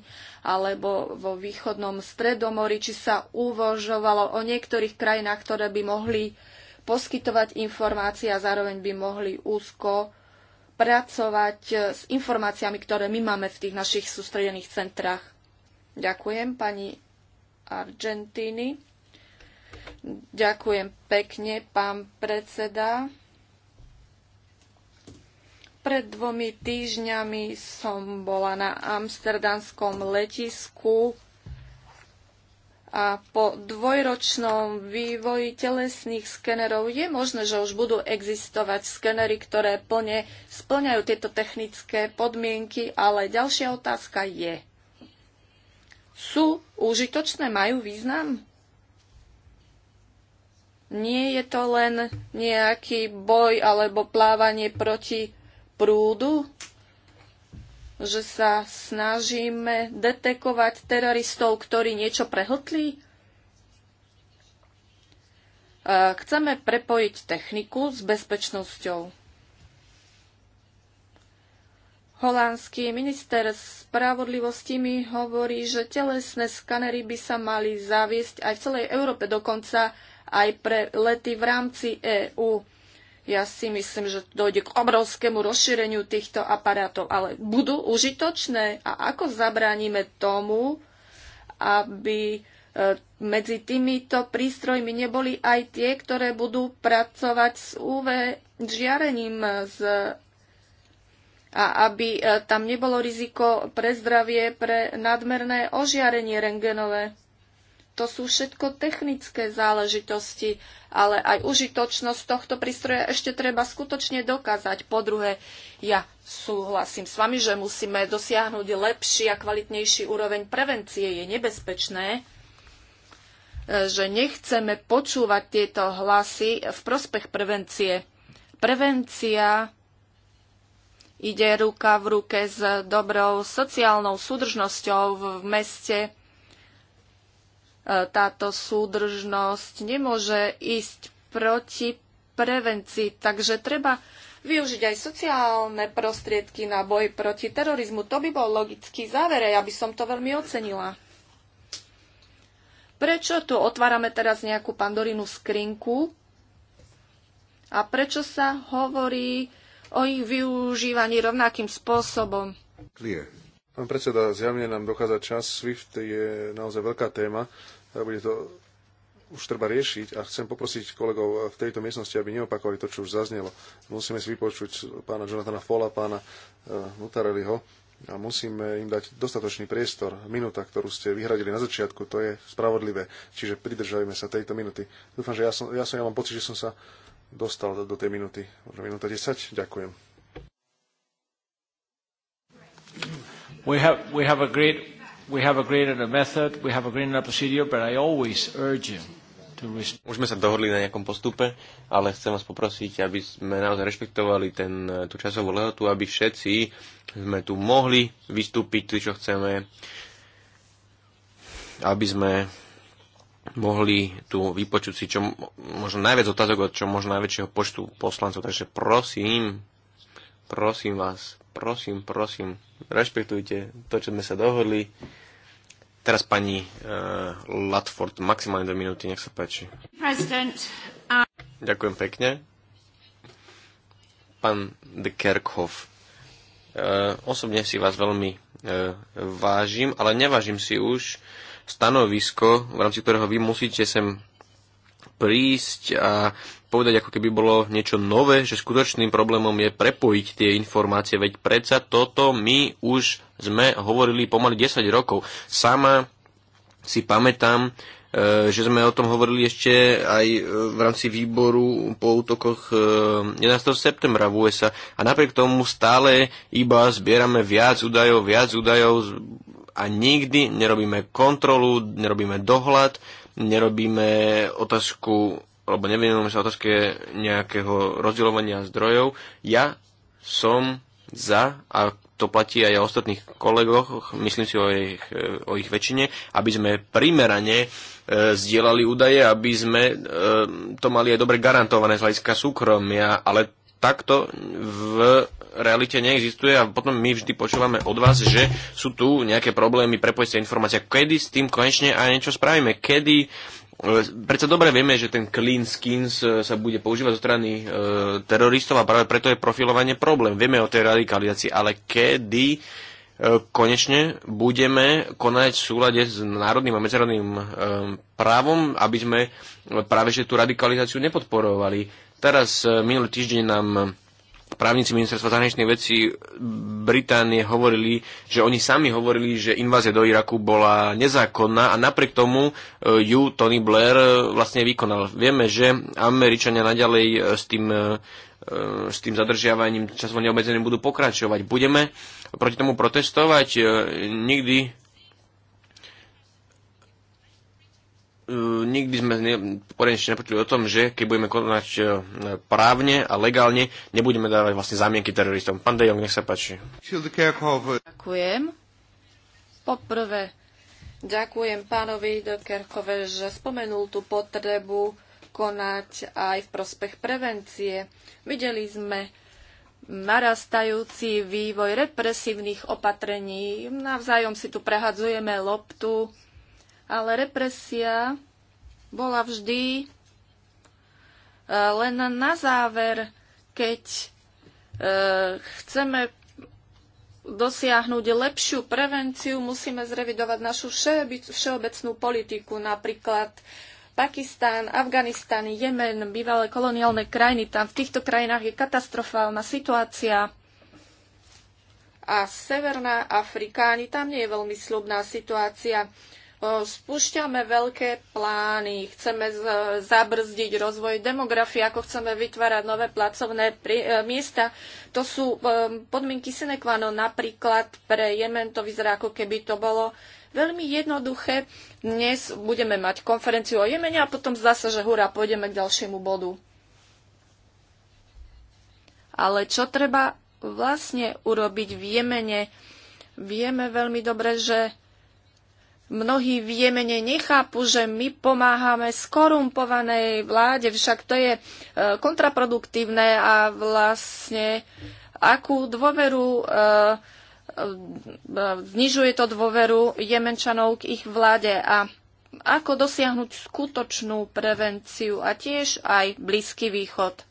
alebo vo východnom stredomori, či sa uvožovalo o niektorých krajinách, ktoré by mohli poskytovať informácie a zároveň by mohli úzko pracovať s informáciami, ktoré my máme v tých našich sústredených centrách. Ďakujem pani Argentíny. Ďakujem pekne, pán predseda. Pred dvomi týždňami som bola na amsterdamskom letisku a po dvojročnom vývoji telesných skenerov je možné, že už budú existovať skenery, ktoré plne splňajú tieto technické podmienky, ale ďalšia otázka je, sú užitočné, majú význam? Nie je to len nejaký boj alebo plávanie proti prúdu? že sa snažíme detekovať teroristov, ktorí niečo prehltli? Chceme prepojiť techniku s bezpečnosťou. Holandský minister spravodlivosti mi hovorí, že telesné skanery by sa mali zaviesť aj v celej Európe, dokonca aj pre lety v rámci EÚ. Ja si myslím, že dojde k obrovskému rozšíreniu týchto aparátov, ale budú užitočné a ako zabránime tomu, aby e, medzi týmito prístrojmi neboli aj tie, ktoré budú pracovať s UV žiarením z a aby e, tam nebolo riziko pre zdravie, pre nadmerné ožiarenie rengenové. To sú všetko technické záležitosti, ale aj užitočnosť tohto prístroja ešte treba skutočne dokázať. Po druhé, ja súhlasím s vami, že musíme dosiahnuť lepší a kvalitnejší úroveň prevencie. Je nebezpečné, e, že nechceme počúvať tieto hlasy v prospech prevencie. Prevencia ide ruka v ruke s dobrou sociálnou súdržnosťou v meste E, táto súdržnosť nemôže ísť proti prevencii. Takže treba využiť aj sociálne prostriedky na boj proti terorizmu. To by bol logický záver, ja by som to veľmi ocenila. Prečo tu otvárame teraz nejakú pandorínu skrinku? A prečo sa hovorí o ich využívaní rovnakým spôsobom? Clear. Pán predseda, zjavne nám dochádza čas. SWIFT je naozaj veľká téma. Bude to už treba riešiť a chcem poprosiť kolegov v tejto miestnosti, aby neopakovali to, čo už zaznelo. Musíme si vypočuť pána Jonathana Fola, pána e, Mutareliho a musíme im dať dostatočný priestor. Minúta, ktorú ste vyhradili na začiatku, to je spravodlivé. Čiže pridržajme sa tejto minuty. Dúfam, že ja som, ja, som, ja mám pocit, že som sa dostal do, tej minúty. Možno minúta 10. Ďakujem. We have, we have agreed we have agreed on a method, we have agreed on a procedure, but I always urge you to Už sme sa dohodli na nejakom postupe, ale chcem vás poprosiť, aby sme naozaj rešpektovali ten, eh, tú časovú lehotu, aby všetci sme tu mohli vystúpiť, čo chceme, aby sme mohli tu vypočuť si čo možno najviac otázok od čo možno najväčšieho počtu poslancov. Takže prosím, Prosím vás, prosím, prosím, rešpektujte to, čo sme sa dohodli. Teraz pani uh, Latford, maximálne do minúty, nech sa páči. Uh... Ďakujem pekne. Pán de Kerkhoff, uh, osobne si vás veľmi uh, vážim, ale nevážim si už stanovisko, v rámci ktorého vy musíte sem prísť a povedať, ako keby bolo niečo nové, že skutočným problémom je prepojiť tie informácie, veď predsa toto my už sme hovorili pomaly 10 rokov. Sama si pamätám, e, že sme o tom hovorili ešte aj e, v rámci výboru po útokoch 11. E, septembra v USA. A napriek tomu stále iba zbierame viac údajov, viac údajov a nikdy nerobíme kontrolu, nerobíme dohľad nerobíme otázku, alebo nevenujeme sa otázke nejakého rozdielovania zdrojov. Ja som za, a to platí aj o ostatných kolegoch, myslím si o ich, o ich väčšine, aby sme primerane e, zdieľali údaje, aby sme e, to mali aj dobre garantované z hľadiska súkromia, ale takto v realite neexistuje a potom my vždy počúvame od vás, že sú tu nejaké problémy, sa informácia. Kedy s tým konečne aj niečo spravíme? Kedy e, Prečo dobre vieme, že ten clean skins sa bude používať zo strany e, teroristov a práve preto je profilovanie problém. Vieme o tej radikalizácii, ale kedy e, konečne budeme konať v súlade s národným a medzinárodným e, právom, aby sme práve že tú radikalizáciu nepodporovali. Teraz e, minulý týždeň nám právnici ministerstva zahraničných vecí Británie hovorili, že oni sami hovorili, že invázia do Iraku bola nezákonná a napriek tomu e, ju Tony Blair e, vlastne vykonal. Vieme, že Američania naďalej s tým s tým zadržiavaním časovo neobmedzeným budú pokračovať. Budeme proti tomu protestovať. Nikdy E, nikdy sme sme poriadne nepočuli o tom, že keď budeme konať e, právne a legálne, nebudeme dávať vlastne zámienky teroristom. Pán Dejong, nech sa páči. Ďakujem. Poprvé, ďakujem pánovi do Kerkove, že spomenul tú potrebu konať aj v prospech prevencie. Videli sme narastajúci vývoj represívnych opatrení. Navzájom si tu prehadzujeme loptu ale represia bola vždy eh, len na záver, keď eh, chceme dosiahnuť lepšiu prevenciu, musíme zrevidovať našu všeobecnú politiku, napríklad Pakistán, Afganistan, Jemen, bývalé koloniálne krajiny. Tam v týchto krajinách je katastrofálna situácia. A Severná Afrika, ani tam nie je veľmi slubná situácia spúšťame veľké plány, chceme zabrzdiť rozvoj demografie, ako chceme vytvárať nové pracovné e, miesta. To sú e, podmienky sine qua non. Napríklad pre Jemen to vyzerá, ako keby to bolo veľmi jednoduché. Dnes budeme mať konferenciu o Jemene a potom zdá sa, že hurá, pôjdeme k ďalšiemu bodu. Ale čo treba vlastne urobiť v Jemene? Vieme veľmi dobre, že Mnohí v Jemene nechápu, že my pomáhame skorumpovanej vláde, však to je e, kontraproduktívne a vlastne akú dôveru e, e, znižuje to dôveru Jemenčanov k ich vláde a ako dosiahnuť skutočnú prevenciu a tiež aj Blízky východ.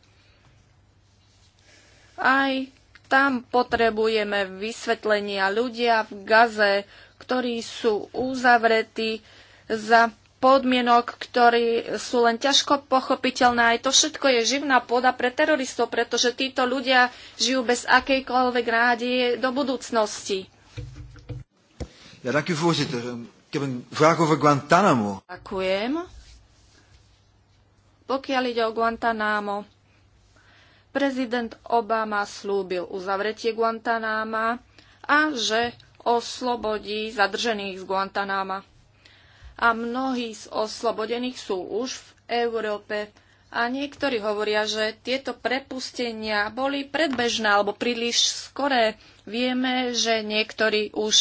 Aj tam potrebujeme vysvetlenia ľudia v Gaze, ktorí sú uzavretí za podmienok, ktorí sú len ťažko pochopiteľné. Aj to všetko je živná pôda pre teroristov, pretože títo ľudia žijú bez akejkoľvek nádeje do budúcnosti. Ja, dank voorzitter. Ik heb een vraag over Guantanamo. Ďakujem. Pokiaľ ide o Guantanamo, prezident Obama slúbil uzavretie Guantanama a že oslobodí zadržených z Guantanáma. A mnohí z oslobodených sú už v Európe. A niektorí hovoria, že tieto prepustenia boli predbežné alebo príliš skoré. Vieme, že niektorí už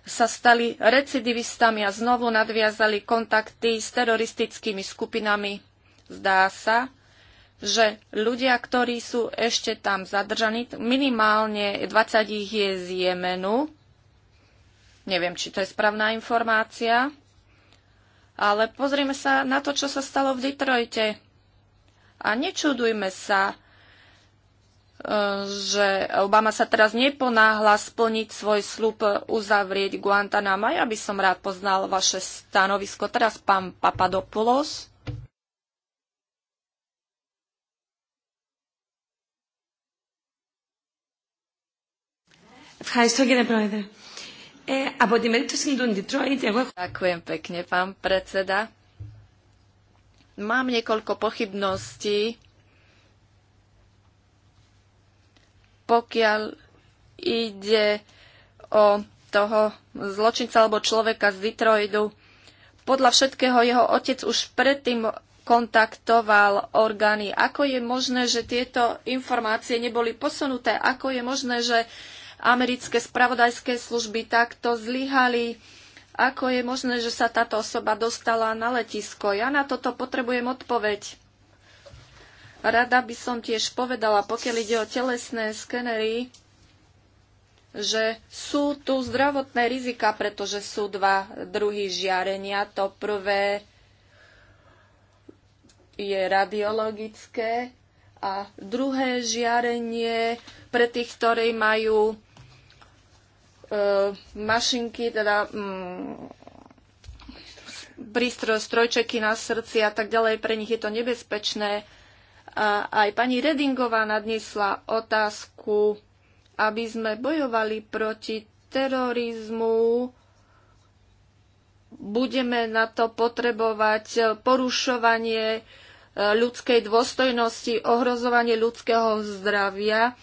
sa stali recidivistami a znovu nadviazali kontakty s teroristickými skupinami. Zdá sa, že ľudia, ktorí sú ešte tam zadržaní, minimálne 20 ich je z Jemenu. Neviem, či to je správna informácia. Ale pozrime sa na to, čo sa stalo v Detroite. A nečudujme sa, e, že Obama sa teraz neponáhla splniť svoj slup uzavrieť Guantanama. Ja by som rád poznal vaše stanovisko. Teraz pán Papadopoulos. Ευχαριστώ κύριε Πρόεδρε. Ε, από τη περίπτωση του Detroit, εγώ... Ďakujem pekne, pán predseda. Mám niekoľko pochybností, pokiaľ ide o toho zločinca alebo človeka z Detroitu. Podľa všetkého jeho otec už predtým kontaktoval orgány. Ako je možné, že tieto informácie neboli posunuté? Ako je možné, že americké spravodajské služby takto zlyhali. Ako je možné, že sa táto osoba dostala na letisko? Ja na toto potrebujem odpoveď. Rada by som tiež povedala, pokiaľ ide o telesné skenery, že sú tu zdravotné rizika, pretože sú dva druhy žiarenia. To prvé je radiologické a druhé žiarenie pre tých, ktorí majú E, mašinky, teda mm, prístroj, strojčeky na srdci a tak ďalej, pre nich je to nebezpečné. A aj pani Redingová nadniesla otázku, aby sme bojovali proti terorizmu, budeme na to potrebovať porušovanie e, ľudskej dôstojnosti, ohrozovanie ľudského zdravia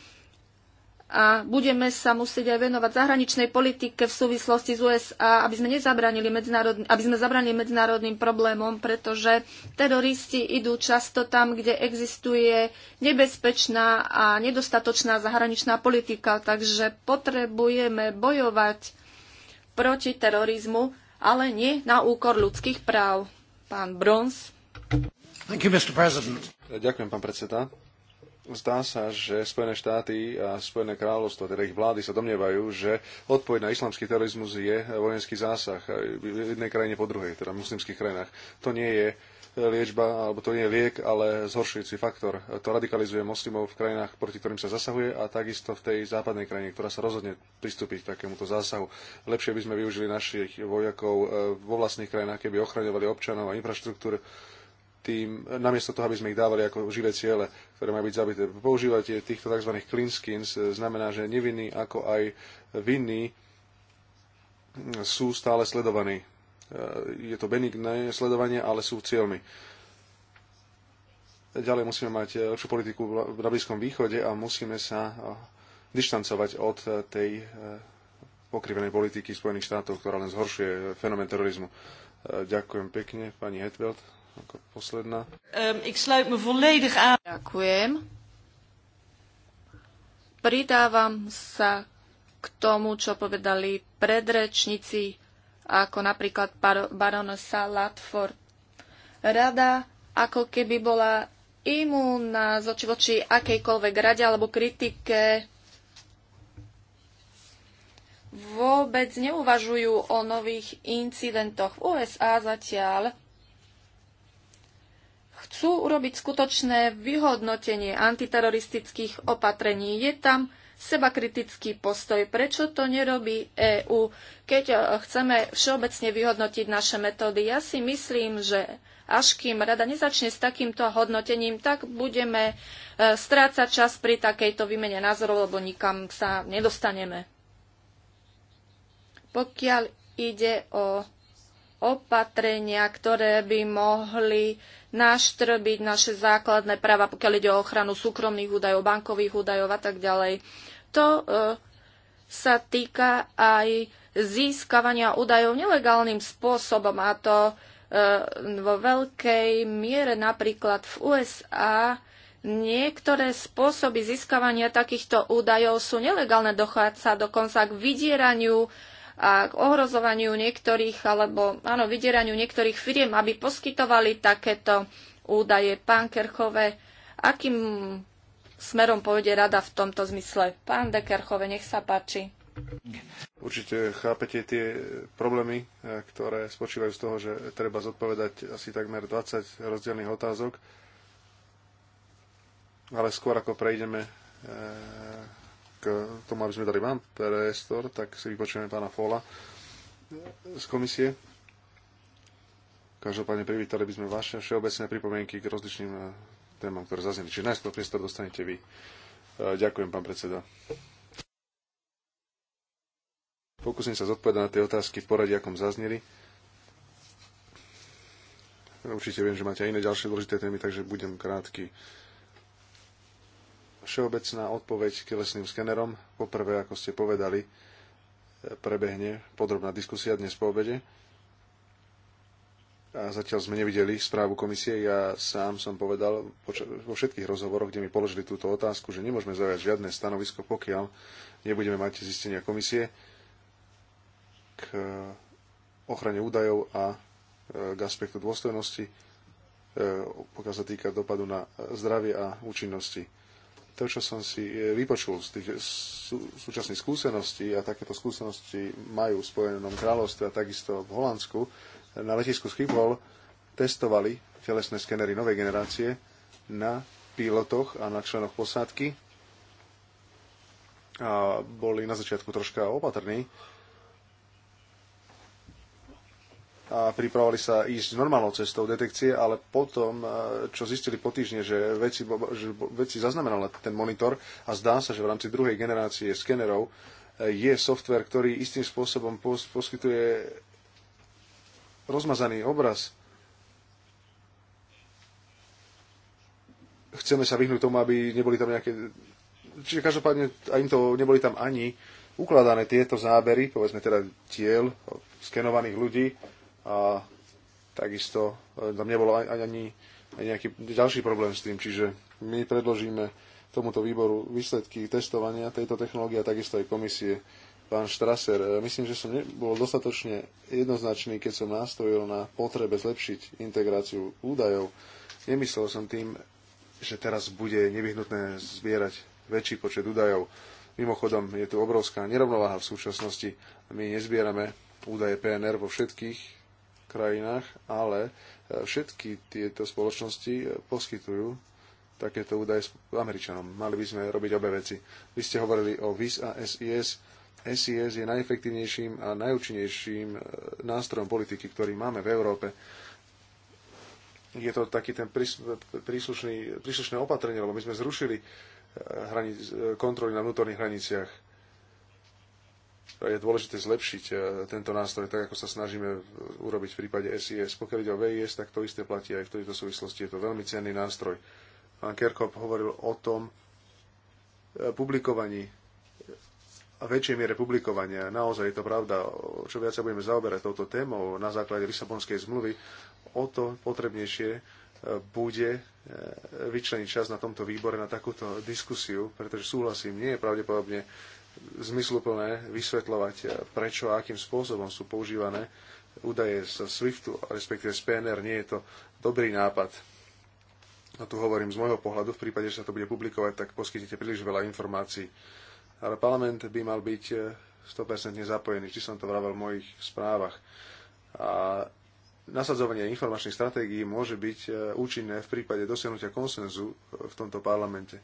a budeme sa musieť aj venovať zahraničnej politike v súvislosti s USA, aby sme, nezabranili medzinárodn- aby sme zabránili medzinárodným problémom, pretože teroristi idú často tam, kde existuje nebezpečná a nedostatočná zahraničná politika. Takže potrebujeme bojovať proti terorizmu, ale nie na úkor ľudských práv. Pán Brons. You, Ďakujem, pán predseda. Zdá sa, že Spojené štáty a Spojené kráľovstvo, teda ich vlády sa domnievajú, že odpoveď na islamský terorizmus je vojenský zásah v jednej krajine po druhej, teda v muslimských krajinách. To nie je liečba, alebo to nie je liek, ale zhoršujúci faktor. To radikalizuje moslimov v krajinách, proti ktorým sa zasahuje a takisto v tej západnej krajine, ktorá sa rozhodne pristúpiť k takémuto zásahu. Lepšie by sme využili našich vojakov eh, vo vlastných krajinách, keby ochraňovali občanov a infraštruktúru tým, namiesto toho, aby sme ich dávali ako živé ciele ktoré majú byť zabité. Používate týchto tzv. clean skins e, znamená, že nevinní ako aj vinní sú stále sledovaní. E, je to benigné sledovanie, ale sú cieľmi. Ďalej musíme mať e, lepšiu politiku na Blízkom východe a musíme sa dištancovať od tej pokrivenej politiky Spojených štátov, ktorá len zhoršuje fenomén terorizmu. Ďakujem pekne, pani Hetveld ako posledná. Um, sluit me volledig aan. Ďakujem. Pridávam sa k tomu, čo povedali predrečníci, ako napríklad baronesa Latford. Rada ako keby bola imúnna z oči voči akejkoľvek rade alebo kritike. Vôbec neuvažujú o nových incidentoch v USA zatiaľ chcú urobiť skutočné vyhodnotenie antiteroristických opatrení. Je tam sebakritický postoj. Prečo to nerobí EÚ, keď e, chceme všeobecne vyhodnotiť naše metódy? Ja si myslím, že až kým rada nezačne s takýmto hodnotením, tak budeme e, strácať čas pri takejto výmene názorov, lebo nikam sa nedostaneme. Pokiaľ ide o opatrenia, ktoré by mohli naštrbiť naše základné práva, pokiaľ ide o ochranu súkromných údajov, bankových údajov a tak ďalej. To e, sa týka aj získavania údajov nelegálnym spôsobom a to e, vo veľkej miere napríklad v USA Niektoré spôsoby získavania takýchto údajov sú nelegálne, dochádza dokonca k vydieraniu a k ohrozovaniu niektorých alebo áno, vydieraniu niektorých firiem, aby poskytovali takéto údaje. Pán Kerchove, akým smerom pôjde rada v tomto zmysle? Pán De Kerchove, nech sa páči. Určite chápete tie problémy, eh, ktoré spočívajú z toho, že treba zodpovedať asi takmer 20 rozdielných otázok. Ale skôr ako prejdeme eh, k tomu, aby sme dali vám priestor, tak si vypočujeme pána Fola z komisie. Každopádne privítali by sme vaše všeobecné pripomienky k rozličným eh, témam, ktoré zazneli. Čiže najskôr priestor dostanete vy. Eh, ďakujem, pán predseda. Pokúsim sa zodpovedať na tie otázky v poradí, akom zazneli. Určite viem, že máte aj iné ďalšie dôležité témy, takže budem krátky. Všeobecná odpoveď k lesným skenerom. Poprvé, ako ste povedali, prebehne podrobná diskusia dnes po obede. A zatiaľ sme nevideli správu komisie. Ja sám som povedal vo všetkých rozhovoroch, kde mi položili túto otázku, že nemôžeme zaujať žiadne stanovisko, pokiaľ nebudeme mať zistenia komisie k ochrane údajov a e, k aspektu dôstojnosti, e, pokiaľ sa týka dopadu na zdravie a účinnosti to, čo som si e, vypočul z tých e, súčasných skúseností, a takéto skúsenosti majú v Spojenom kráľovstve a takisto v Holandsku, na letisku Schiphol testovali telesné skenery novej generácie na pilotoch a na členoch posádky a boli na začiatku troška opatrní, a pripravovali sa ísť normálnou cestou detekcie, ale potom, e, čo zistili po týždne, že veci, že veci zaznamenal ten monitor a zdá sa, že v rámci druhej generácie skenerov e, je software, ktorý istým spôsobom poskytuje rozmazaný obraz. Chceme sa vyhnúť tomu, aby neboli tam nejaké... Čiže každopádne im to neboli tam ani ukladané tieto zábery, povedzme teda tiel skenovaných ľudí, a takisto e, tam nebolo ani, ani nejaký ďalší problém s tým, čiže my predložíme tomuto výboru výsledky testovania tejto technológie a takisto aj komisie. Pán Štraser, e, myslím, že som nebol dostatočne jednoznačný, keď som nastojil na potrebe zlepšiť integráciu údajov. Nemyslel som tým, že teraz bude nevyhnutné zbierať väčší počet údajov. Mimochodom, je tu obrovská nerovnováha v súčasnosti. My nezbierame údaje PNR vo všetkých krajinách, ale e, všetky tieto spoločnosti e, poskytujú takéto údaje Američanom. Mali by sme robiť obe veci. Vy ste hovorili o VIS a SIS. SIS je najefektívnejším a najúčinnejším e, nástrojom politiky, ktorý máme v Európe. Je to taký ten príslušný, príslušné opatrenie, lebo my sme zrušili hranic, kontroly na vnútorných hraniciach je dôležité zlepšiť e, tento nástroj, tak ako sa snažíme urobiť v prípade SIS. Pokiaľ ide o VIS, tak to isté platí aj v tejto súvislosti. Je to veľmi cenný nástroj. Pán Kerkop hovoril o tom e, publikovaní a väčšej miere publikovania. Naozaj je to pravda. Čo viac sa budeme zaoberať touto témou na základe Lisabonskej zmluvy, o to potrebnejšie e, bude vyčleniť čas na tomto výbore na takúto diskusiu, pretože súhlasím, nie je pravdepodobne zmysluplné vysvetľovať, eh, prečo a akým spôsobom sú používané údaje z SWIFTu, respektíve z PNR. Nie je to dobrý nápad. A tu hovorím z môjho pohľadu, v prípade, že sa to bude publikovať, tak poskytnete príliš veľa informácií. Ale parlament by mal byť 100% eh, zapojený, či som to vravel v mojich správach. A nasadzovanie informačných stratégií môže byť eh, účinné v prípade dosiahnutia konsenzu v tomto parlamente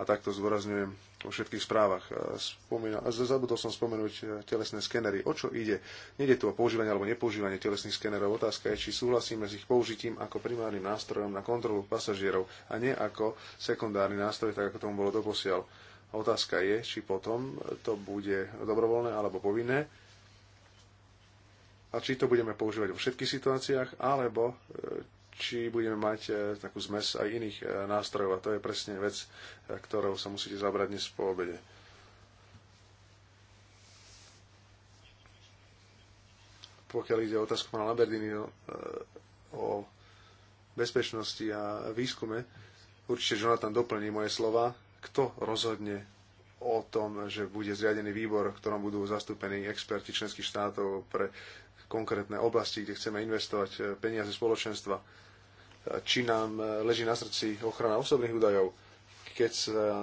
a takto zdôrazňujem vo všetkých správach. Spomína, zabudol som spomenúť e, telesné skenery. O čo ide? Nede tu o používanie alebo nepoužívanie telesných skenerov. Otázka je, či súhlasíme s ich použitím ako primárnym nástrojom na kontrolu pasažierov a nie ako sekundárny nástroj, tak ako tomu bolo doposiaľ. Otázka je, či potom to bude dobrovoľné alebo povinné a či to budeme používať vo všetkých situáciách, alebo e, či budeme mať e, takú zmes aj iných e, nástrojov. A to je presne vec, e, ktorou sa musíte zabrať dnes po obede. Pokiaľ ide o otázku pána Laberdini o bezpečnosti a výskume, určite Jonathan doplní moje slova. Kto rozhodne o tom, že bude zriadený výbor, v ktorom budú zastúpení experti členských štátov pre konkrétne oblasti, kde chceme investovať peniaze spoločenstva či nám e, leží na srdci ochrana osobných údajov. Keď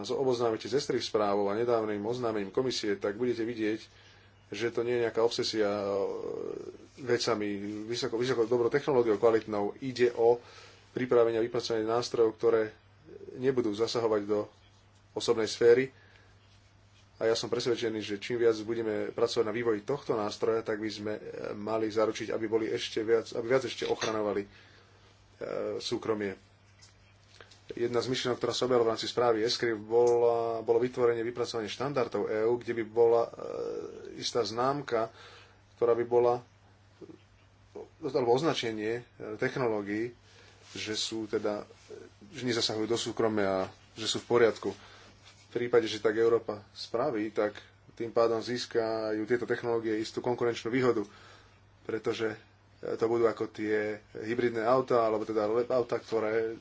sa oboznámite s Estrich správou a nedávnym oznámením komisie, tak budete vidieť, že to nie je nejaká obsesia e, vecami vysoko, vysoko dobrou technológiou kvalitnou. Ide o pripravenie a vypracovanie nástrojov, ktoré nebudú zasahovať do osobnej sféry. A ja som presvedčený, že čím viac budeme pracovať na vývoji tohto nástroja, tak by sme e, mali zaručiť, aby boli ešte viac, aby viac ešte ochranovali E, súkromie. Jedna z myšlienok, ktorá sa objavila v rámci správy ESKRI, bola, bolo vytvorenie, vypracovanie štandardov EÚ, kde by bola e, istá známka, ktorá by bola alebo označenie e, technológií, že sú teda, že nezasahujú do súkromia a že sú v poriadku. V prípade, že tak Európa spraví, tak tým pádom získajú tieto technológie istú konkurenčnú výhodu, pretože to budú ako tie hybridné auta, alebo teda auta, ktoré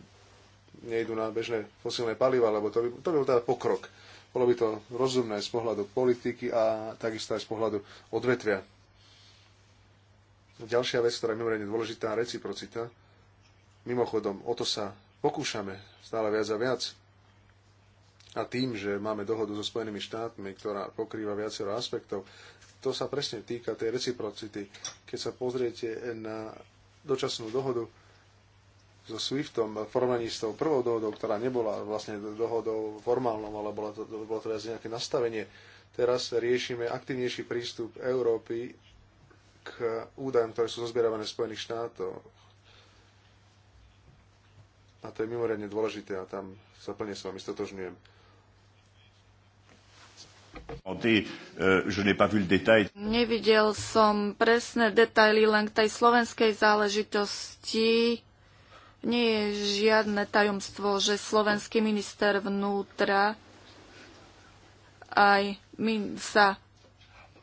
nejdú na bežné fosílne paliva, lebo to by, to by bol teda pokrok. Bolo by to rozumné z pohľadu politiky a takisto aj z pohľadu odvetvia. Ďalšia vec, ktorá je mimoriadne dôležitá, reciprocita. Mimochodom, o to sa pokúšame stále viac a viac. A tým, že máme dohodu so Spojenými štátmi, ktorá pokrýva viacero aspektov, to sa presne týka tej reciprocity. Keď sa pozriete na dočasnú dohodu so SWIFTom v porovnaní s tou prvou dohodou, ktorá nebola vlastne dohodou formálnou, ale bola to, bolo to nejaké nastavenie, teraz riešime aktívnejší prístup Európy k údajom, ktoré sú zozbieravané v Spojených štátoch. A to je mimoriadne dôležité a tam sa plne s vami stotožňujem. Euh, Nevidel som presné detaily len k tej slovenskej záležitosti. Nie je žiadne tajomstvo, že slovenský minister vnútra aj sa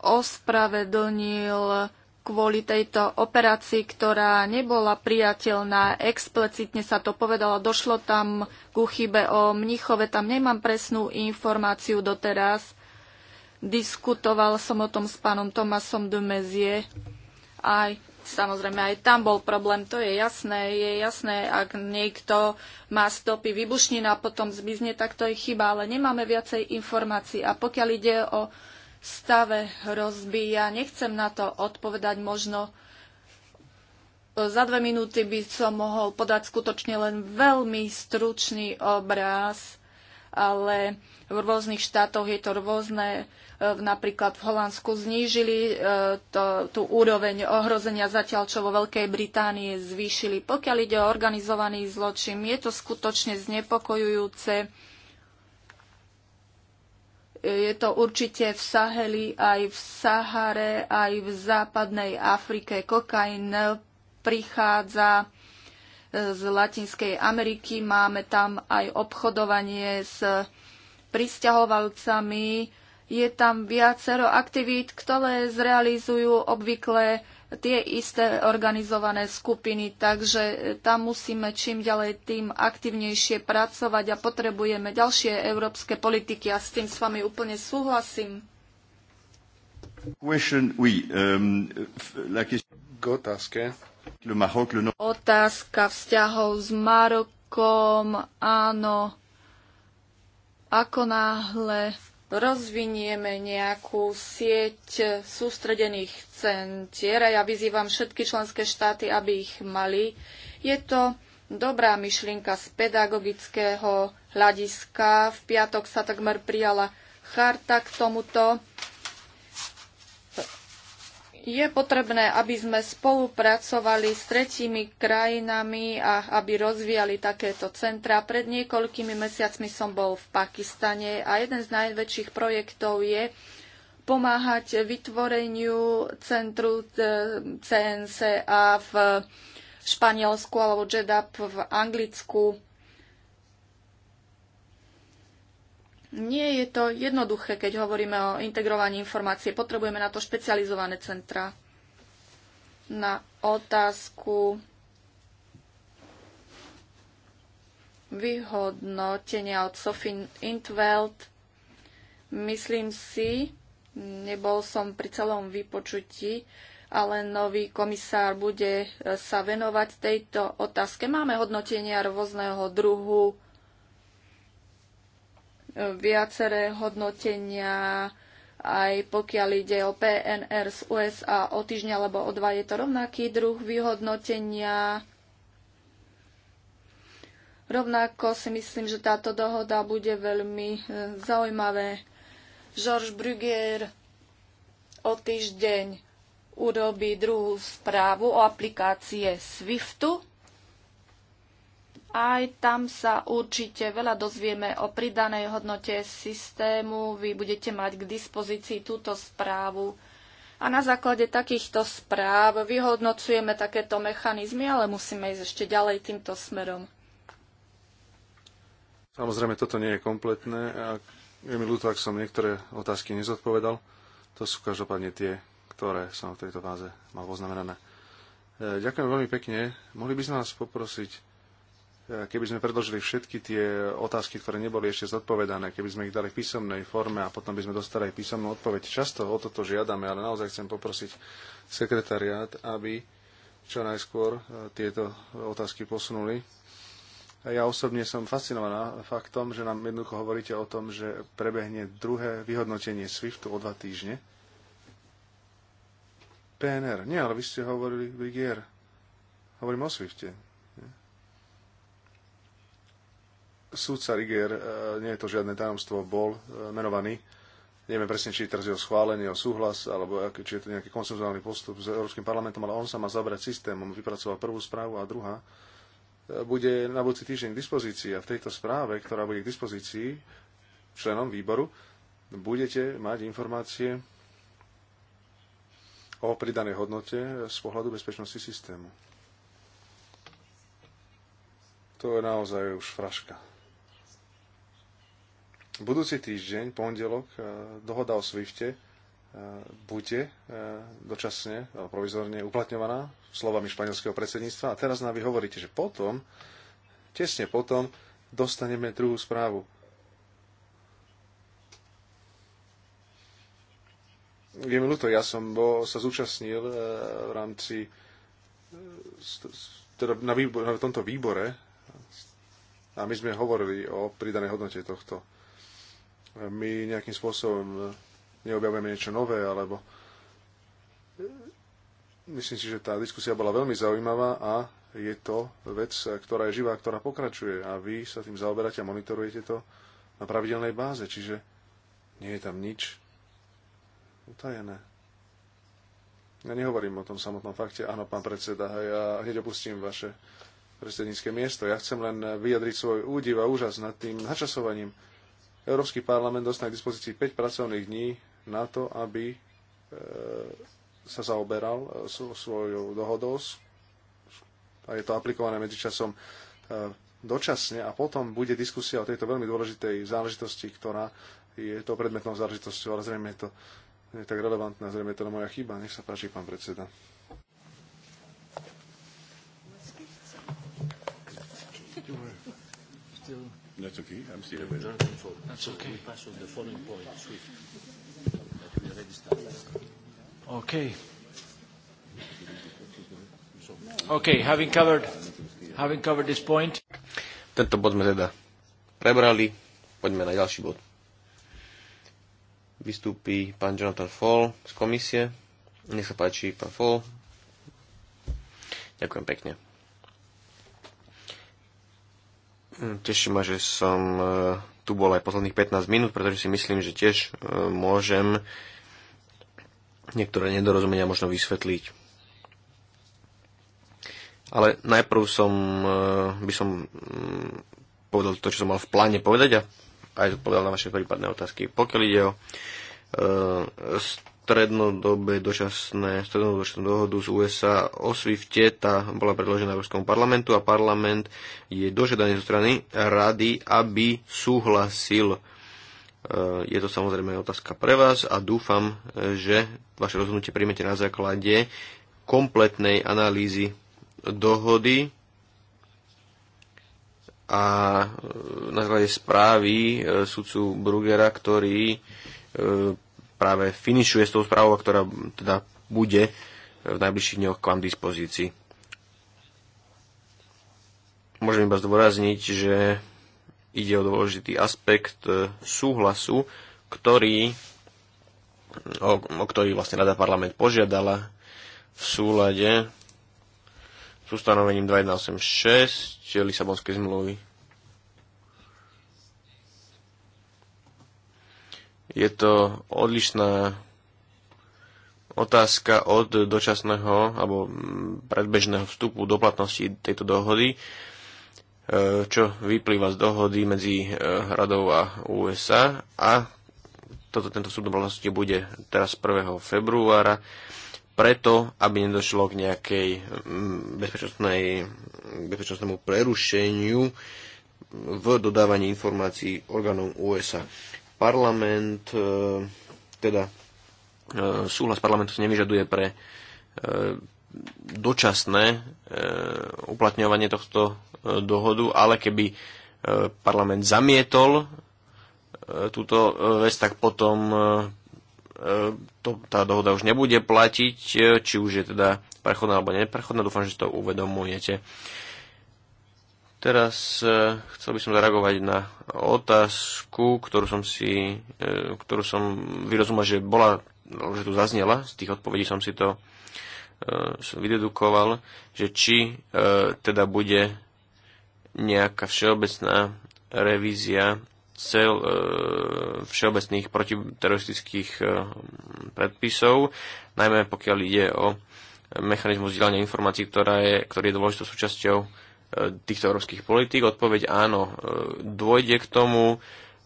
ospravedlnil kvôli tejto operácii, ktorá nebola priateľná. Explicitne sa to povedalo, došlo tam ku chybe o Mnichove, tam nemám presnú informáciu doteraz. Diskutoval som o tom s pánom Tomasom de Mezie. Aj Samozrejme, aj tam bol problém, to je jasné. Je jasné, ak niekto má stopy vybušnina a potom zmizne, tak to je chyba, ale nemáme viacej informácií. A pokiaľ ide o stave hrozby, ja nechcem na to odpovedať možno e, za dve minúty by som mohol podať skutočne len veľmi stručný obraz ale v rôznych štátoch je to rôzne. E, napríklad v Holandsku znížili e, to, tú úroveň ohrozenia, zatiaľ čo vo Veľkej Británii zvýšili. Pokiaľ ide o organizovaný zločin, je to skutočne znepokojujúce. Je to určite v Saheli, aj v Sahare, aj v západnej Afrike. Kokain prichádza z Latinskej Ameriky. Máme tam aj obchodovanie s pristahovalcami. Je tam viacero aktivít, ktoré zrealizujú obvykle tie isté organizované skupiny, takže tam musíme čím ďalej tým aktivnejšie pracovať a potrebujeme ďalšie európske politiky a s tým s vami úplne súhlasím. Euh, K otázke Otázka vzťahov s Marokom, áno. Ako náhle rozvinieme nejakú sieť sústredených centier a ja vyzývam všetky členské štáty, aby ich mali. Je to dobrá myšlienka z pedagogického hľadiska. V piatok sa takmer prijala charta k tomuto je potrebné, aby sme spolupracovali s tretími krajinami a aby rozvíjali takéto centra. Pred niekoľkými mesiacmi som bol v Pakistane a jeden z najväčších projektov je pomáhať vytvoreniu centru e, CNCA v Španielsku alebo JEDAP v Anglicku. Nie je to jednoduché, keď hovoríme o integrovaní informácie. Potrebujeme na to špecializované centra. Na otázku vyhodnotenia od Sofin Intveld. Myslím si, nebol som pri celom vypočutí, ale nový komisár bude sa venovať tejto otázke. Máme hodnotenia rôzneho druhu viaceré hodnotenia, aj pokiaľ ide o PNR z USA o týždňa alebo o dva, je to rovnaký druh vyhodnotenia. Rovnako si myslím, že táto dohoda bude veľmi e, zaujímavé. Georges Brugier o týždeň urobí druhú správu o aplikácie SWIFTu aj tam sa určite veľa dozvieme o pridanej hodnote systému. Vy budete mať k dispozícii túto správu. A na základe takýchto správ vyhodnocujeme takéto mechanizmy, ale musíme ísť ešte ďalej týmto smerom. Samozrejme, toto nie je kompletné a je mi ľúto, ak som niektoré otázky nezodpovedal. To sú každopádne tie, ktoré som v tejto fáze mal poznamenané. E, ďakujem veľmi pekne. Mohli by sme vás poprosiť, keby sme predložili všetky tie otázky, ktoré neboli ešte zodpovedané, keby sme ich dali v písomnej forme a potom by sme dostali aj písomnú odpoveď. Často o toto žiadame, ale naozaj chcem poprosiť sekretariát, aby čo najskôr e, tieto otázky posunuli. Ja osobne som fascinovaná faktom, že nám jednoducho hovoríte o tom, že prebehne druhé vyhodnotenie SWIFTu o dva týždne. PNR. Nie, ale vy ste hovorili Brigier. Hovorím o SWIFTe. Súdca Rigier, e, nie je to žiadne tajomstvo, bol e, menovaný. Neviem presne, či teraz jeho schválenie, jeho súhlas, alebo či je to nejaký konsenzuálny postup s Európskym parlamentom, ale on sa má zabrať systémom, vypracoval prvú správu a druhá e, bude na budúci týždeň k dispozícii a v tejto správe, ktorá bude k dispozícii členom výboru, budete mať informácie o pridanej hodnote z pohľadu bezpečnosti systému. To je naozaj už fraška. Budúci týždeň, pondelok, e, dohoda o Swifte e, bude e, dočasne, provizorne uplatňovaná slovami španielského predsedníctva. A teraz nám vy hovoríte, že potom, tesne potom, dostaneme druhú správu. Je mi ľúto, ja som bo, sa zúčastnil v rámci teda na, výbor, na tomto výbore a my sme hovorili o pridanej hodnote tohto my nejakým spôsobom neobjavujeme niečo nové, alebo myslím si, že tá diskusia bola veľmi zaujímavá a je to vec, ktorá je živá, ktorá pokračuje a vy sa tým zaoberáte a monitorujete to na pravidelnej báze, čiže nie je tam nič utajené. Ja nehovorím o tom samotnom fakte. Áno, pán predseda, ja hneď opustím vaše predsednícke miesto. Ja chcem len vyjadriť svoj údiv a úžas nad tým načasovaním Európsky parlament dostane k dispozícii 5 pracovných dní na to, aby e, sa zaoberal e, svojou dohodou a je to aplikované medzičasom e, dočasne a potom bude diskusia o tejto veľmi dôležitej záležitosti, ktorá je to predmetnou záležitosťou, ale zrejme je to nie tak relevantné, zrejme je to moja chyba. Nech sa páči, pán predseda. you. That's okay. I'm still available. That's okay. We pass on the following point, SWIFT, we already started. Okay. Okay, having covered, having covered this point. Tento bod sme teda prebrali. Poďme na ďalší bod. Vystúpi pán Jonathan Fall z komisie. Nech sa páči, pán Fall. Ďakujem pekne. Hm, teší ma, že som e, tu bol aj posledných 15 minút, pretože si myslím, že tiež e, môžem niektoré nedorozumenia možno vysvetliť. Ale najprv som, e, by som mm, povedal to, čo som mal v pláne povedať a aj povedal na vaše prípadné otázky. Pokiaľ ide o strednodobé dočasné, strednodobé dohodu z USA o Swifte. Tá bola predložená Európskom parlamentu a parlament je dožiadaný zo strany rady, aby súhlasil. E, je to samozrejme otázka pre vás a dúfam, že vaše rozhodnutie príjmete na základe kompletnej analýzy dohody a e, na základe správy e, sudcu Brugera, ktorý práve finišuje s tou správou, ktorá teda bude e, v najbližších dňoch k vám dispozícii. Môžem iba zdôrazniť, že ide o dôležitý aspekt e, súhlasu, ktorý, o, o ktorý vlastne Rada parlament požiadala v súlade s ustanovením 2186 Lisabonskej zmluvy. Je to odlišná otázka od dočasného alebo predbežného vstupu do platnosti tejto dohody, e, čo vyplýva z dohody medzi e, Radou a USA a toto, tento do vlastne bude teraz 1. februára, preto, aby nedošlo k nejakej mm, bezpečnostnej, bezpečnostnému prerušeniu v dodávaní informácií orgánom USA parlament, e, teda e, súhlas parlamentu sa nevyžaduje pre e, dočasné uplatňovanie tohto dohodu, ale keby parlament zamietol túto vec, tak potom to, tá dohoda už nebude platiť, či už je teda prechodná alebo neprechodná. Dúfam, že si to uvedomujete. Teraz e, chcel by som zareagovať na otázku, ktorú som si, e, ktorú som vyrozumel, že bola, že tu zaznela, z tých odpovedí som si to e, som vydedukoval, že či teda bude nejaká všeobecná revízia cel všeobecných protiteroristických predpisov, najmä pokiaľ ide o mechanizmus vzdielania informácií, ktorá je, ktorý je dôležitou súčasťou týchto európskych politík? Odpoveď áno, e, dôjde k tomu,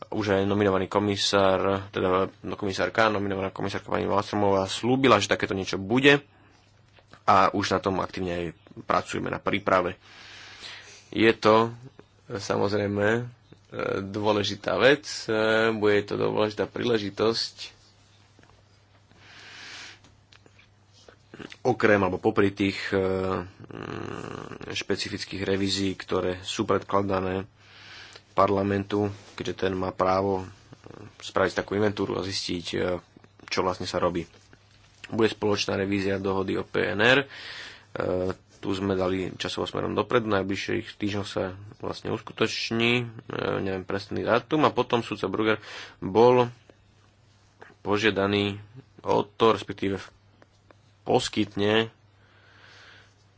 už aj nominovaný komisár, teda no, komisárka, nominovaná komisárka pani Malstromová slúbila, že takéto niečo bude a už na tom aktívne aj pracujeme na príprave. Je to e, samozrejme e, dôležitá vec, bude to dôležitá príležitosť okrem alebo popri tých e, mm, špecifických revízií, ktoré sú predkladané parlamentu, keďže ten má právo e, spraviť takú inventúru a zistiť, e, čo vlastne sa robí. Bude spoločná revízia dohody o PNR. Tu sme dali časovo smerom dopredu, najbližších týždňoch sa vlastne uskutoční, neviem presný dátum, a potom súca Bruger bol požiadaný o to, respektíve v poskytne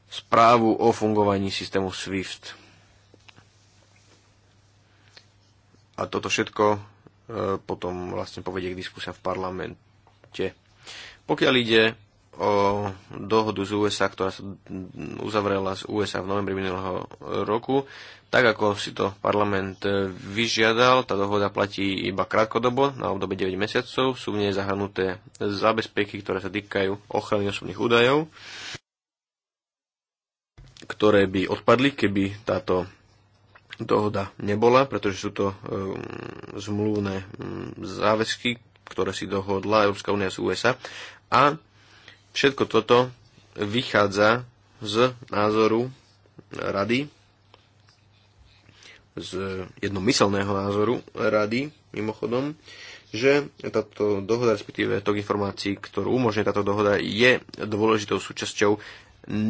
správu o fungovaní systému SWIFT. A toto všetko e, potom vlastne povedie k diskusiám v parlamente. Pokiaľ ide o dohodu z USA, ktorá sa uzavrela z USA v novembri minulého roku. Tak ako si to parlament vyžiadal, tá dohoda platí iba krátkodobo, na obdobie 9 mesiacov. Sú v nej zahrnuté zabezpeky, ktoré sa týkajú ochrany osobných údajov, ktoré by odpadli, keby táto dohoda nebola, pretože sú to um, zmluvné um, záväzky, ktoré si dohodla Európska únia z USA. A Všetko toto vychádza z názoru rady, z jednomyselného názoru rady, mimochodom, že táto dohoda, respektíve tok informácií, ktorú umožňuje táto dohoda, je dôležitou súčasťou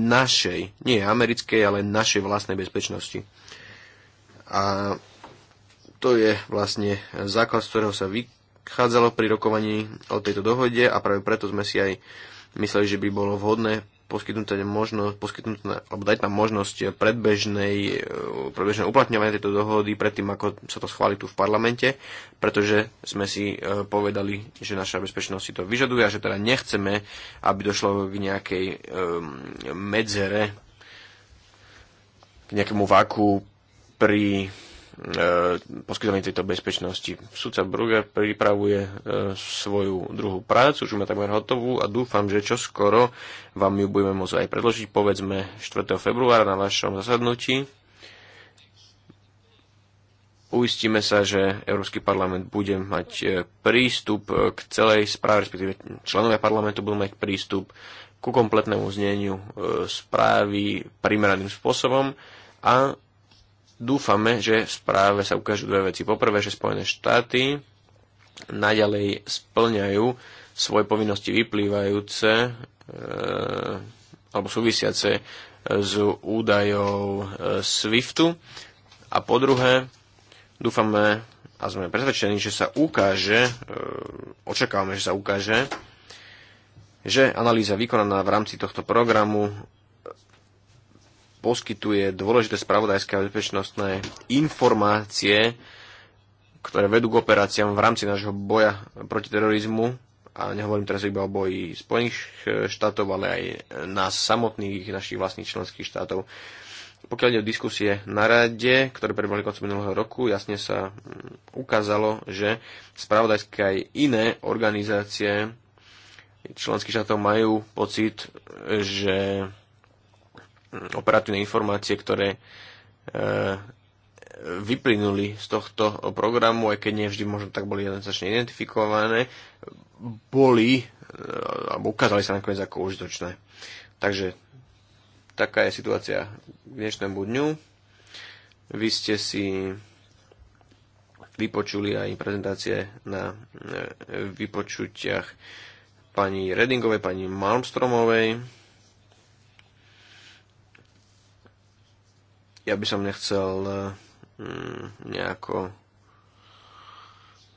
našej, nie americkej, ale našej vlastnej bezpečnosti. A to je vlastne základ, z ktorého sa vychádzalo pri rokovaní o tejto dohode a práve preto sme si aj uh, mysleli, že by bolo vhodné poskytnúť, teda možnosť, poskytnúť alebo dať nám možnosť predbežnej, e, predbežnej uplatňovania tejto dohody predtým, ako sa to schváli tu v parlamente, pretože sme si e, povedali, že naša bezpečnosť si to vyžaduje a že teda nechceme, aby došlo k nejakej medzere, k nejakému váku pri E, poskytovanie tejto bezpečnosti. Sudca Brugger pripravuje e, svoju druhú prácu, už má takmer hotovú a dúfam, že čo skoro vám ju budeme môcť aj predložiť, povedzme 4. februára na vašom zasadnutí. Uistíme sa, že Európsky parlament bude mať e, prístup k celej správe, respektíve členovia parlamentu budú mať prístup ku kompletnému zneniu správy primeraným spôsobom a dúfame, že v správe sa ukážu dve veci. Poprvé, že Spojené štáty naďalej splňajú svoje povinnosti vyplývajúce e, alebo súvisiace s údajov e, SWIFTu. A po druhé, dúfame a sme presvedčení, že sa ukáže, e, očakávame, že sa ukáže, že analýza vykonaná v rámci tohto programu poskytuje dôležité spravodajské a bezpečnostné informácie, ktoré vedú k operáciám v rámci nášho boja proti terorizmu. A nehovorím teraz iba o boji Spojených štátov, ale aj nás samotných, našich vlastných členských štátov. Pokiaľ ide o diskusie na rade, ktoré prebehli koncom minulého roku, jasne sa mm, ukázalo, že spravodajské aj iné organizácie členských štátov majú pocit, že operatívne informácie, ktoré e, vyplynuli z tohto programu, aj keď nie vždy možno tak boli jednoznačne identifikované, boli e, alebo ukázali sa nakoniec ako užitočné. Takže taká je situácia k dnešnému dňu. Vy ste si vypočuli aj prezentácie na e, vypočutiach pani Redingovej, pani Malmstromovej, ja by som nechcel eh, mm, nejako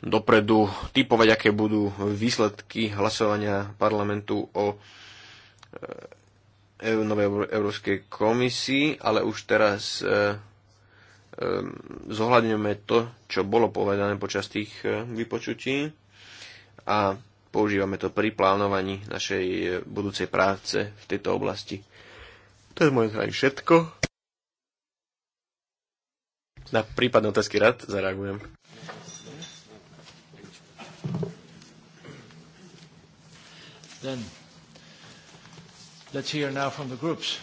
dopredu typovať, aké budú výsledky hlasovania parlamentu o eh, novej Európskej komisii, ale už teraz eh, zohľadňujeme to, čo bolo povedané počas tých vypočutí a používame to pri plánovaní našej budúcej práce v tejto oblasti. To je moje mojej všetko. Na prípadné otázky rád zareagujem. Then, let's hear now from the groups.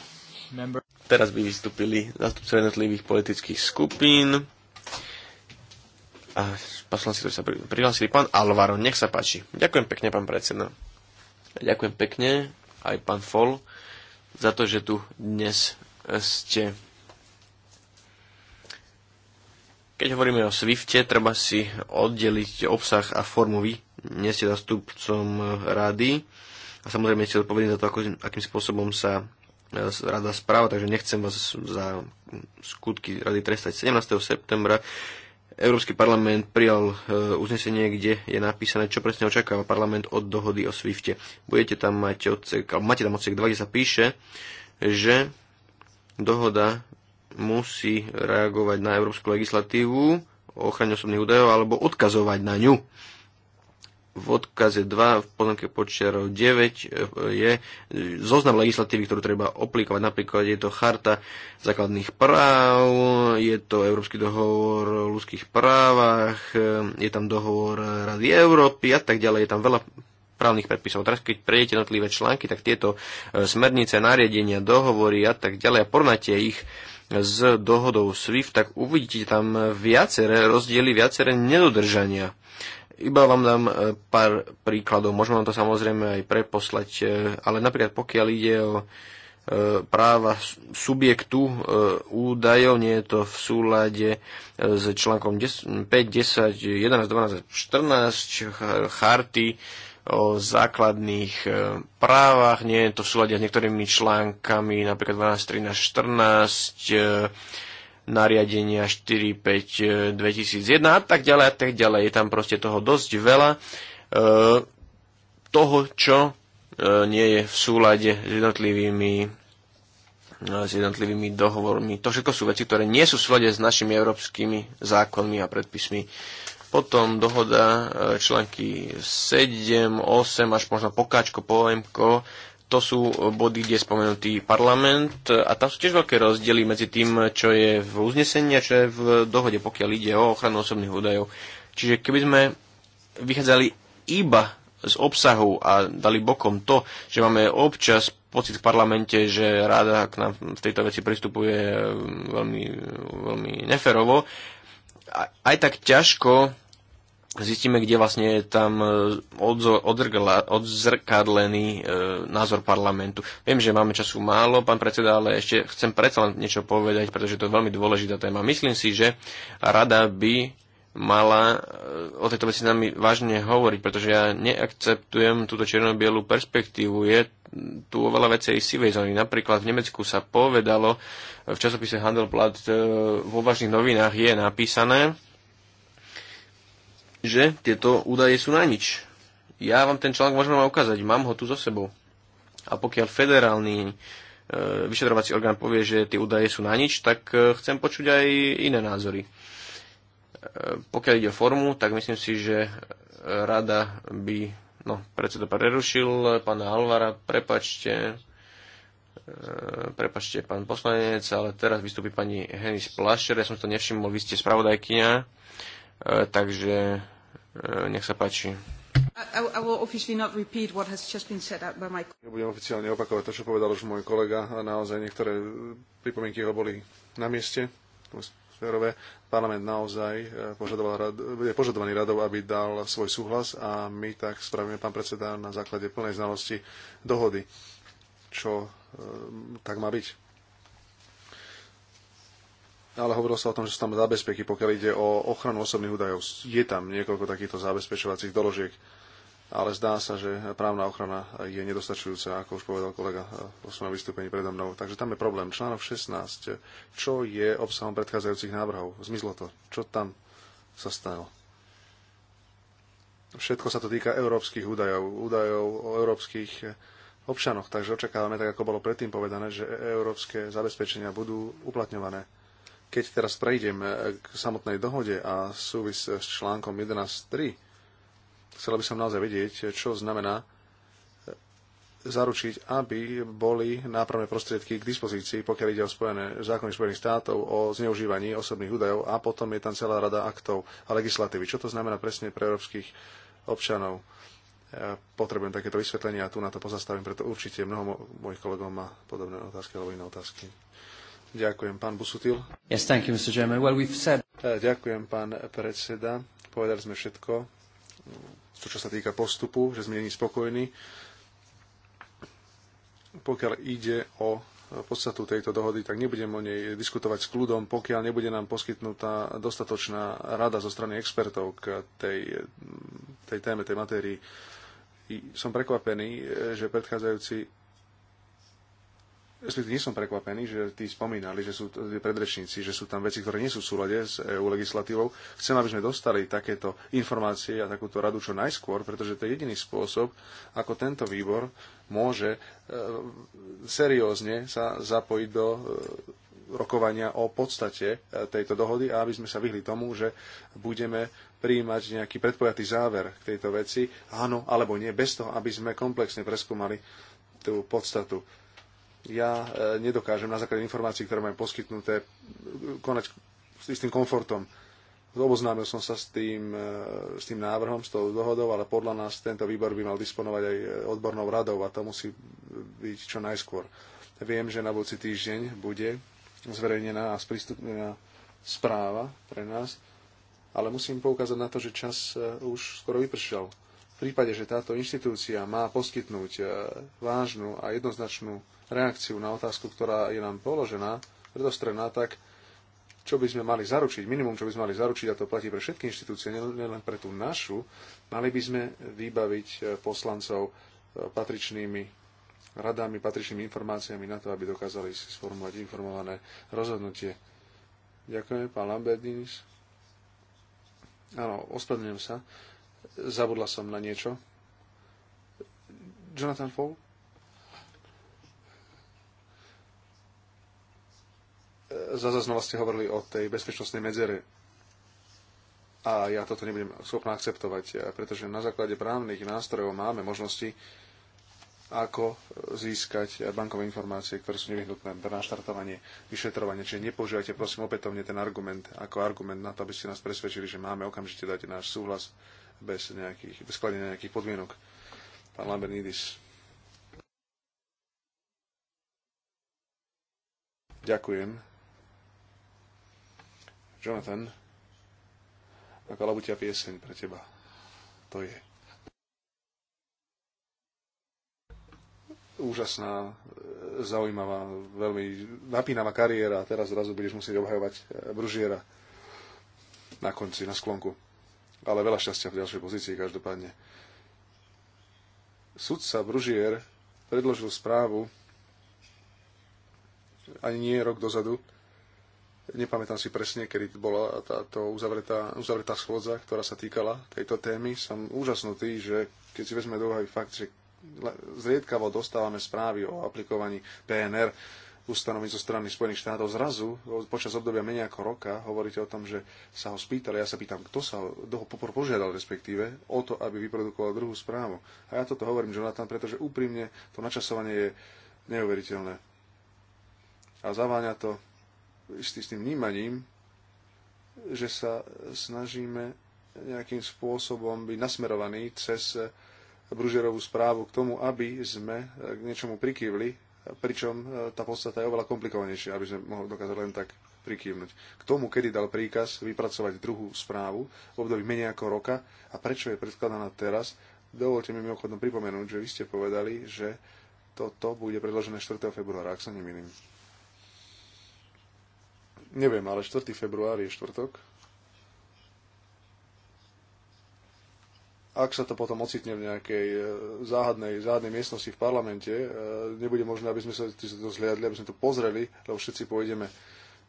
Member... Teraz by vystúpili zástupce jednotlivých politických skupín. A poslanci, ktorí sa prihlásili, pán Alvaro, nech sa páči. Ďakujem pekne, pán predseda. Ďakujem pekne aj pán Fol za to, že tu dnes ste Keď hovoríme o Swifte, treba si oddeliť obsah a formu. Vy nie ste zastupcom rady a samozrejme ste odpovední za to, ako, akým spôsobom sa e, rada správa, takže nechcem vás za skutky rady trestať. 17. septembra Európsky parlament prijal e, uznesenie, kde je napísané, čo presne očakáva parlament od dohody o Swifte. Budete tam mať odsek, alebo máte tam odsek 2, kde sa píše, že dohoda musí reagovať na európsku legislatívu o ochrane osobných údajov alebo odkazovať na ňu. V odkaze 2 v poznámke počiarov 9 eh, je zoznam legislatívy, ktorú treba aplikovať. Napríklad je to Charta základných práv, je to Európsky dohovor o ľudských právach, eh, je tam dohovor Rady Európy a tak ďalej. Je tam veľa právnych predpisov. Teraz, keď prejdete jednotlivé články, tak tieto eh, smernice, nariadenia, dohovory a tak ďalej a porovnáte ich s dohodou SWIFT, tak uvidíte tam viaceré rozdiely, viaceré nedodržania. Iba vám dám e, pár príkladov, môžeme vám to samozrejme aj preposlať, e, ale napríklad pokiaľ ide o e, práva subjektu údajov, nie je to v súlade s článkom 5, 10, 11, 12, 14 charty o základných e, právach, nie je to v súlade s niektorými článkami, napríklad 12, 13, 14, nariadenia 4, 5, 2001 a tak ďalej a tak ďalej. Je tam proste toho dosť veľa e, toho, čo e, nie je v súlade s jednotlivými s jednotlivými dohovormi. To všetko sú veci, ktoré nie sú v súlade s našimi európskymi zákonmi a predpismi potom dohoda e, články 7, 8 až možno pokáčko, poemko, to sú body, kde je spomenutý parlament a tam sú tiež veľké rozdiely medzi tým, čo je v uznesení a čo je v dohode, pokiaľ ide o ochranu osobných údajov. Čiže keby sme vychádzali iba z obsahu a dali bokom to, že máme občas pocit v parlamente, že ráda k nám v tejto veci pristupuje e, veľmi, e, veľmi neferovo, aj tak ťažko zistíme, kde vlastne je tam e, odzrkadlený e, názor parlamentu. Viem, že máme času málo, pán predseda, ale ešte chcem predsa len niečo povedať, pretože to je veľmi dôležitá téma. Myslím si, že rada by mala e, o tejto veci s nami vážne hovoriť, pretože ja neakceptujem túto čierno perspektívu. Je tu oveľa vecej sivej zóny. Napríklad v Nemecku sa povedalo, v časopise Handelblatt e, vo vážnych novinách je napísané, že tieto údaje sú na nič. Ja vám ten článok môžem vám ukázať, mám ho tu so sebou. A pokiaľ federálny e, vyšetrovací orgán povie, že tie údaje sú na nič, tak e, chcem počuť aj iné názory. Pokiaľ ide o formu, tak myslím si, že rada by... No, predseda prerušil, pána Alvara, prepačte, E, prepačte, pán poslanec, ale teraz vystúpi pani Henis Plašer, ja som to nevšimol, vy ste spravodajkyňa, e, takže e, nech sa páči. Nebudem oficiálne opakovať to, čo povedal už môj kolega a naozaj niektoré pripomienky ho boli na mieste. Férové. Parlament naozaj požadoval, je požadovaný radov, aby dal svoj súhlas a my tak spravíme, pán predseda, na základe plnej znalosti dohody čo Ehm, tak má byť. Ale hovorilo sa o tom, že sú tam zabezpeky, pokiaľ ide o ochranu osobných údajov. Je tam niekoľko takýchto zabezpečovacích doložiek, ale zdá sa, že právna ochrana je nedostačujúca, ako už povedal kolega eh, vo svojom vystúpení predo mnou. Takže tam je problém. Článok 16. Čo je obsahom predchádzajúcich návrhov? Zmizlo to. Čo tam sa stalo? Všetko sa to týka európskych údajov, údajov o európskych občanoch. Takže očakávame, tak ako bolo predtým povedané, že európske zabezpečenia budú uplatňované. Keď teraz prejdem e, k samotnej dohode a súvis s článkom 11.3, chcela by som naozaj vedieť, čo znamená e, zaručiť, aby boli nápravné prostriedky k dispozícii, pokiaľ ide o spojené, zákony Spojených štátov o zneužívaní osobných údajov a potom je tam celá rada aktov a legislatívy. Čo to znamená presne pre európskych občanov? potrebujem takéto vysvetlenie a tu na to pozastavím, preto určite mnoho mojich kolegov má podobné otázky alebo iné otázky. Ďakujem, pán Busutil. Yes, thank you, Mr. Chairman. Well, we've said... Eh, ďakujem, pán predseda. Povedali sme všetko, to, čo sa týka postupu, že sme není spokojní. Pokiaľ ide o podstatu tejto dohody, tak nebudem o nej diskutovať s kľudom, pokiaľ nebude nám poskytnutá dostatočná rada zo strany expertov k tej, tej téme, tej matérii som prekvapený, e, že predchádzajúci respektíve nie som prekvapený, že tí spomínali, že sú predrečníci, že sú tam veci, ktoré nie sú v súlade s EU legislatívou. Chcem, aby sme dostali takéto informácie a takúto radu čo najskôr, pretože to je jediný spôsob, ako tento výbor môže e, seriózne sa zapojiť do e, rokovania o podstate tejto dohody a aby sme sa vyhli tomu, že budeme prijímať nejaký predpojatý záver k tejto veci, áno alebo nie, bez toho, aby sme komplexne preskúmali tú podstatu. Ja e, nedokážem na základe informácií, ktoré mám poskytnuté, konať s istým komfortom. Oboznámil som sa s tým, e, s tým návrhom, s tou dohodou, ale podľa nás tento výbor by mal disponovať aj odbornou radou a to musí byť čo najskôr. Viem, že na budúci týždeň bude zverejnená a sprístupnená správa pre nás ale musím poukázať na to, že čas e, už skoro vypršal. V prípade, že táto inštitúcia má poskytnúť e, vážnu a jednoznačnú reakciu na otázku, ktorá je nám položená, predostrená, tak čo by sme mali zaručiť, minimum, čo by sme mali zaručiť, a to platí pre všetky inštitúcie, nielen pre tú našu, mali by sme vybaviť e, poslancov patričnými radami, patričnými informáciami na to, aby dokázali si sformovať informované rozhodnutie. Ďakujem, pán Lambert Áno, ospravedlňujem sa. Zabudla som na niečo. Jonathan Fall? Zaza znova ste hovorili o tej bezpečnostnej medzere. A ja toto nebudem schopná akceptovať, pretože na základe právnych nástrojov máme možnosti ako získať bankové informácie, ktoré sú nevyhnutné pre naštartovanie vyšetrovania. Čiže nepoužívajte prosím opätovne ten argument ako argument na to, aby ste nás presvedčili, že máme okamžite dať náš súhlas bez, nejakých, bez skladenia nejakých podmienok. Pán Lambernidis. Ďakujem. Jonathan, aká labutia pieseň pre teba to je. úžasná, e, zaujímavá, veľmi napínavá kariéra a teraz zrazu budeš musieť obhajovať e, Bružiera na konci, na sklonku. Ale veľa šťastia v ďalšej pozícii každopádne. Sudca Bružier predložil správu ani nie rok dozadu, nepamätám si presne, kedy bola táto uzavretá, uzavretá schôdza, ktorá sa týkala tejto témy. Som úžasnutý, že keď si vezme do úvahy fakt, že zriedkavo dostávame správy o aplikovaní PNR ustanovení zo strany Spojených štátov. Zrazu, počas obdobia menej ako roka, hovoríte o tom, že sa ho spýtali. Ja sa pýtam, kto sa ho, popor požiadal respektíve o to, aby vyprodukoval druhú správu. A ja toto hovorím, Jonathan, pretože úprimne to načasovanie je neuveriteľné. A zaváňa to istý, s tým vnímaním, že sa snažíme nejakým spôsobom byť nasmerovaní cez Bružerovú správu k tomu, aby sme e, k niečomu prikývli, e, pričom e, tá podstata je oveľa komplikovanejšia, aby sme mohli dokázať len tak prikývnuť. K tomu, kedy dal príkaz vypracovať druhú správu v období menej ako roka a prečo je predkladaná teraz, dovolte mi mimochodom pripomenúť, že vy ste povedali, že toto bude predložené 4. februára, ak sa nemýlim neviem, ale 4. február je štvrtok. ak sa to potom ocitne v nejakej e, záhadnej, záhadnej miestnosti v parlamente, e, nebude možné, aby sme sa to zhliadli, aby sme to pozreli, lebo všetci pôjdeme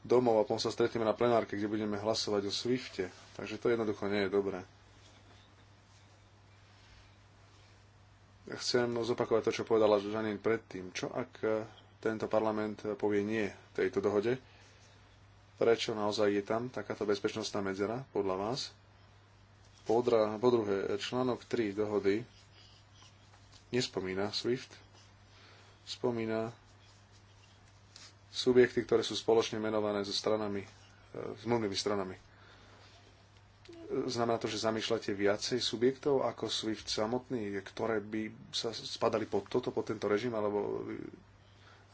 domov a potom sa stretneme na plenárke, kde budeme hlasovať o Swifte. Takže to jednoducho nie je dobré. Chcem no zopakovať to, čo povedala Žanin predtým. Čo ak e, tento parlament povie nie tejto dohode? Prečo naozaj je tam takáto bezpečnostná medzera, podľa vás? po druhé, článok 3 dohody nespomína SWIFT, spomína subjekty, ktoré sú spoločne menované so stranami, e, mluvnými stranami. Znamená to, že zamýšľate viacej subjektov ako SWIFT samotný, ktoré by sa spadali pod toto, pod tento režim, alebo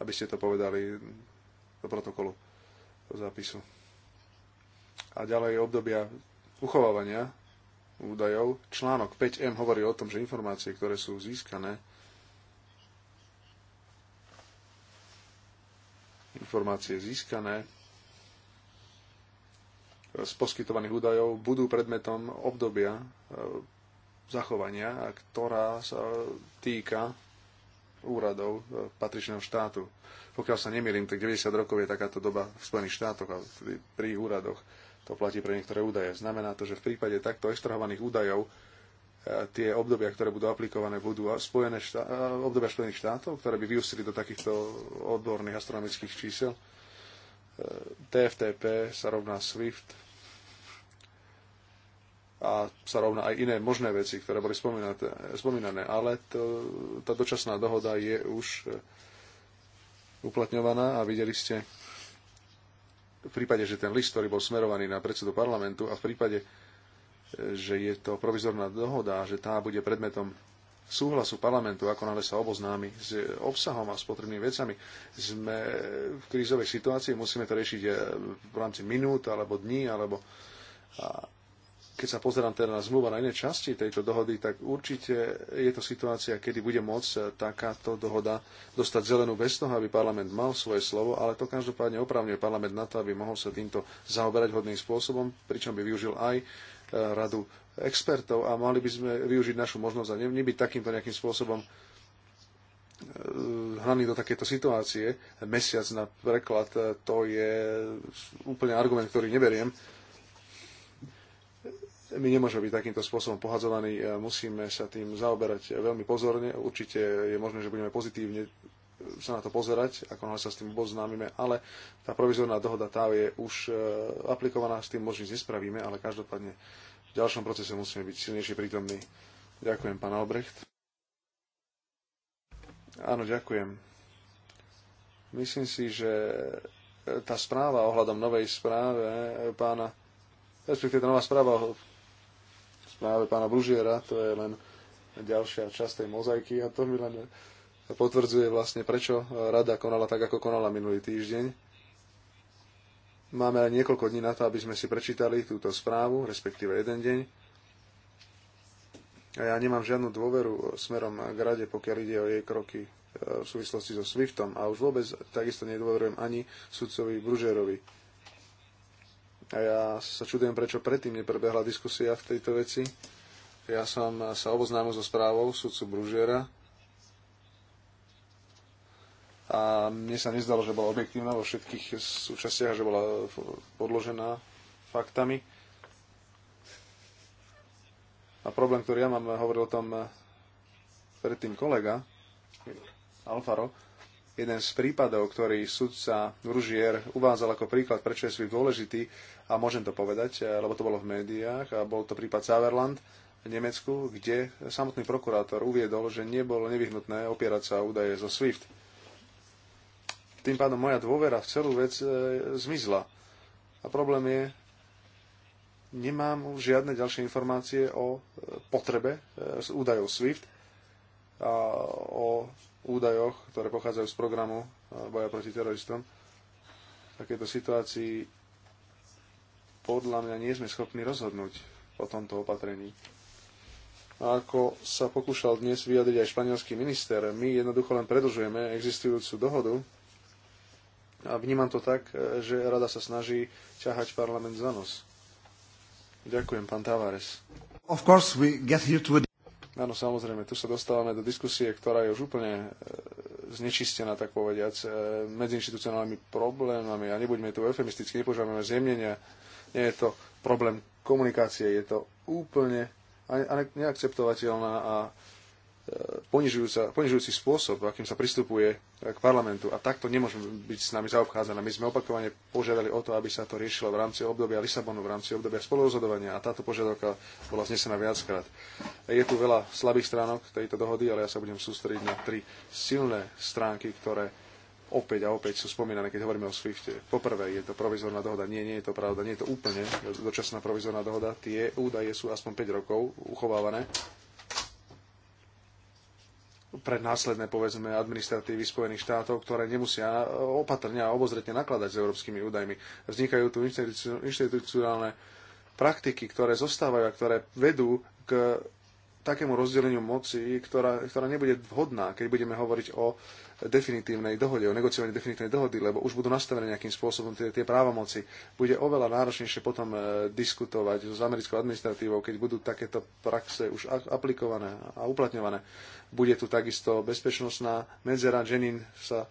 aby ste to povedali do protokolu, do zápisu. A ďalej obdobia uchovávania údajov. Článok 5M hovorí o tom, že informácie, ktoré sú získané, informácie získané z poskytovaných údajov budú predmetom obdobia e, zachovania, ktorá sa týka úradov e, patričného štátu. Pokiaľ sa nemýlim, tak 90 rokov je takáto doba v Spojených štátoch a pri úradoch to platí pre niektoré údaje. Znamená to, že v prípade takto extrahovaných údajov e, tie obdobia, ktoré budú aplikované, budú spojené štá- e, obdobia Spojených štátov, ktoré by vyústili do takýchto odborných astronomických čísel. E, TFTP sa rovná SWIFT a sa rovná aj iné možné veci, ktoré boli spomínané. Ale to, tá dočasná dohoda je už uplatňovaná a videli ste v prípade, že ten list, ktorý bol smerovaný na predsedu parlamentu a v prípade, že je to provizorná dohoda, že tá bude predmetom súhlasu parlamentu, ako náhle sa oboznámi s obsahom a s potrebnými vecami. Sme v krízovej situácii, musíme to riešiť eh, v rámci minút, alebo dní, alebo keď sa pozerám teda na zmluva na iné časti tejto dohody, tak určite je to situácia, kedy bude môcť takáto dohoda dostať zelenú bez toho, aby parlament mal svoje slovo, ale to každopádne opravňuje parlament na to, aby mohol sa týmto zaoberať hodným spôsobom, pričom by využil aj e, radu expertov a mali by sme využiť našu možnosť a nebyť takýmto nejakým spôsobom e, hnaný do takéto situácie. Mesiac na preklad, e, to je úplne argument, ktorý neberiem my nemôžeme byť takýmto spôsobom pohadzovaní, e, musíme sa tým zaoberať veľmi pozorne. Určite je možné, že budeme pozitívne e, sa na to pozerať, ako sa s tým oboznámime, ale tá provizorná dohoda tá je už e, aplikovaná, s tým možno nespravíme, ale každopádne v ďalšom procese musíme byť silnejšie prítomní. Ďakujem, pán Albrecht. Áno, ďakujem. Myslím si, že tá správa ohľadom novej správe pána, respektíve tá nová správa práve pána Blužiera, to je len ďalšia časť tej mozaiky a to mi len potvrdzuje vlastne, prečo rada konala tak, ako konala minulý týždeň. Máme aj niekoľko dní na to, aby sme si prečítali túto správu, respektíve jeden deň. A ja nemám žiadnu dôveru smerom k rade, pokiaľ ide o jej kroky e, v súvislosti so SWIFTom a už vôbec takisto nedôverujem ani sudcovi Bružerovi a ja sa čudujem, prečo predtým neprebehla diskusia v tejto veci. Ja som sa oboznámil so správou sudcu Bružiera a mne sa nezdalo, že bola objektívna vo všetkých súčastiach, že bola podložená faktami. A problém, ktorý ja mám, hovoril o tom predtým kolega Alfaro, jeden z prípadov, ktorý sudca Ružier uvádzal ako príklad, prečo je svoj dôležitý a môžem to povedať, eh, lebo to bolo v médiách a bol to prípad Saverland v Nemecku, kde samotný prokurátor uviedol, že nebolo nevyhnutné opierať sa o údaje zo SWIFT. Tým pádom moja dôvera v celú vec eh, zmizla. A problém je, nemám už žiadne ďalšie informácie o eh, potrebe údajov SWIFT a o údajoch, ktoré pochádzajú z programu eh, boja proti teroristom. V takejto situácii podľa mňa nie sme schopní rozhodnúť o tomto opatrení. A ako sa pokúšal dnes vyjadriť aj španielský minister, my jednoducho len predlžujeme existujúcu dohodu a vnímam to tak, eh, že rada sa snaží ťahať parlament za nos. Ďakujem, pán Tavares. Of course we get here to a Áno, samozrejme, tu sa dostávame do diskusie, ktorá je už úplne e, znečistená, tak povediac, e, inštitucionálnymi problémami a nebuďme tu eufemisticky, nepožívame zjemnenia. Nie je to problém komunikácie, je to úplne neakceptovateľná a ponižujúci spôsob, akým sa pristupuje e, k parlamentu. A takto nemôžeme byť s nami zaobchádzané. My sme opakovane požiadali o to, aby sa to riešilo v rámci obdobia Lisabonu, v rámci obdobia spolurozhodovania a táto požiadavka bola znesená viackrát. Je tu veľa slabých stránok tejto dohody, ale ja sa budem sústrediť na tri silné stránky, ktoré opäť a opäť sú spomínané, keď hovoríme o Swifte. Poprvé, je to provizorná dohoda. Nie, nie je to pravda. Nie je to úplne dočasná provizorná dohoda. Tie údaje sú aspoň 5 rokov uchovávané pre následné, povedzme, administratívy Spojených štátov, ktoré nemusia e, opatrne a obozretne nakladať s európskymi údajmi. Vznikajú tu inštitucionálne praktiky, ktoré zostávajú a ktoré vedú k takému rozdeleniu moci, ktorá, ktorá nebude vhodná, keď budeme hovoriť o definitívnej dohode, o negociovaní definitívnej dohody, lebo už budú nastavené nejakým spôsobom tie, tie právomoci. Bude oveľa náročnejšie potom e, diskutovať s americkou administratívou, keď budú takéto praxe už aplikované a uplatňované. Bude tu takisto bezpečnostná medzera. Jenin sa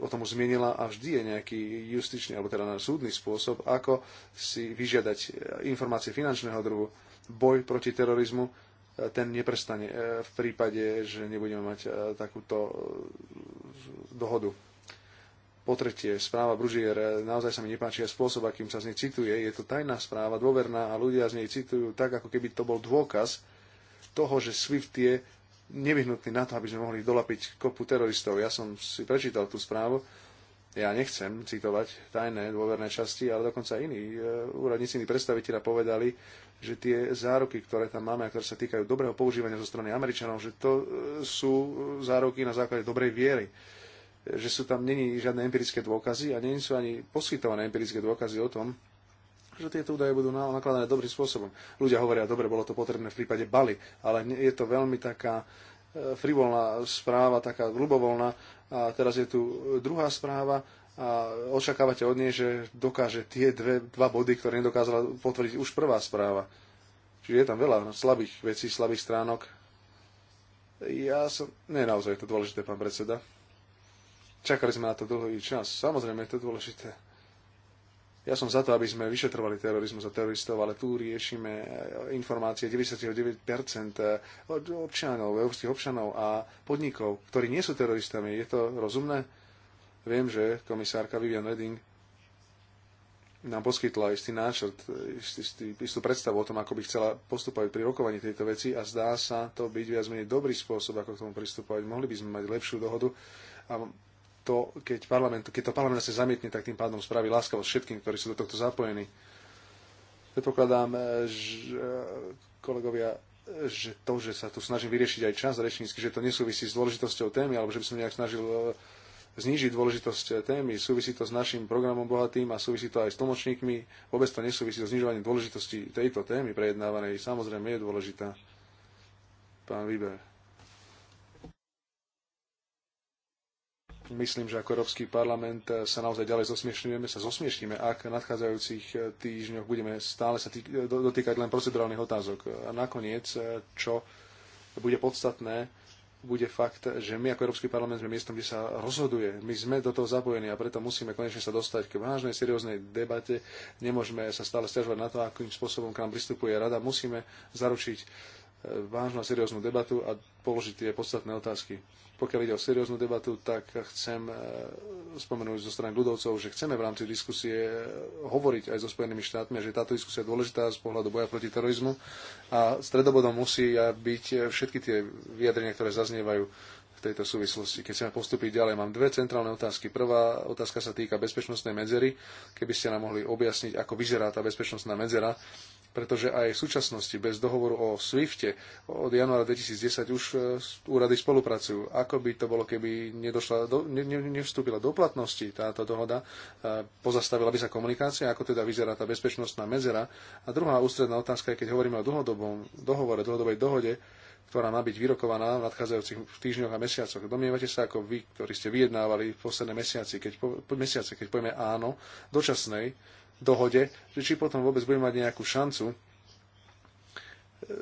o tom už zmienila a vždy je nejaký justičný alebo teda súdny spôsob, ako si vyžiadať e, informácie finančného druhu, boj proti terorizmu, ten neprestane e, v prípade, že nebudeme mať e, takúto e, dohodu. Po tretie, správa Bružier, naozaj sa mi nepáči aj spôsob, akým sa z nej cituje. Je to tajná správa, dôverná a ľudia z nej citujú tak, ako keby to bol dôkaz toho, že SWIFT je nevyhnutný na to, aby sme mohli dolapiť kopu teroristov. Ja som si prečítal tú správu. Ja nechcem citovať tajné dôverné časti, ale dokonca iní úradníci, iní predstaviteľa povedali, že tie zároky, ktoré tam máme a ktoré sa týkajú dobrého používania zo strany Američanov, že to e, sú zároky na základe dobrej viery e, že sú tam není žiadne empirické dôkazy a není sú ani poskytované empirické dôkazy o tom, že tieto údaje budú nakladané dobrým spôsobom. Ľudia hovoria, dobre, bolo to potrebné v prípade Bali, ale je to veľmi taká e, frivolná správa, taká ľubovoľná. A teraz je tu druhá správa, a očakávate od nej, že dokáže tie dve, dva body, ktoré nedokázala potvrdiť už prvá správa. Čiže je tam veľa slabých vecí, slabých stránok. Ja som... Nie, naozaj je to dôležité, pán predseda. Čakali sme na to dlhý čas. Samozrejme, je to dôležité. Ja som za to, aby sme vyšetrovali terorizmus a teroristov, ale tu riešime eh, informácie 99% eh, občanov, európskych občanov a podnikov, ktorí nie sú teroristami. Je to rozumné? Viem, že komisárka Vivian Redding nám poskytla istý náčrt, istý, istý, istú predstavu o tom, ako by chcela postupovať pri rokovaní tejto veci a zdá sa to byť viac menej dobrý spôsob, ako k tomu pristupovať. Mohli by sme mať lepšiu dohodu a to, keď, parlament, keď to parlament sa zamietne, tak tým pádom spraví láskavosť všetkým, ktorí sú do tohto zapojení. Predpokladám, že, kolegovia, že to, že sa tu snažím vyriešiť aj čas rečnícky, že to nesúvisí s dôležitosťou témy, alebo že by som nejak snažil znížiť dôležitosť eh, témy. Súvisí to s našim programom bohatým a súvisí to aj s tlmočníkmi. Vôbec to nesúvisí so znižovaním dôležitosti tejto témy prejednávanej. Samozrejme je dôležitá. Pán Výber. Myslím, že ako Európsky parlament eh, sa naozaj ďalej zosmiešňujeme, sa zosmiešníme, ak v nadchádzajúcich eh, týždňoch budeme stále sa dotýkať len procedurálnych otázok. A nakoniec, čo bude podstatné, bude fakt, že my ako Európsky parlament sme miestom, kde sa rozhoduje. My sme do toho zapojení a preto musíme konečne sa dostať k vážnej, serióznej debate. Nemôžeme sa stále stiažovať na to, akým spôsobom k nám pristupuje rada. Musíme zaručiť vážnu a serióznu debatu a položiť tie podstatné otázky. Pokiaľ ide o serióznu debatu, tak chcem e, spomenúť zo strany ľudovcov, že chceme v rámci diskusie e, hovoriť aj so Spojenými štátmi, že táto diskusia je dôležitá z pohľadu boja proti terorizmu a stredobodom musia byť e, všetky tie vyjadrenia, ktoré zaznievajú v tejto súvislosti. Keď chceme postúpiť ďalej, mám dve centrálne otázky. Prvá otázka sa týka bezpečnostnej medzery. Keby ste nám mohli objasniť, ako vyzerá tá bezpečnostná medzera pretože aj v súčasnosti bez dohovoru o Swifte od januára 2010 už e, úrady spolupracujú. Ako by to bolo, keby nedošla do, ne, ne, nevstúpila do platnosti táto dohoda, e, pozastavila by sa komunikácia, ako teda vyzerá tá bezpečnostná medzera. A druhá ústredná otázka je, keď hovoríme o dlhodobom dohovore, dlhodobej dohode, ktorá má byť vyrokovaná v nadchádzajúcich týždňoch a mesiacoch. Domnievate sa, ako vy, ktorí ste vyjednávali v posledné mesiaci, keď, po, mesiace, keď povieme áno, dočasnej dohode, že či potom vôbec budeme mať nejakú šancu eh,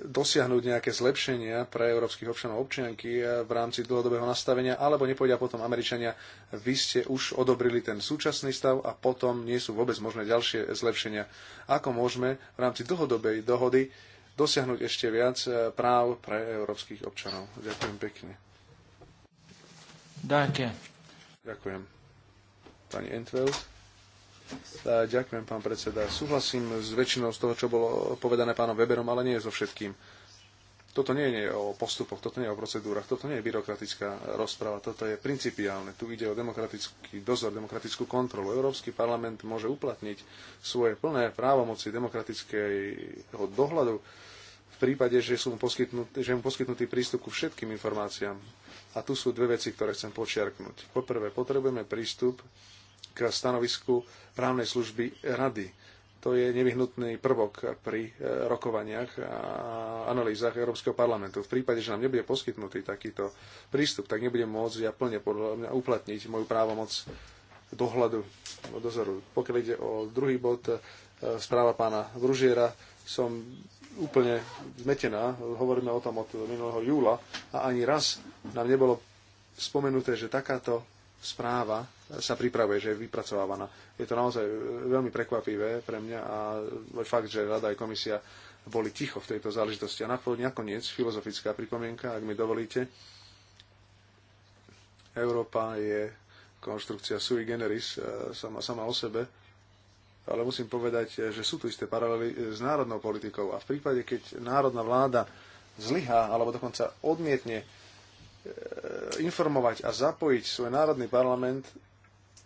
dosiahnuť nejaké zlepšenia pre európskych občanov občianky eh, v rámci dlhodobého nastavenia, alebo nepovedia potom Američania, vy ste už odobrili ten súčasný stav a potom nie sú vôbec možné ďalšie zlepšenia. Ako môžeme v rámci dlhodobej dohody dosiahnuť ešte viac eh, práv pre európskych občanov? Ďakujem pekne. Ďakujem. Ďakujem. Pani Entveld. E, ďakujem, pán predseda. Súhlasím s väčšinou z toho, čo bolo povedané pánom Weberom, ale nie so všetkým. Toto nie je o postupoch, toto nie je o procedúrach, toto nie je byrokratická rozpráva, toto je principiálne. Tu ide o demokratický dozor, demokratickú kontrolu. Európsky parlament môže uplatniť svoje plné právomoci demokratického dohľadu v prípade, že, sú mu poskytnutý, že mu poskytnutý prístup ku všetkým informáciám. A tu sú dve veci, ktoré chcem počiarknúť. Poprvé, potrebujeme prístup k stanovisku právnej služby rady. To je nevyhnutný prvok pri e, rokovaniach a analýzach Európskeho parlamentu. V prípade, že nám nebude poskytnutý takýto prístup, tak nebudem môcť ja plne podľa mňa uplatniť moju právomoc dohľadu, dozoru. Pokiaľ ide o druhý bod, e, správa pána Vružiera, som úplne zmetená. Hovoríme o tom od minulého júla a ani raz nám nebolo spomenuté, že takáto správa sa pripravuje, že je vypracovávaná. Je to naozaj veľmi prekvapivé pre mňa a fakt, že Rada aj komisia boli ticho v tejto záležitosti. A nakoniec filozofická pripomienka, ak mi dovolíte. Európa je konštrukcia sui generis e, sama, sama o sebe, ale musím povedať, e, že sú tu isté paralely e, s národnou politikou a v prípade, keď národná vláda zlyhá alebo dokonca odmietne informovať a zapojiť svoj národný parlament,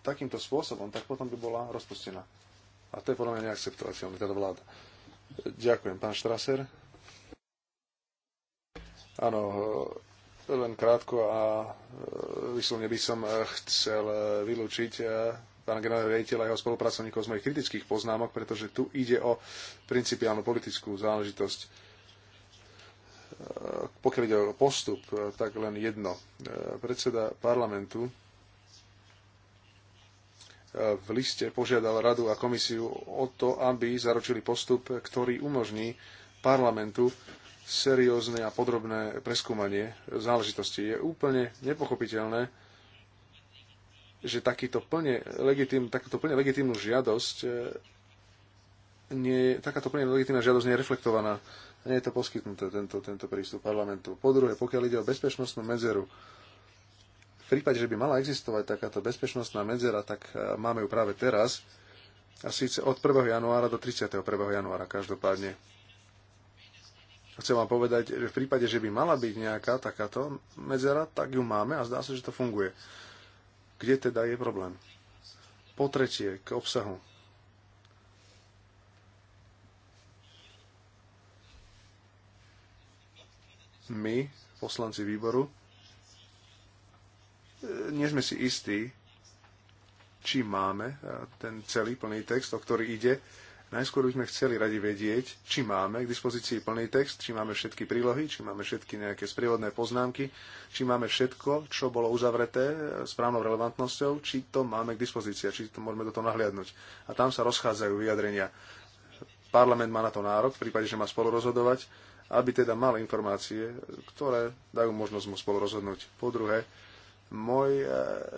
takýmto spôsobom, tak potom by bola rozpustená. A to je podľa mňa neakceptovateľné, teda vláda. Ďakujem, pán Štraser. Áno, len krátko a e, vyslovne by som e, chcel e, vylúčiť pána generálneho rejiteľa a jeho spolupracovníkov z mojich kritických poznámok, pretože tu ide o principiálnu politickú záležitosť. Pokiaľ ide o postup, tak len jedno. Predseda parlamentu v liste požiadal Radu a komisiu o to, aby zaručili postup, ktorý umožní parlamentu seriózne a podrobné preskúmanie záležitosti. Je úplne nepochopiteľné, že takýto plne legitim, takúto plne legitímnu žiadosť e, nie, takáto plne legitímna žiadosť nie je reflektovaná. Nie je to poskytnuté, tento, tento prístup parlamentu. Po druhé, pokiaľ ide o bezpečnostnú medzeru, v prípade, že by mala existovať takáto bezpečnostná medzera, tak e, máme ju práve teraz, a síce od 1. januára do 31. januára každopádne. Chcem vám povedať, že v prípade, že by mala byť nejaká takáto medzera, tak ju máme a zdá sa, že to funguje. Kde teda je problém? Po tretie, k obsahu. My, poslanci výboru, nie sme si istí, či máme e, ten celý plný text, o ktorý ide. Najskôr by sme chceli radi vedieť, či máme k dispozícii plný text, či máme všetky prílohy, či máme všetky nejaké sprievodné poznámky, či máme všetko, čo bolo uzavreté e, správnou relevantnosťou, či to máme k dispozícii, či to môžeme do toho nahliadnúť. A tam sa rozchádzajú vyjadrenia. Parlament má na to nárok, v prípade, že má spolu rozhodovať, aby teda mal informácie, ktoré dajú možnosť mu spolu rozhodnúť. Po druhé, môj, e,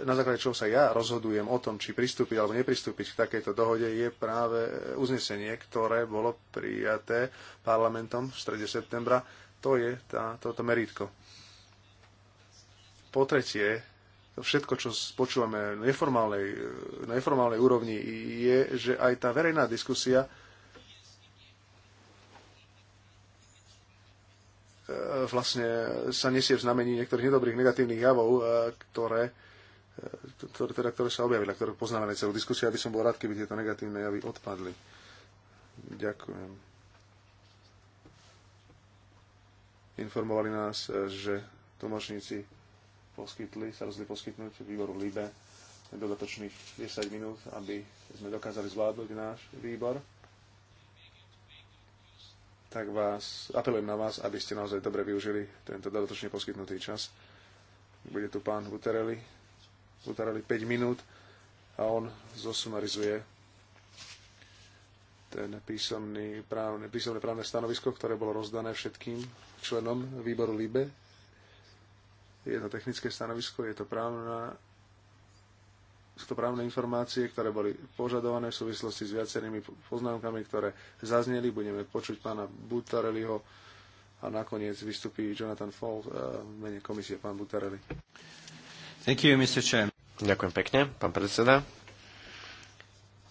na základe čoho sa ja rozhodujem o tom, či pristúpiť alebo nepristúpiť k takejto dohode, je práve e, uznesenie, ktoré bolo prijaté parlamentom v strede septembra. To je tá, toto meritko. Po tretie, všetko, čo počúvame na neformálnej, e, na neformálnej úrovni, je, že aj tá verejná diskusia E, vlastne sa nesie v znamení niektorých nedobrých negatívnych javov, e, ktoré, e, ktoré, teda, ktoré sa objavili, ktoré poznáme celú diskusiu. aby som bol rád, keby tieto negatívne javy odpadli. Ďakujem. Informovali nás, že tlmočníci poskytli, sa rozhodli poskytnúť výboru LIBE dodatočných 10 minút, aby sme dokázali zvládnuť náš výbor tak vás, apelujem na vás, aby ste naozaj dobre využili tento dodatočne poskytnutý čas. Bude tu pán Utereli, Utereli 5 minút a on zosumarizuje ten písomný právne, písomné právne stanovisko, ktoré bolo rozdané všetkým členom výboru LIBE. Je to technické stanovisko, je to právna sú to právne informácie, ktoré boli požadované v súvislosti s viacerými poznámkami, ktoré zazneli. Budeme počuť pána Butareliho a nakoniec vystupí Jonathan Fall eh, v mene komisie pán Butareli. Thank you, Mr. Ďakujem pekne, pán predseda.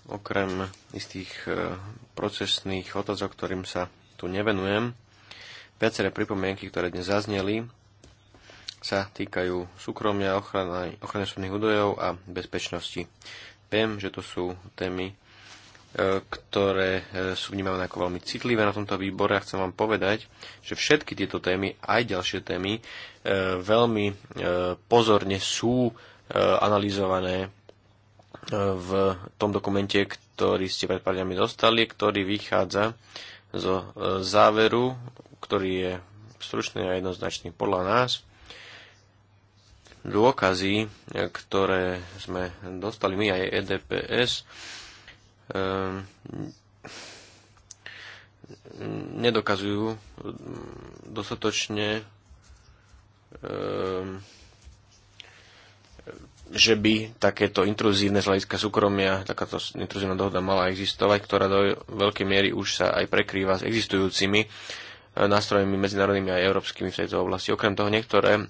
Okrem istých eh, procesných otázok, ktorým sa tu nevenujem, viaceré pripomienky, ktoré dnes zazneli, sa týkajú súkromia, ochrany, ochrany osobných údajov a bezpečnosti. Viem, že to sú témy, e, ktoré e, sú vnímané ako veľmi citlivé na tomto výbore a chcem vám povedať, že všetky tieto témy, aj ďalšie témy, e, veľmi pozorne sú analyzované v tom dokumente, ktorý ste pred pár dňami dostali, ktorý vychádza zo záveru, ktorý je stručný a jednoznačný podľa nás dôkazy, ktoré sme dostali my aj EDPS, ehm, nedokazujú dostatočne ehm, že by takéto intruzívne z hľadiska súkromia, takáto intruzívna dohoda mala existovať, ktorá do veľkej miery už sa aj prekrýva s existujúcimi nástrojmi medzinárodnými a európskymi v tejto oblasti. Okrem toho niektoré e,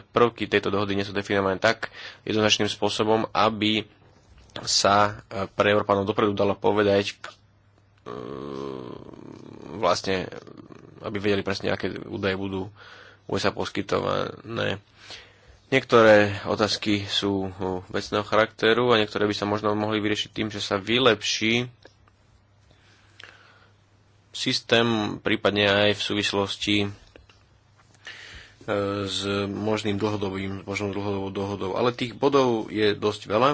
prvky tejto dohody nie sú definované tak jednoznačným spôsobom, aby sa e, pre Európanov dopredu dalo povedať e, vlastne, aby vedeli presne, aké údaje budú USA poskytované. Niektoré otázky sú vecného charakteru a niektoré by sa možno mohli vyriešiť tým, že sa vylepší systém, prípadne aj v súvislosti e, s možným dlhodobým, možnou dlhodobou dohodou. Ale tých bodov je dosť veľa.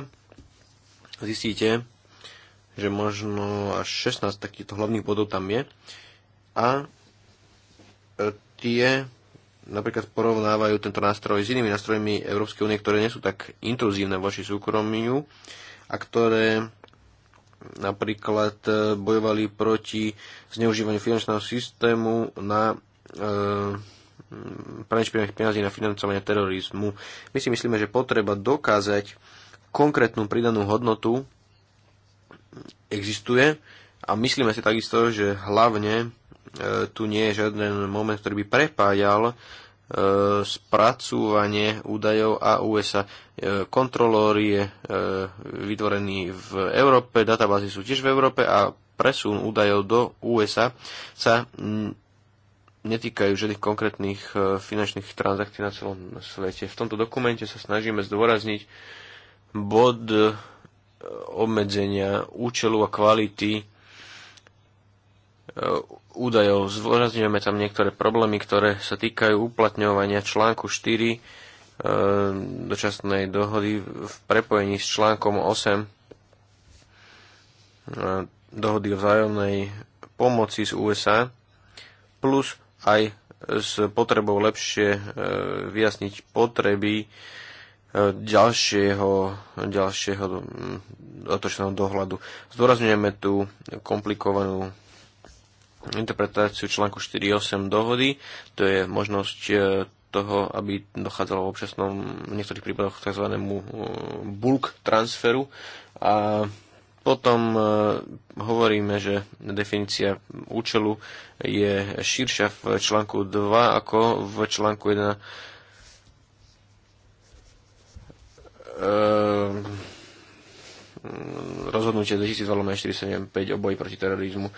Zistíte, že možno až 16 takýchto hlavných bodov tam je. A e, tie napríklad porovnávajú tento nástroj s inými nástrojmi Európskej únie, ktoré nie sú tak intruzívne voči súkromiu a ktoré napríklad e, bojovali proti zneužívaniu finančného systému na e, praní peniazí na financovanie terorizmu. My si myslíme, že potreba dokázať konkrétnu pridanú hodnotu existuje a myslíme si takisto, že hlavne e, tu nie je žiaden moment, ktorý by prepájal E, spracúvanie údajov a USA. E, Kontrolór je e, vytvorený v Európe, databázy sú tiež v Európe a presun údajov do USA sa netýkajú žiadnych konkrétnych finančných transakcií na celom svete. V tomto dokumente sa snažíme zdôrazniť bod obmedzenia účelu a kvality údajov. Zdôrazňujeme tam niektoré problémy, ktoré sa týkajú uplatňovania článku 4 e, dočasnej dohody v prepojení s článkom 8 e, dohody o vzájomnej pomoci z USA plus aj s potrebou lepšie e, vyjasniť potreby ďalšieho, ďalšieho dotočného dohľadu. Zdôrazňujeme tú komplikovanú interpretáciu článku 4.8 dohody, to je možnosť e, toho, aby dochádzalo v občasnom v niektorých prípadoch k tzv. E, bulk transferu a potom e, hovoríme, že definícia účelu je širšia v článku 2 ako v článku 1. E, Mm, rozhodnutie 2002-475 o boji proti terorizmu.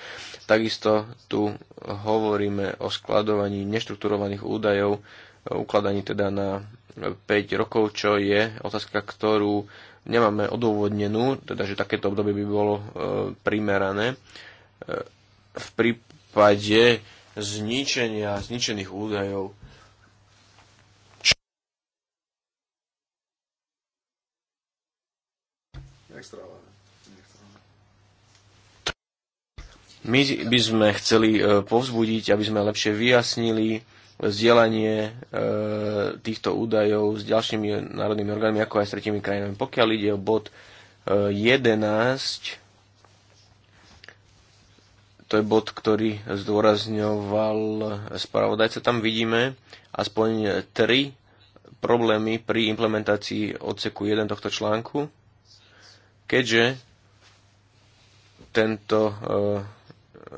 Takisto tu hovoríme o skladovaní neštrukturovaných údajov, ukladaní teda na 5 rokov, čo je otázka, ktorú nemáme odôvodnenú, teda že takéto obdobie by bolo e, primerané. E, v prípade zničenia, zničených údajov My by sme chceli e, povzbudiť, aby sme lepšie vyjasnili vzdielanie e, týchto údajov s ďalšími národnými orgánmi, ako aj s tretími krajinami. Pokiaľ ide o bod 11, e, to je bod, ktorý zdôrazňoval spravodajca. Tam vidíme aspoň tri problémy pri implementácii odseku 1 tohto článku. Keďže tento eh,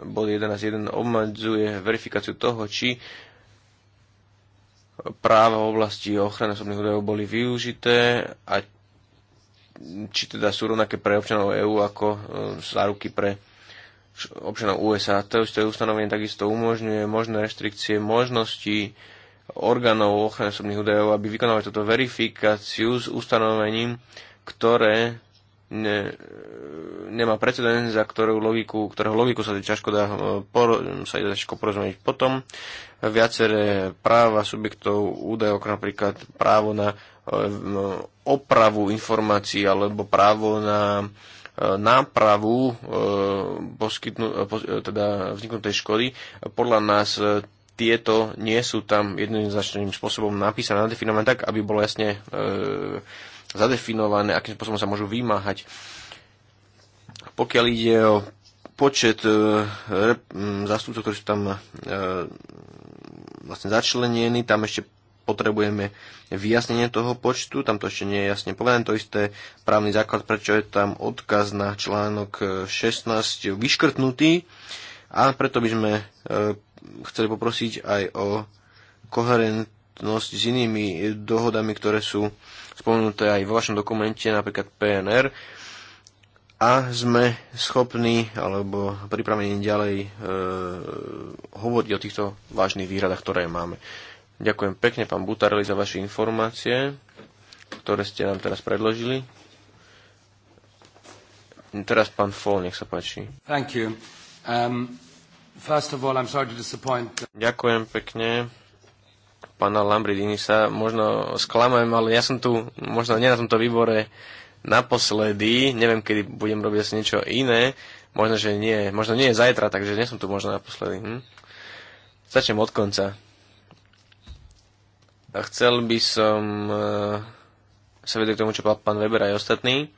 bod 11.1 obmedzuje verifikáciu toho, či práva v oblasti ochrany osobných údajov boli využité a či teda sú rovnaké pre občanov EÚ ako eh, záruky pre občanov USA. To je ustanovenie takisto umožňuje možné reštrikcie možnosti orgánov ochrany osobných údajov, aby vykonávať túto verifikáciu s ustanovením, ktoré ne, nemá precedens, za ktorú logiku, ktorého logiku sa ťažko dá eh, poro, sa dá ťažko porozumieť potom. Viaceré práva subjektov údajov, ako napríklad právo na eh, opravu informácií alebo právo na eh, nápravu poskytnú, teda vzniknutej škody. Podľa nás tieto nie sú tam jednoznačným spôsobom napísané, nadefinované tak, aby bolo jasne e, zadefinované, akým spôsobom sa môžu vymáhať. Pokiaľ ide o počet e, zastupcov, ktorí sú tam e, vlastne začlenení, tam ešte potrebujeme vyjasnenie toho počtu, tam to ešte nie je jasne povedané, to isté právny základ, prečo je tam odkaz na článok 16 e, vyškrtnutý a preto by sme e, chceli poprosiť aj o koherentnosť s inými dohodami, ktoré sú spomenuté aj vo vašom dokumente, napríklad PNR, a sme schopní alebo pripravení ďalej e, hovoriť o týchto vážnych výhradách, ktoré máme. Ďakujem pekne, pán Butareli, za vaše informácie, ktoré ste nám teraz predložili. Teraz pán Fol, nech sa páči. Thank you. Um, first of all, I'm sorry to disappoint. Ďakujem pekne pána Lambridini, sa Možno sklamujem, ale ja som tu, možno nie na tomto výbore naposledy, neviem, kedy budem robiť asi niečo iné, možno, že nie, možno nie je zajtra, takže nie som tu možno naposledy. Hm? Začnem od konca. A chcel by som e, sa vedieť k tomu, čo povedal pán Weber aj ostatní,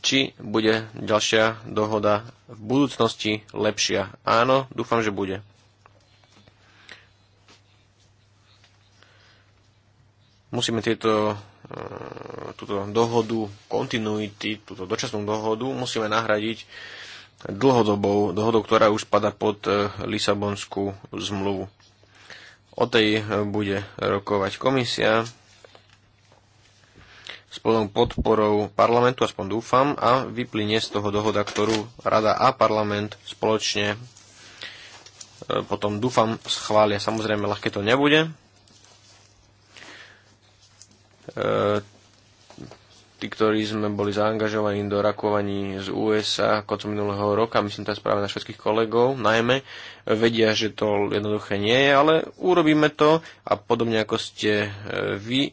či bude ďalšia dohoda v budúcnosti lepšia. Áno, dúfam, že bude. Musíme tieto, e, túto dohodu kontinuity, túto dočasnú dohodu musíme nahradiť dlhodobou dohodou, ktorá už spada pod e, Lisabonskú zmluvu. O tej e, bude rokovať komisia s plnou podporou parlamentu, aspoň dúfam, a vyplynie z toho dohoda, ktorú rada a parlament spoločne potom dúfam schvália. Samozrejme, ľahké to nebude, E, tí, ktorí sme boli zaangažovaní do rakovaní z USA koncom minulého roka, myslím teraz práve na všetkých kolegov, najmä vedia, že to jednoduché nie je, ale urobíme to a podobne ako ste e, vy e,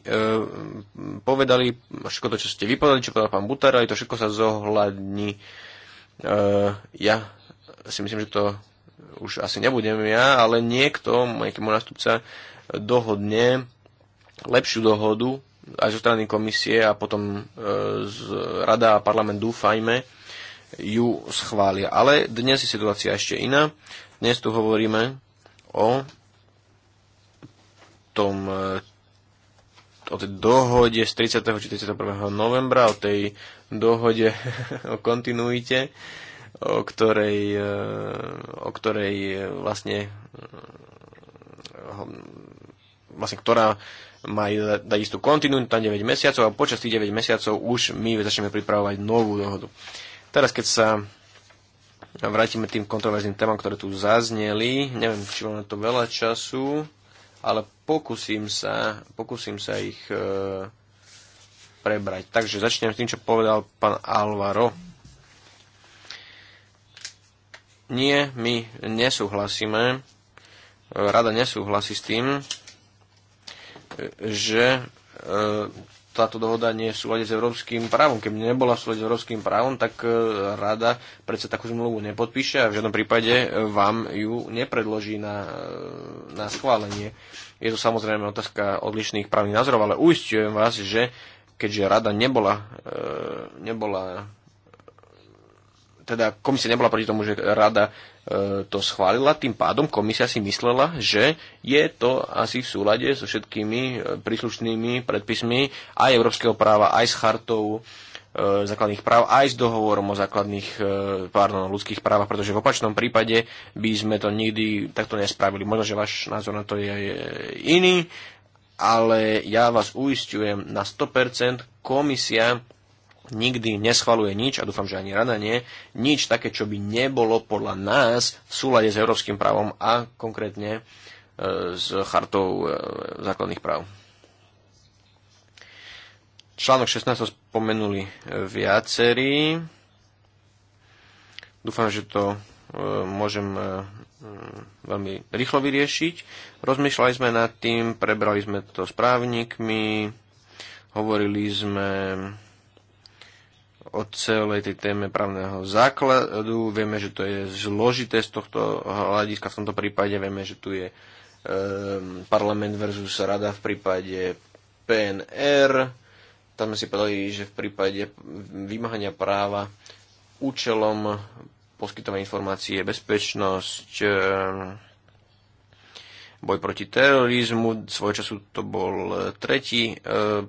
povedali, všetko to, čo ste vypovedali, čo povedal pán Butar, aj to všetko sa zohľadní. E, ja si myslím, že to už asi nebudem ja, ale niekto, nejaký môj nástupca, dohodne lepšiu dohodu aj zo strany komisie a potom e, z rada a parlament dúfajme ju schvália. Ale dnes je situácia ešte iná. Dnes tu hovoríme o tom e, o tej dohode z 30. či 31. novembra, o tej dohode o kontinuite, o ktorej, e, o ktorej vlastne vlastne ktorá majú dať istú kontinuitu na 9 mesiacov a počas tých 9 mesiacov už my začneme pripravovať novú dohodu. Teraz, keď sa vrátime tým kontroverzným témam, ktoré tu zazneli, neviem, či mám na to veľa času, ale pokúsim sa, pokúsim sa ich e, prebrať. Takže začnem s tým, čo povedal pán Alvaro. Nie, my nesúhlasíme. Rada nesúhlasí s tým, že e, táto dohoda nie je v súlade s európskym právom. Keby nebola v súlade s európskym právom, tak e, rada predsa takú zmluvu nepodpíše a v žiadnom prípade e, vám ju nepredloží na, na schválenie. Je to samozrejme otázka odlišných právnych názorov, ale uistujem vás, že keďže rada nebola, nebola teda komisia nebola proti tomu, že rada E, to schválila, tým pádom komisia si myslela, že je to asi v súlade so všetkými e, príslušnými predpismi aj európskeho práva, aj s chartou e, základných práv, aj s dohovorom o základných, pardon, ľudských právach, pretože v opačnom prípade by sme to nikdy takto nespravili. Možno, že váš názor na to je iný, ale ja vás uistujem na 100%, komisia nikdy neschvaluje nič, a dúfam, že ani rada nie, nič také, čo by nebolo podľa nás v súlade s európskym právom a konkrétne e, s chartou e, základných práv. Článok 16 to spomenuli e, viacerí. Dúfam, že to e, môžem e, veľmi rýchlo vyriešiť. Rozmýšľali sme nad tým, prebrali sme to s právnikmi, hovorili sme o celej tej téme právneho základu. Vieme, že to je zložité z tohto hľadiska. V tomto prípade vieme, že tu je um, parlament versus rada v prípade PNR. Tam sme si povedali, že v prípade vymáhania práva účelom poskytovania informácií je bezpečnosť, ehm, boj proti terorizmu, svojho času to bol eh, tretí eh,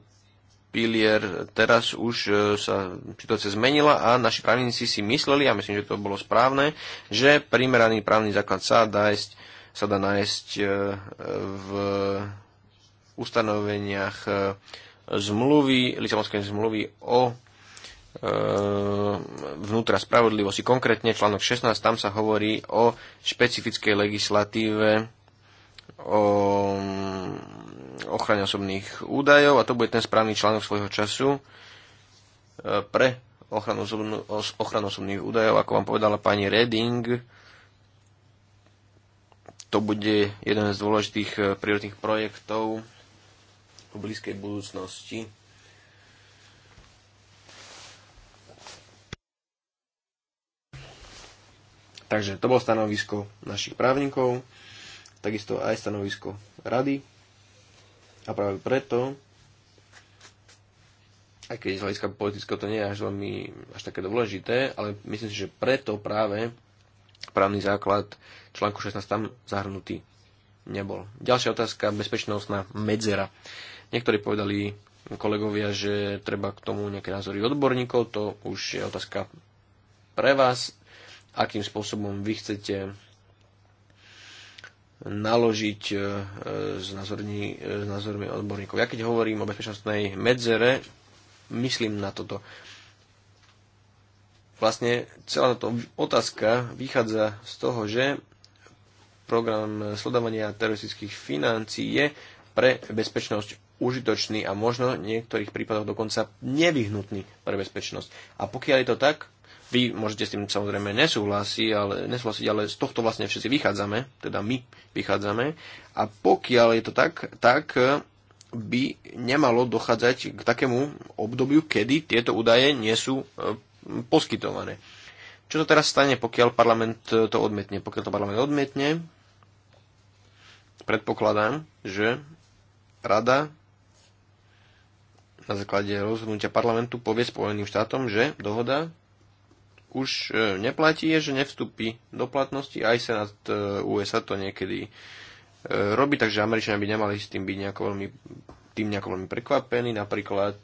pilier. Teraz už e, sa situácia zmenila a naši právnici si mysleli, a myslím, že to bolo správne, že primeraný právny základ sa dá, jesť, sa dá nájsť e, v ustanoveniach e, zmluvy, Lisabonskej zmluvy o vnútra spravodlivosti. Konkrétne článok 16, tam sa hovorí o špecifickej legislatíve o ochrane osobných údajov a to bude ten správny článok svojho času e, pre ochranu, osobnú, ochranu osobných údajov. Ako vám povedala pani Reding, to bude jeden z dôležitých e, prírodných projektov v blízkej budúcnosti. Takže to bolo stanovisko našich právnikov, takisto aj stanovisko rady a práve preto, aj keď z hľadiska politického to nie je až veľmi až také dôležité, ale myslím si, že preto práve právny základ článku 16 tam zahrnutý nebol. Ďalšia otázka, bezpečnostná medzera. Niektorí povedali kolegovia, že treba k tomu nejaké názory odborníkov, to už je otázka pre vás, akým spôsobom vy chcete naložiť e, e, s, názormi, e, s názormi odborníkov. Ja keď hovorím o bezpečnostnej medzere, myslím na toto. Vlastne celá táto otázka vychádza z toho, že program sledovania teroristických financí je pre bezpečnosť užitočný a možno v niektorých prípadoch dokonca nevyhnutný pre bezpečnosť. A pokiaľ je to tak, vy môžete s tým samozrejme nesúhlasiť, ale, nesúhlasiť, ale z tohto vlastne všetci vychádzame, teda my vychádzame. A pokiaľ je to tak, tak e, by nemalo dochádzať k takému obdobiu, kedy tieto údaje nie sú e, poskytované. Čo to teraz stane, pokiaľ parlament e, to odmietne? Pokiaľ to parlament odmietne, predpokladám, že rada na základe rozhodnutia parlamentu povie Spojeným štátom, že dohoda už e, neplatí, je, že nevstúpi do platnosti. Aj Senát e, USA to niekedy e, robí, takže Američania by nemali s tým byť nejako veľmi, tým nejako veľmi prekvapení. Napríklad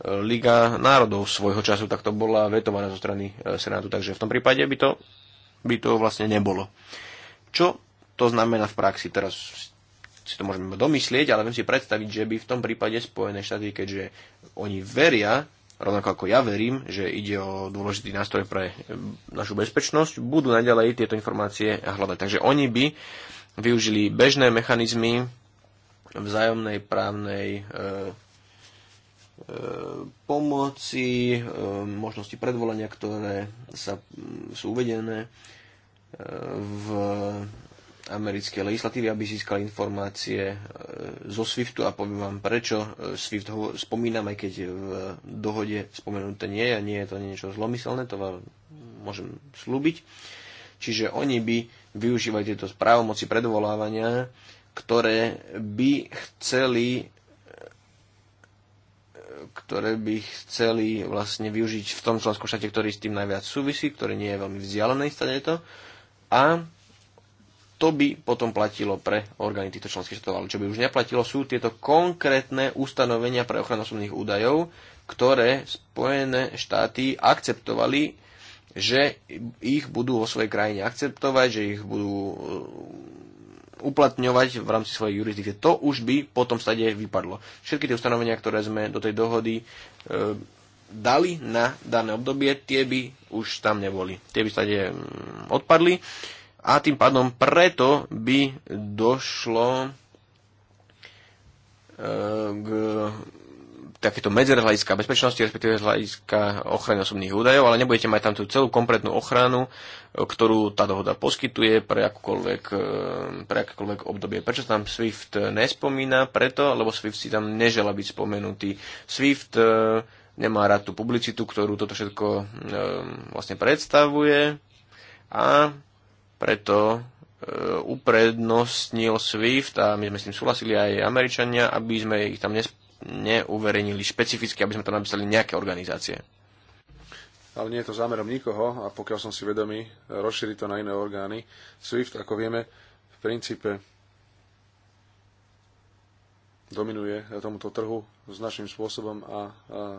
Liga národov svojho času takto bola vetovaná zo strany Senátu, takže v tom prípade by to, by to vlastne nebolo. Čo to znamená v praxi? Teraz si to môžeme domyslieť, ale viem si predstaviť, že by v tom prípade Spojené štáty, keďže oni veria rovnako ako ja verím, že ide o dôležitý nástroj pre eh, našu bezpečnosť, budú naďalej tieto informácie hľadať. Takže oni by využili bežné mechanizmy vzájomnej právnej e, e, pomoci, e, možnosti predvolania, ktoré sa, mm, sú uvedené v americkej legislatívy, aby získali informácie e, zo SWIFTu a poviem vám prečo. E, SWIFT ho spomínam, aj keď v dohode spomenuté nie je a nie je to niečo zlomyselné, to vám môžem slúbiť. Čiže oni by využívali tieto právomoci predvolávania, ktoré by chceli e, ktoré by chceli vlastne využiť v tom členskom štáte, ktorý s tým najviac súvisí, ktorý nie je veľmi vzdialený, stane to. A to by potom platilo pre orgány týchto členských štátov. Ale čo by už neplatilo, sú tieto konkrétne ustanovenia pre ochranu osobných údajov, ktoré Spojené štáty akceptovali, že ich budú vo svojej krajine akceptovať, že ich budú e, uplatňovať v rámci svojej jurisdikcie. To už by potom stade vypadlo. Všetky tie ustanovenia, ktoré sme do tej dohody e, dali na dané obdobie, tie by už tam neboli. Tie by stade mm, odpadli. E, a tým pádom preto by došlo e, k takéto medzere hľadiska bezpečnosti, respektíve hľadiska ochrany osobných údajov, ale nebudete mať tam tú celú kompletnú ochranu, e, ktorú tá dohoda poskytuje pre akúkoľvek, e, pre akúkoľvek obdobie. Prečo tam SWIFT nespomína? Preto, lebo SWIFT si tam nežela byť spomenutý. SWIFT nemá rád tú publicitu, ktorú toto všetko vlastne predstavuje a preto e, uprednostnil SWIFT a my sme s tým súhlasili aj Američania, aby sme ich tam neuverejnili špecificky, aby sme tam napísali nejaké organizácie. Ale nie je to zámerom nikoho a pokiaľ som si vedomý, rozšíri to na iné orgány. SWIFT, ako vieme, v princípe dominuje tomuto trhu značným spôsobom a, a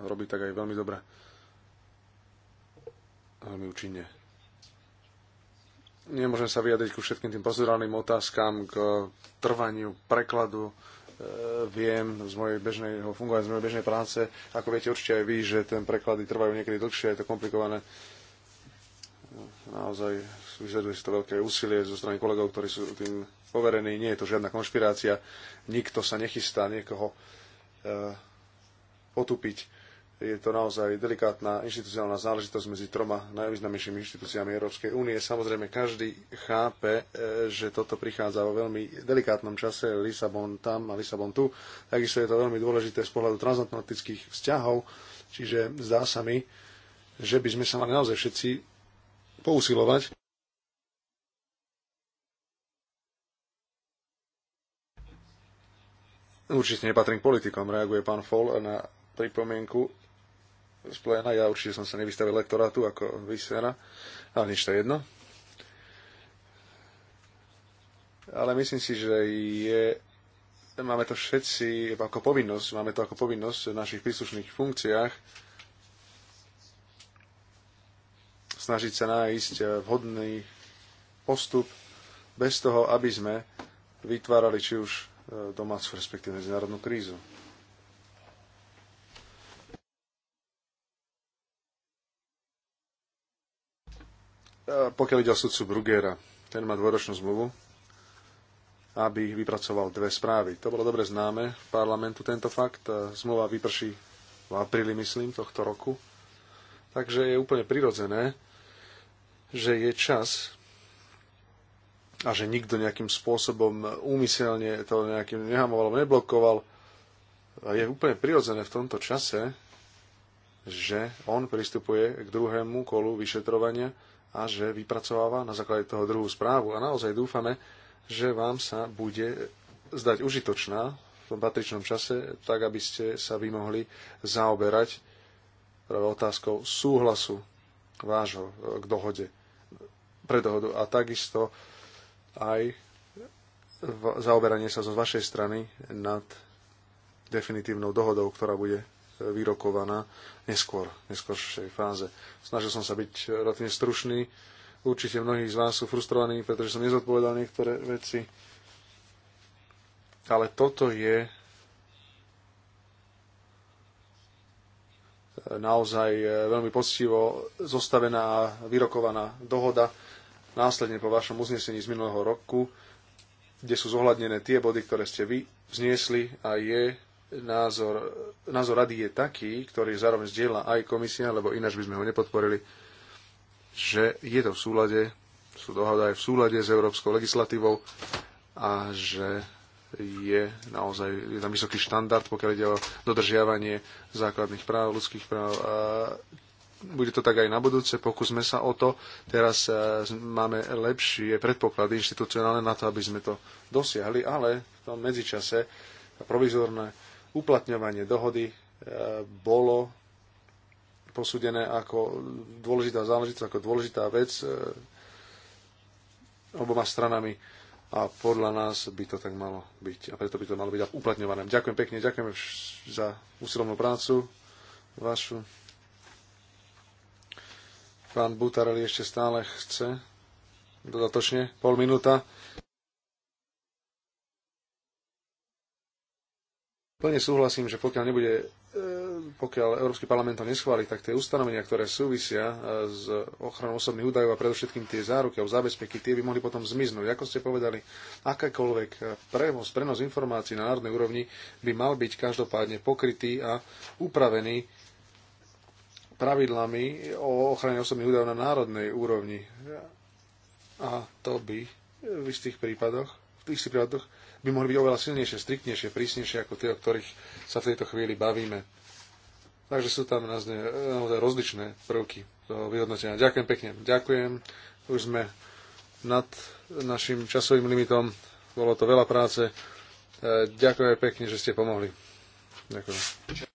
robí tak aj veľmi dobre. Veľmi účinne. Nemôžem sa vyjadriť ku všetkým tým procedurálnym otázkam, k trvaniu prekladu. E, viem z mojej bežnej, fungovania z mojej bežnej práce, ako viete určite aj vy, že ten preklady trvajú niekedy dlhšie, je to komplikované. Naozaj vyžaduje si to veľké úsilie zo strany kolegov, ktorí sú tým poverení. Nie je to žiadna konšpirácia, nikto sa nechystá niekoho potupiť e, je to naozaj delikátna inštitucionálna záležitosť medzi troma najvýznamnejšími inštitúciami Európskej únie. Samozrejme, každý chápe, e, že toto prichádza vo veľmi delikátnom čase, Lisabon tam a Lisabon tu. Takisto je to veľmi dôležité z pohľadu transatlantických vzťahov, čiže zdá sa mi, že by sme sa mali naozaj všetci pousilovať. Určite nepatrím k politikom, reaguje pán Fall na pripomienku spojená. Ja určite som sa nevystavil lektorátu ako vysera, ale nič to jedno. Ale myslím si, že je, máme to všetci ako povinnosť, máme to ako povinnosť v našich príslušných funkciách snažiť sa nájsť vhodný postup bez toho, aby sme vytvárali či už e, domácu, respektíve medzinárodnú krízu. pokiaľ ide o sudcu Brugera, ten má dvoročnú zmluvu, aby vypracoval dve správy. To bolo dobre známe v parlamentu, tento fakt. Zmluva vyprší v apríli, myslím, tohto roku. Takže je úplne prirodzené, že je čas a že nikto nejakým spôsobom úmyselne to nejakým nehamoval, neblokoval. A je úplne prirodzené v tomto čase, že on pristupuje k druhému kolu vyšetrovania a že vypracováva na základe toho druhú správu. A naozaj dúfame, že vám sa bude zdať užitočná v tom patričnom čase, tak aby ste sa vy mohli zaoberať práve otázkou súhlasu vášho k dohode, pre dohodu a takisto aj zaoberanie sa zo vašej strany nad definitívnou dohodou, ktorá bude vyrokovaná neskôr, neskôršej fáze. Snažil som sa byť relatívne stručný. Určite mnohí z vás sú frustrovaní, pretože som nezodpovedal niektoré veci. Ale toto je naozaj veľmi poctivo zostavená a vyrokovaná dohoda následne po vašom uznesení z minulého roku, kde sú zohľadnené tie body, ktoré ste vy vzniesli a je názor, názor rady je taký, ktorý zároveň zdieľa aj komisia, lebo ináč by sme ho nepodporili, že je to v súlade, sú dohoda aj v súlade s európskou legislatívou a že je naozaj je tam vysoký štandard, pokiaľ ide o dodržiavanie základných práv, ľudských práv. A bude to tak aj na budúce, pokúsme sa o to. Teraz e, máme lepšie predpoklady inštitucionálne na to, aby sme to dosiahli, ale v tom medzičase provizorné uplatňovanie dohody e, bolo posúdené ako dôležitá záležitosť, ako dôležitá vec e, oboma stranami a podľa nás by to tak malo byť a preto by to malo byť uplatňované. Ďakujem pekne, ďakujem za úsilovnú prácu vašu. Pán Butarelli ešte stále chce dodatočne pol minúta. Plne súhlasím, že pokiaľ nebude e, pokiaľ Európsky parlament to neschváli, tak tie ustanovenia, ktoré súvisia e, s ochranou osobných údajov a predovšetkým tie záruky alebo zábezpeky, tie by mohli potom zmiznúť. Ako ste povedali, akákoľvek e, prenos, prenos informácií na národnej úrovni by mal byť každopádne pokrytý a upravený pravidlami o ochrane osobných údajov na národnej úrovni. A to by v istých prípadoch, v istých prípadoch by mohli byť oveľa silnejšie, striktnejšie, prísnejšie ako tie, o ktorých sa v tejto chvíli bavíme. Takže sú tam naozaj rozličné prvky toho vyhodnotenia. Ďakujem pekne. Ďakujem. Už sme nad našim časovým limitom. Bolo to veľa práce. E, ďakujem pekne, že ste pomohli. Ďakujem.